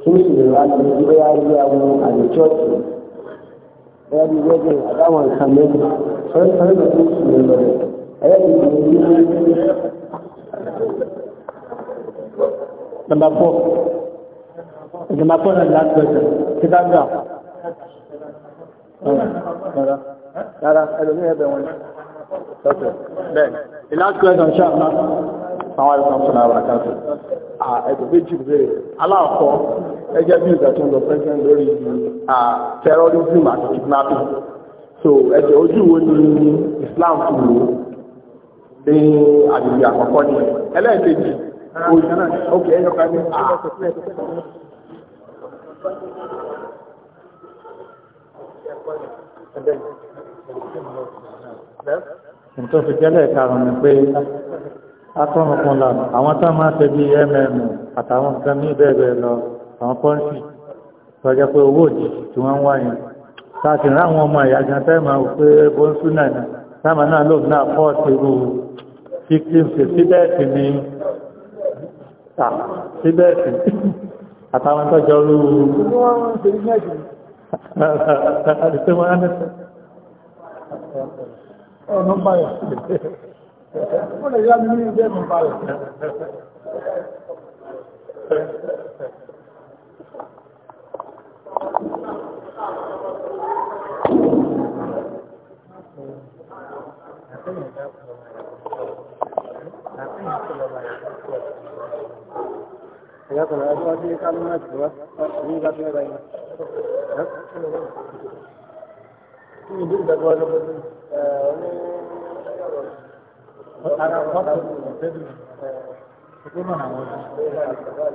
kí mùsùlùmí wá lè sí bóyá ilé àwọn àlè church bóyá bí wẹ́dìn àbáwọn nǹkan méjì fẹ́ẹ́ fẹ́ẹ́ lọ sí mùsùlùmí lọ ẹ̀yẹ́ ti di ní ní. Number four. Number four and last question. Sit down now rárá ẹlòmí ẹ̀bẹ̀ wọn lọ́tọ̀ bẹ́ẹ̀ the last question ṣe àmà àwọn ẹ̀sán fún àwọn àkáàtù ẹ̀dùn méjì bèrè aláàkọ́ ẹgẹ́ bí ìgbà tó ń lọ president lórí terrorism àti kidnapping so ẹ̀jẹ̀ ojú wo ni Islam tó lò ní àgbègbè àkọ́kọ́ ni ẹlẹ́ẹ̀kejì ok ẹ̀yọ̀kan ní Thank nǹkan fìtẹ́lẹ̀ karùn-ún ni pé atọ́nukun la àwọn tó mm àtàwọn nǹkan ní ìbẹ̀rẹ̀ lọ àwọn pọ́ǹsì tọ́jọ́ pé owó òjì tí wọ́n láti ọmọ ẹ̀yà gan pé bóńsù náà táàmà náà lóòrùn náà pọ̀ sí irú fíkíǹsì síbẹ̀ẹ̀sì ni ọ̀nà báyà ó lè yá mi ní ilé mi báyà Ya, kalau ada lagi kan mas, buat, ini katanya banyak ìlú ìgbàgbọ́ ọlọ́gbọ́n ní ara fọ́tò ọ̀tẹ́dùn ọ̀tẹ́dùn náà àwọn ọ̀dọ́.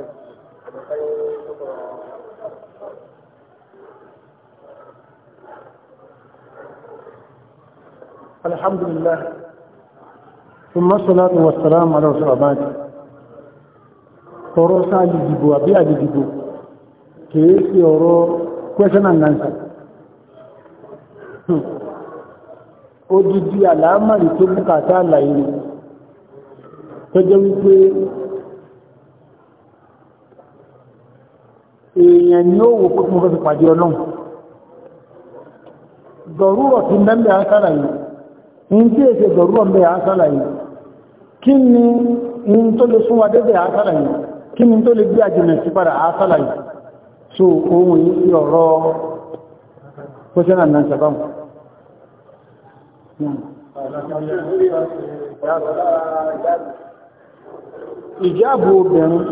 الحمد لله ثم الصلاة والسلام على رسول الله ọ̀rọ̀ sáà lè dìbò àbí àdìdìbò kìí sí ọ̀rọ̀ question and answer odidi àlámàrí tó bùkátà àlàyé ni tó jẹ́ wípé èèyàn ni ó wò pípọ̀ fẹ́ pàdé ọlọ́run dọ̀rúrọ̀ tí mẹ́mẹ́ yìí in tí eke dọ̀rúrọ̀ mẹ́ àṣàlà yìí kí ni in tó lè fún wa dédé yìí kí ni tó lè gbé àjìnà sí padà yìí so ohun yìí sí ọ̀rọ̀ ìjáàbò obìnrin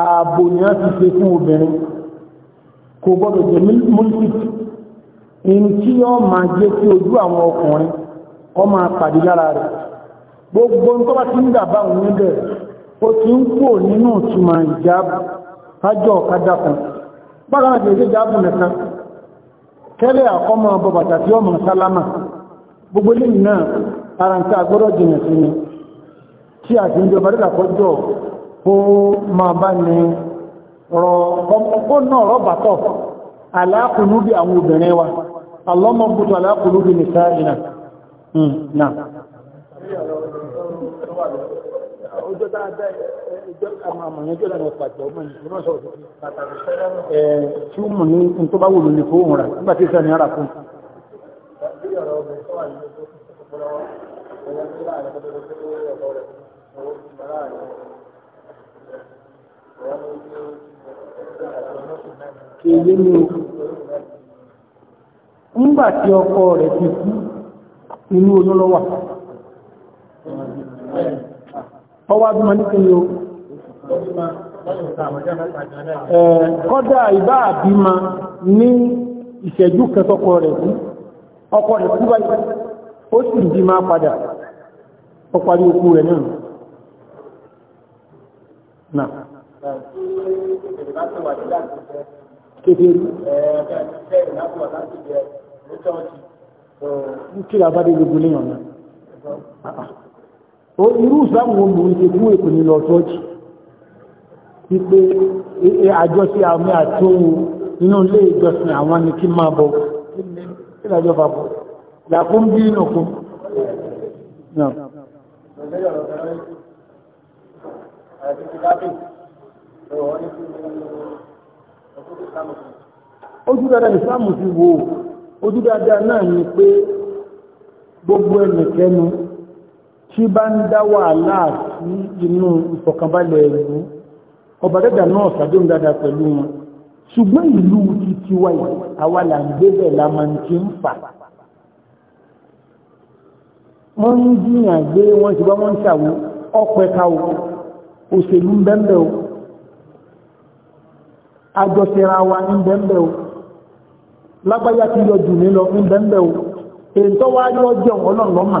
ààbò ni wọ́n ti ṣe fún obìnrin kò gbọ́dọ̀ jẹ́ múlùsìtì in tí yọ́ máa jẹ́ kí ojú àwọn ọkùnrin ọ máa pàdé lára rẹ̀ gbogbo tó bá ti ń dàbá òun níbẹ̀ ó ti ń kò nínú ìtumọ̀ ìjáàbò ájọ́ ọ̀kadà kan bákan àti ìjáàbò tẹ́lẹ̀ àkọ́mọ ọbọ̀ tí ó mọ̀ sálámà gbogbo lè náà ara ń ta agbọ́rọ̀ jìnà sí ni tí a ń jọba rílà kọjọ́ kó máa bá ní rọ ọkọ̀ hmm, náà rọ́bà tọ̀ ọjọ́ tá a dá ẹjọ́ àmọ́ àmọ́ yẹn jọ́ lànà pàjọ́ ọmọ yìí lọ́nà sọ̀rọ̀ tuntun pàtàkì ẹ̀ tí ó mú ní n tó bá wù lónìí fún òun rà nígbà tí ìsàn ara fún. nígbà tí ọkọ rẹ̀ ti kú inú olólọ́wà. Thank you ọwá bí ma ní kí ni o kọ́dá ìbá àbí ma ní ìṣẹ́jú kẹtọ́kọ rẹ̀ sí ọkọ rẹ̀ sí báyìí ó sì bí ma padà ọparí okú rẹ̀ náà náà kékeré ní kí làbádé gbogbo léyàn náà ó irú ìsáàmù wọn lòun ṣe fún èkó nínú ọ̀tọ́jì wípé àjọṣe àmì àti ohun inú ilé ìjọsìn àwọn ni kí máa bọ̀ ìdájọ́ bá bọ̀ làkún bí inú kún ojú dáadáa ìsáàmù ti wo ojú dáadáa náà ni pé gbogbo ẹnìkẹ́nu tí bá ń dá wàhálà sí inú ìfọ̀kànbalẹ̀ ìlú ọba dẹ́dà náà sàdéhùn dáadáa pẹ̀lú wọn ṣùgbọ́n ìlú ti ti wáyé àwa là ń gbébẹ̀ la máa ń ti ń fà wọ́n ń jiyàn gbé wọ́n ti bá wọ́n ń ṣàwó ọpẹ ká o òṣèlú ń bẹ́ńbẹ́ o àjọṣera wa ń bẹ́ńbẹ́ o lágbáyà ti yọ jù mí lọ ń bẹ́ńbẹ́ o èyí tó wá yọ ọlọ́run lọ́mà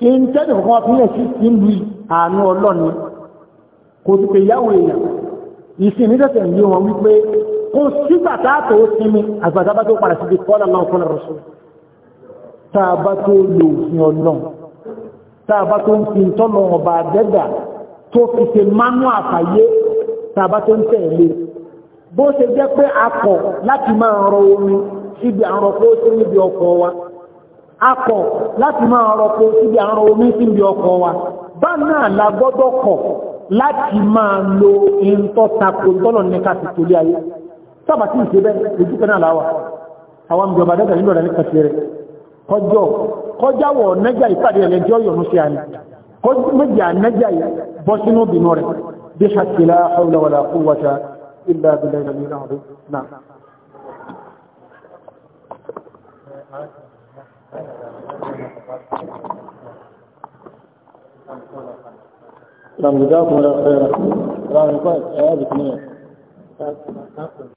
kí n tẹ́lẹ̀ kọ́kọ́ wá fílẹ̀ sí ti ń lu àánú ọlọ́ni kò sì pé ìyáwó èèyàn ìsinmi tẹ̀sẹ̀ ń yé wọn wípé kò sígbà táàtò ó sinmi àgbàdá bá tó padà síbi kọ́lá náà kọ́lá rọ̀ṣọ́ tá a bá tó lo òfin ọlọ́run tá a bá tó ń fi tọ́lọ ọba àdẹ́gà tó fi ṣe mánú àfàyé tá a bá tó ń tẹ̀lé bó ṣe jẹ́ pé a kọ̀ láti máa rọ omi síbi àwọn ọkọ̀ ó níbi ọkọ̀ wa akọ̀ láti máa rọpo síbi àrọ omi síbi ọkọ̀ wa bá náà la gbọ́dọ̀ kọ̀ láti máa lo ìntọ́sako tọ́lọ̀ ní ká ti tolé ayé sábà tí ìṣe bẹ́ẹ̀ ojú kan náà láwà àwọn ìjọba dẹ́gbẹ̀ nílò rẹ̀ nípa tiẹ̀ kọjọ́ kọjáwọ̀ nẹ́jà ìpàdé rẹ̀ jẹ́ ọ̀yọ̀ mọ́ṣẹ́ àní méjì ànẹ́jà bọ́ sínú obìnrin rẹ̀ bí ṣàkìlá hawla wala quwwata illa billahi ìlànà لم يجاكم ولا خير لكم لا يقال هذه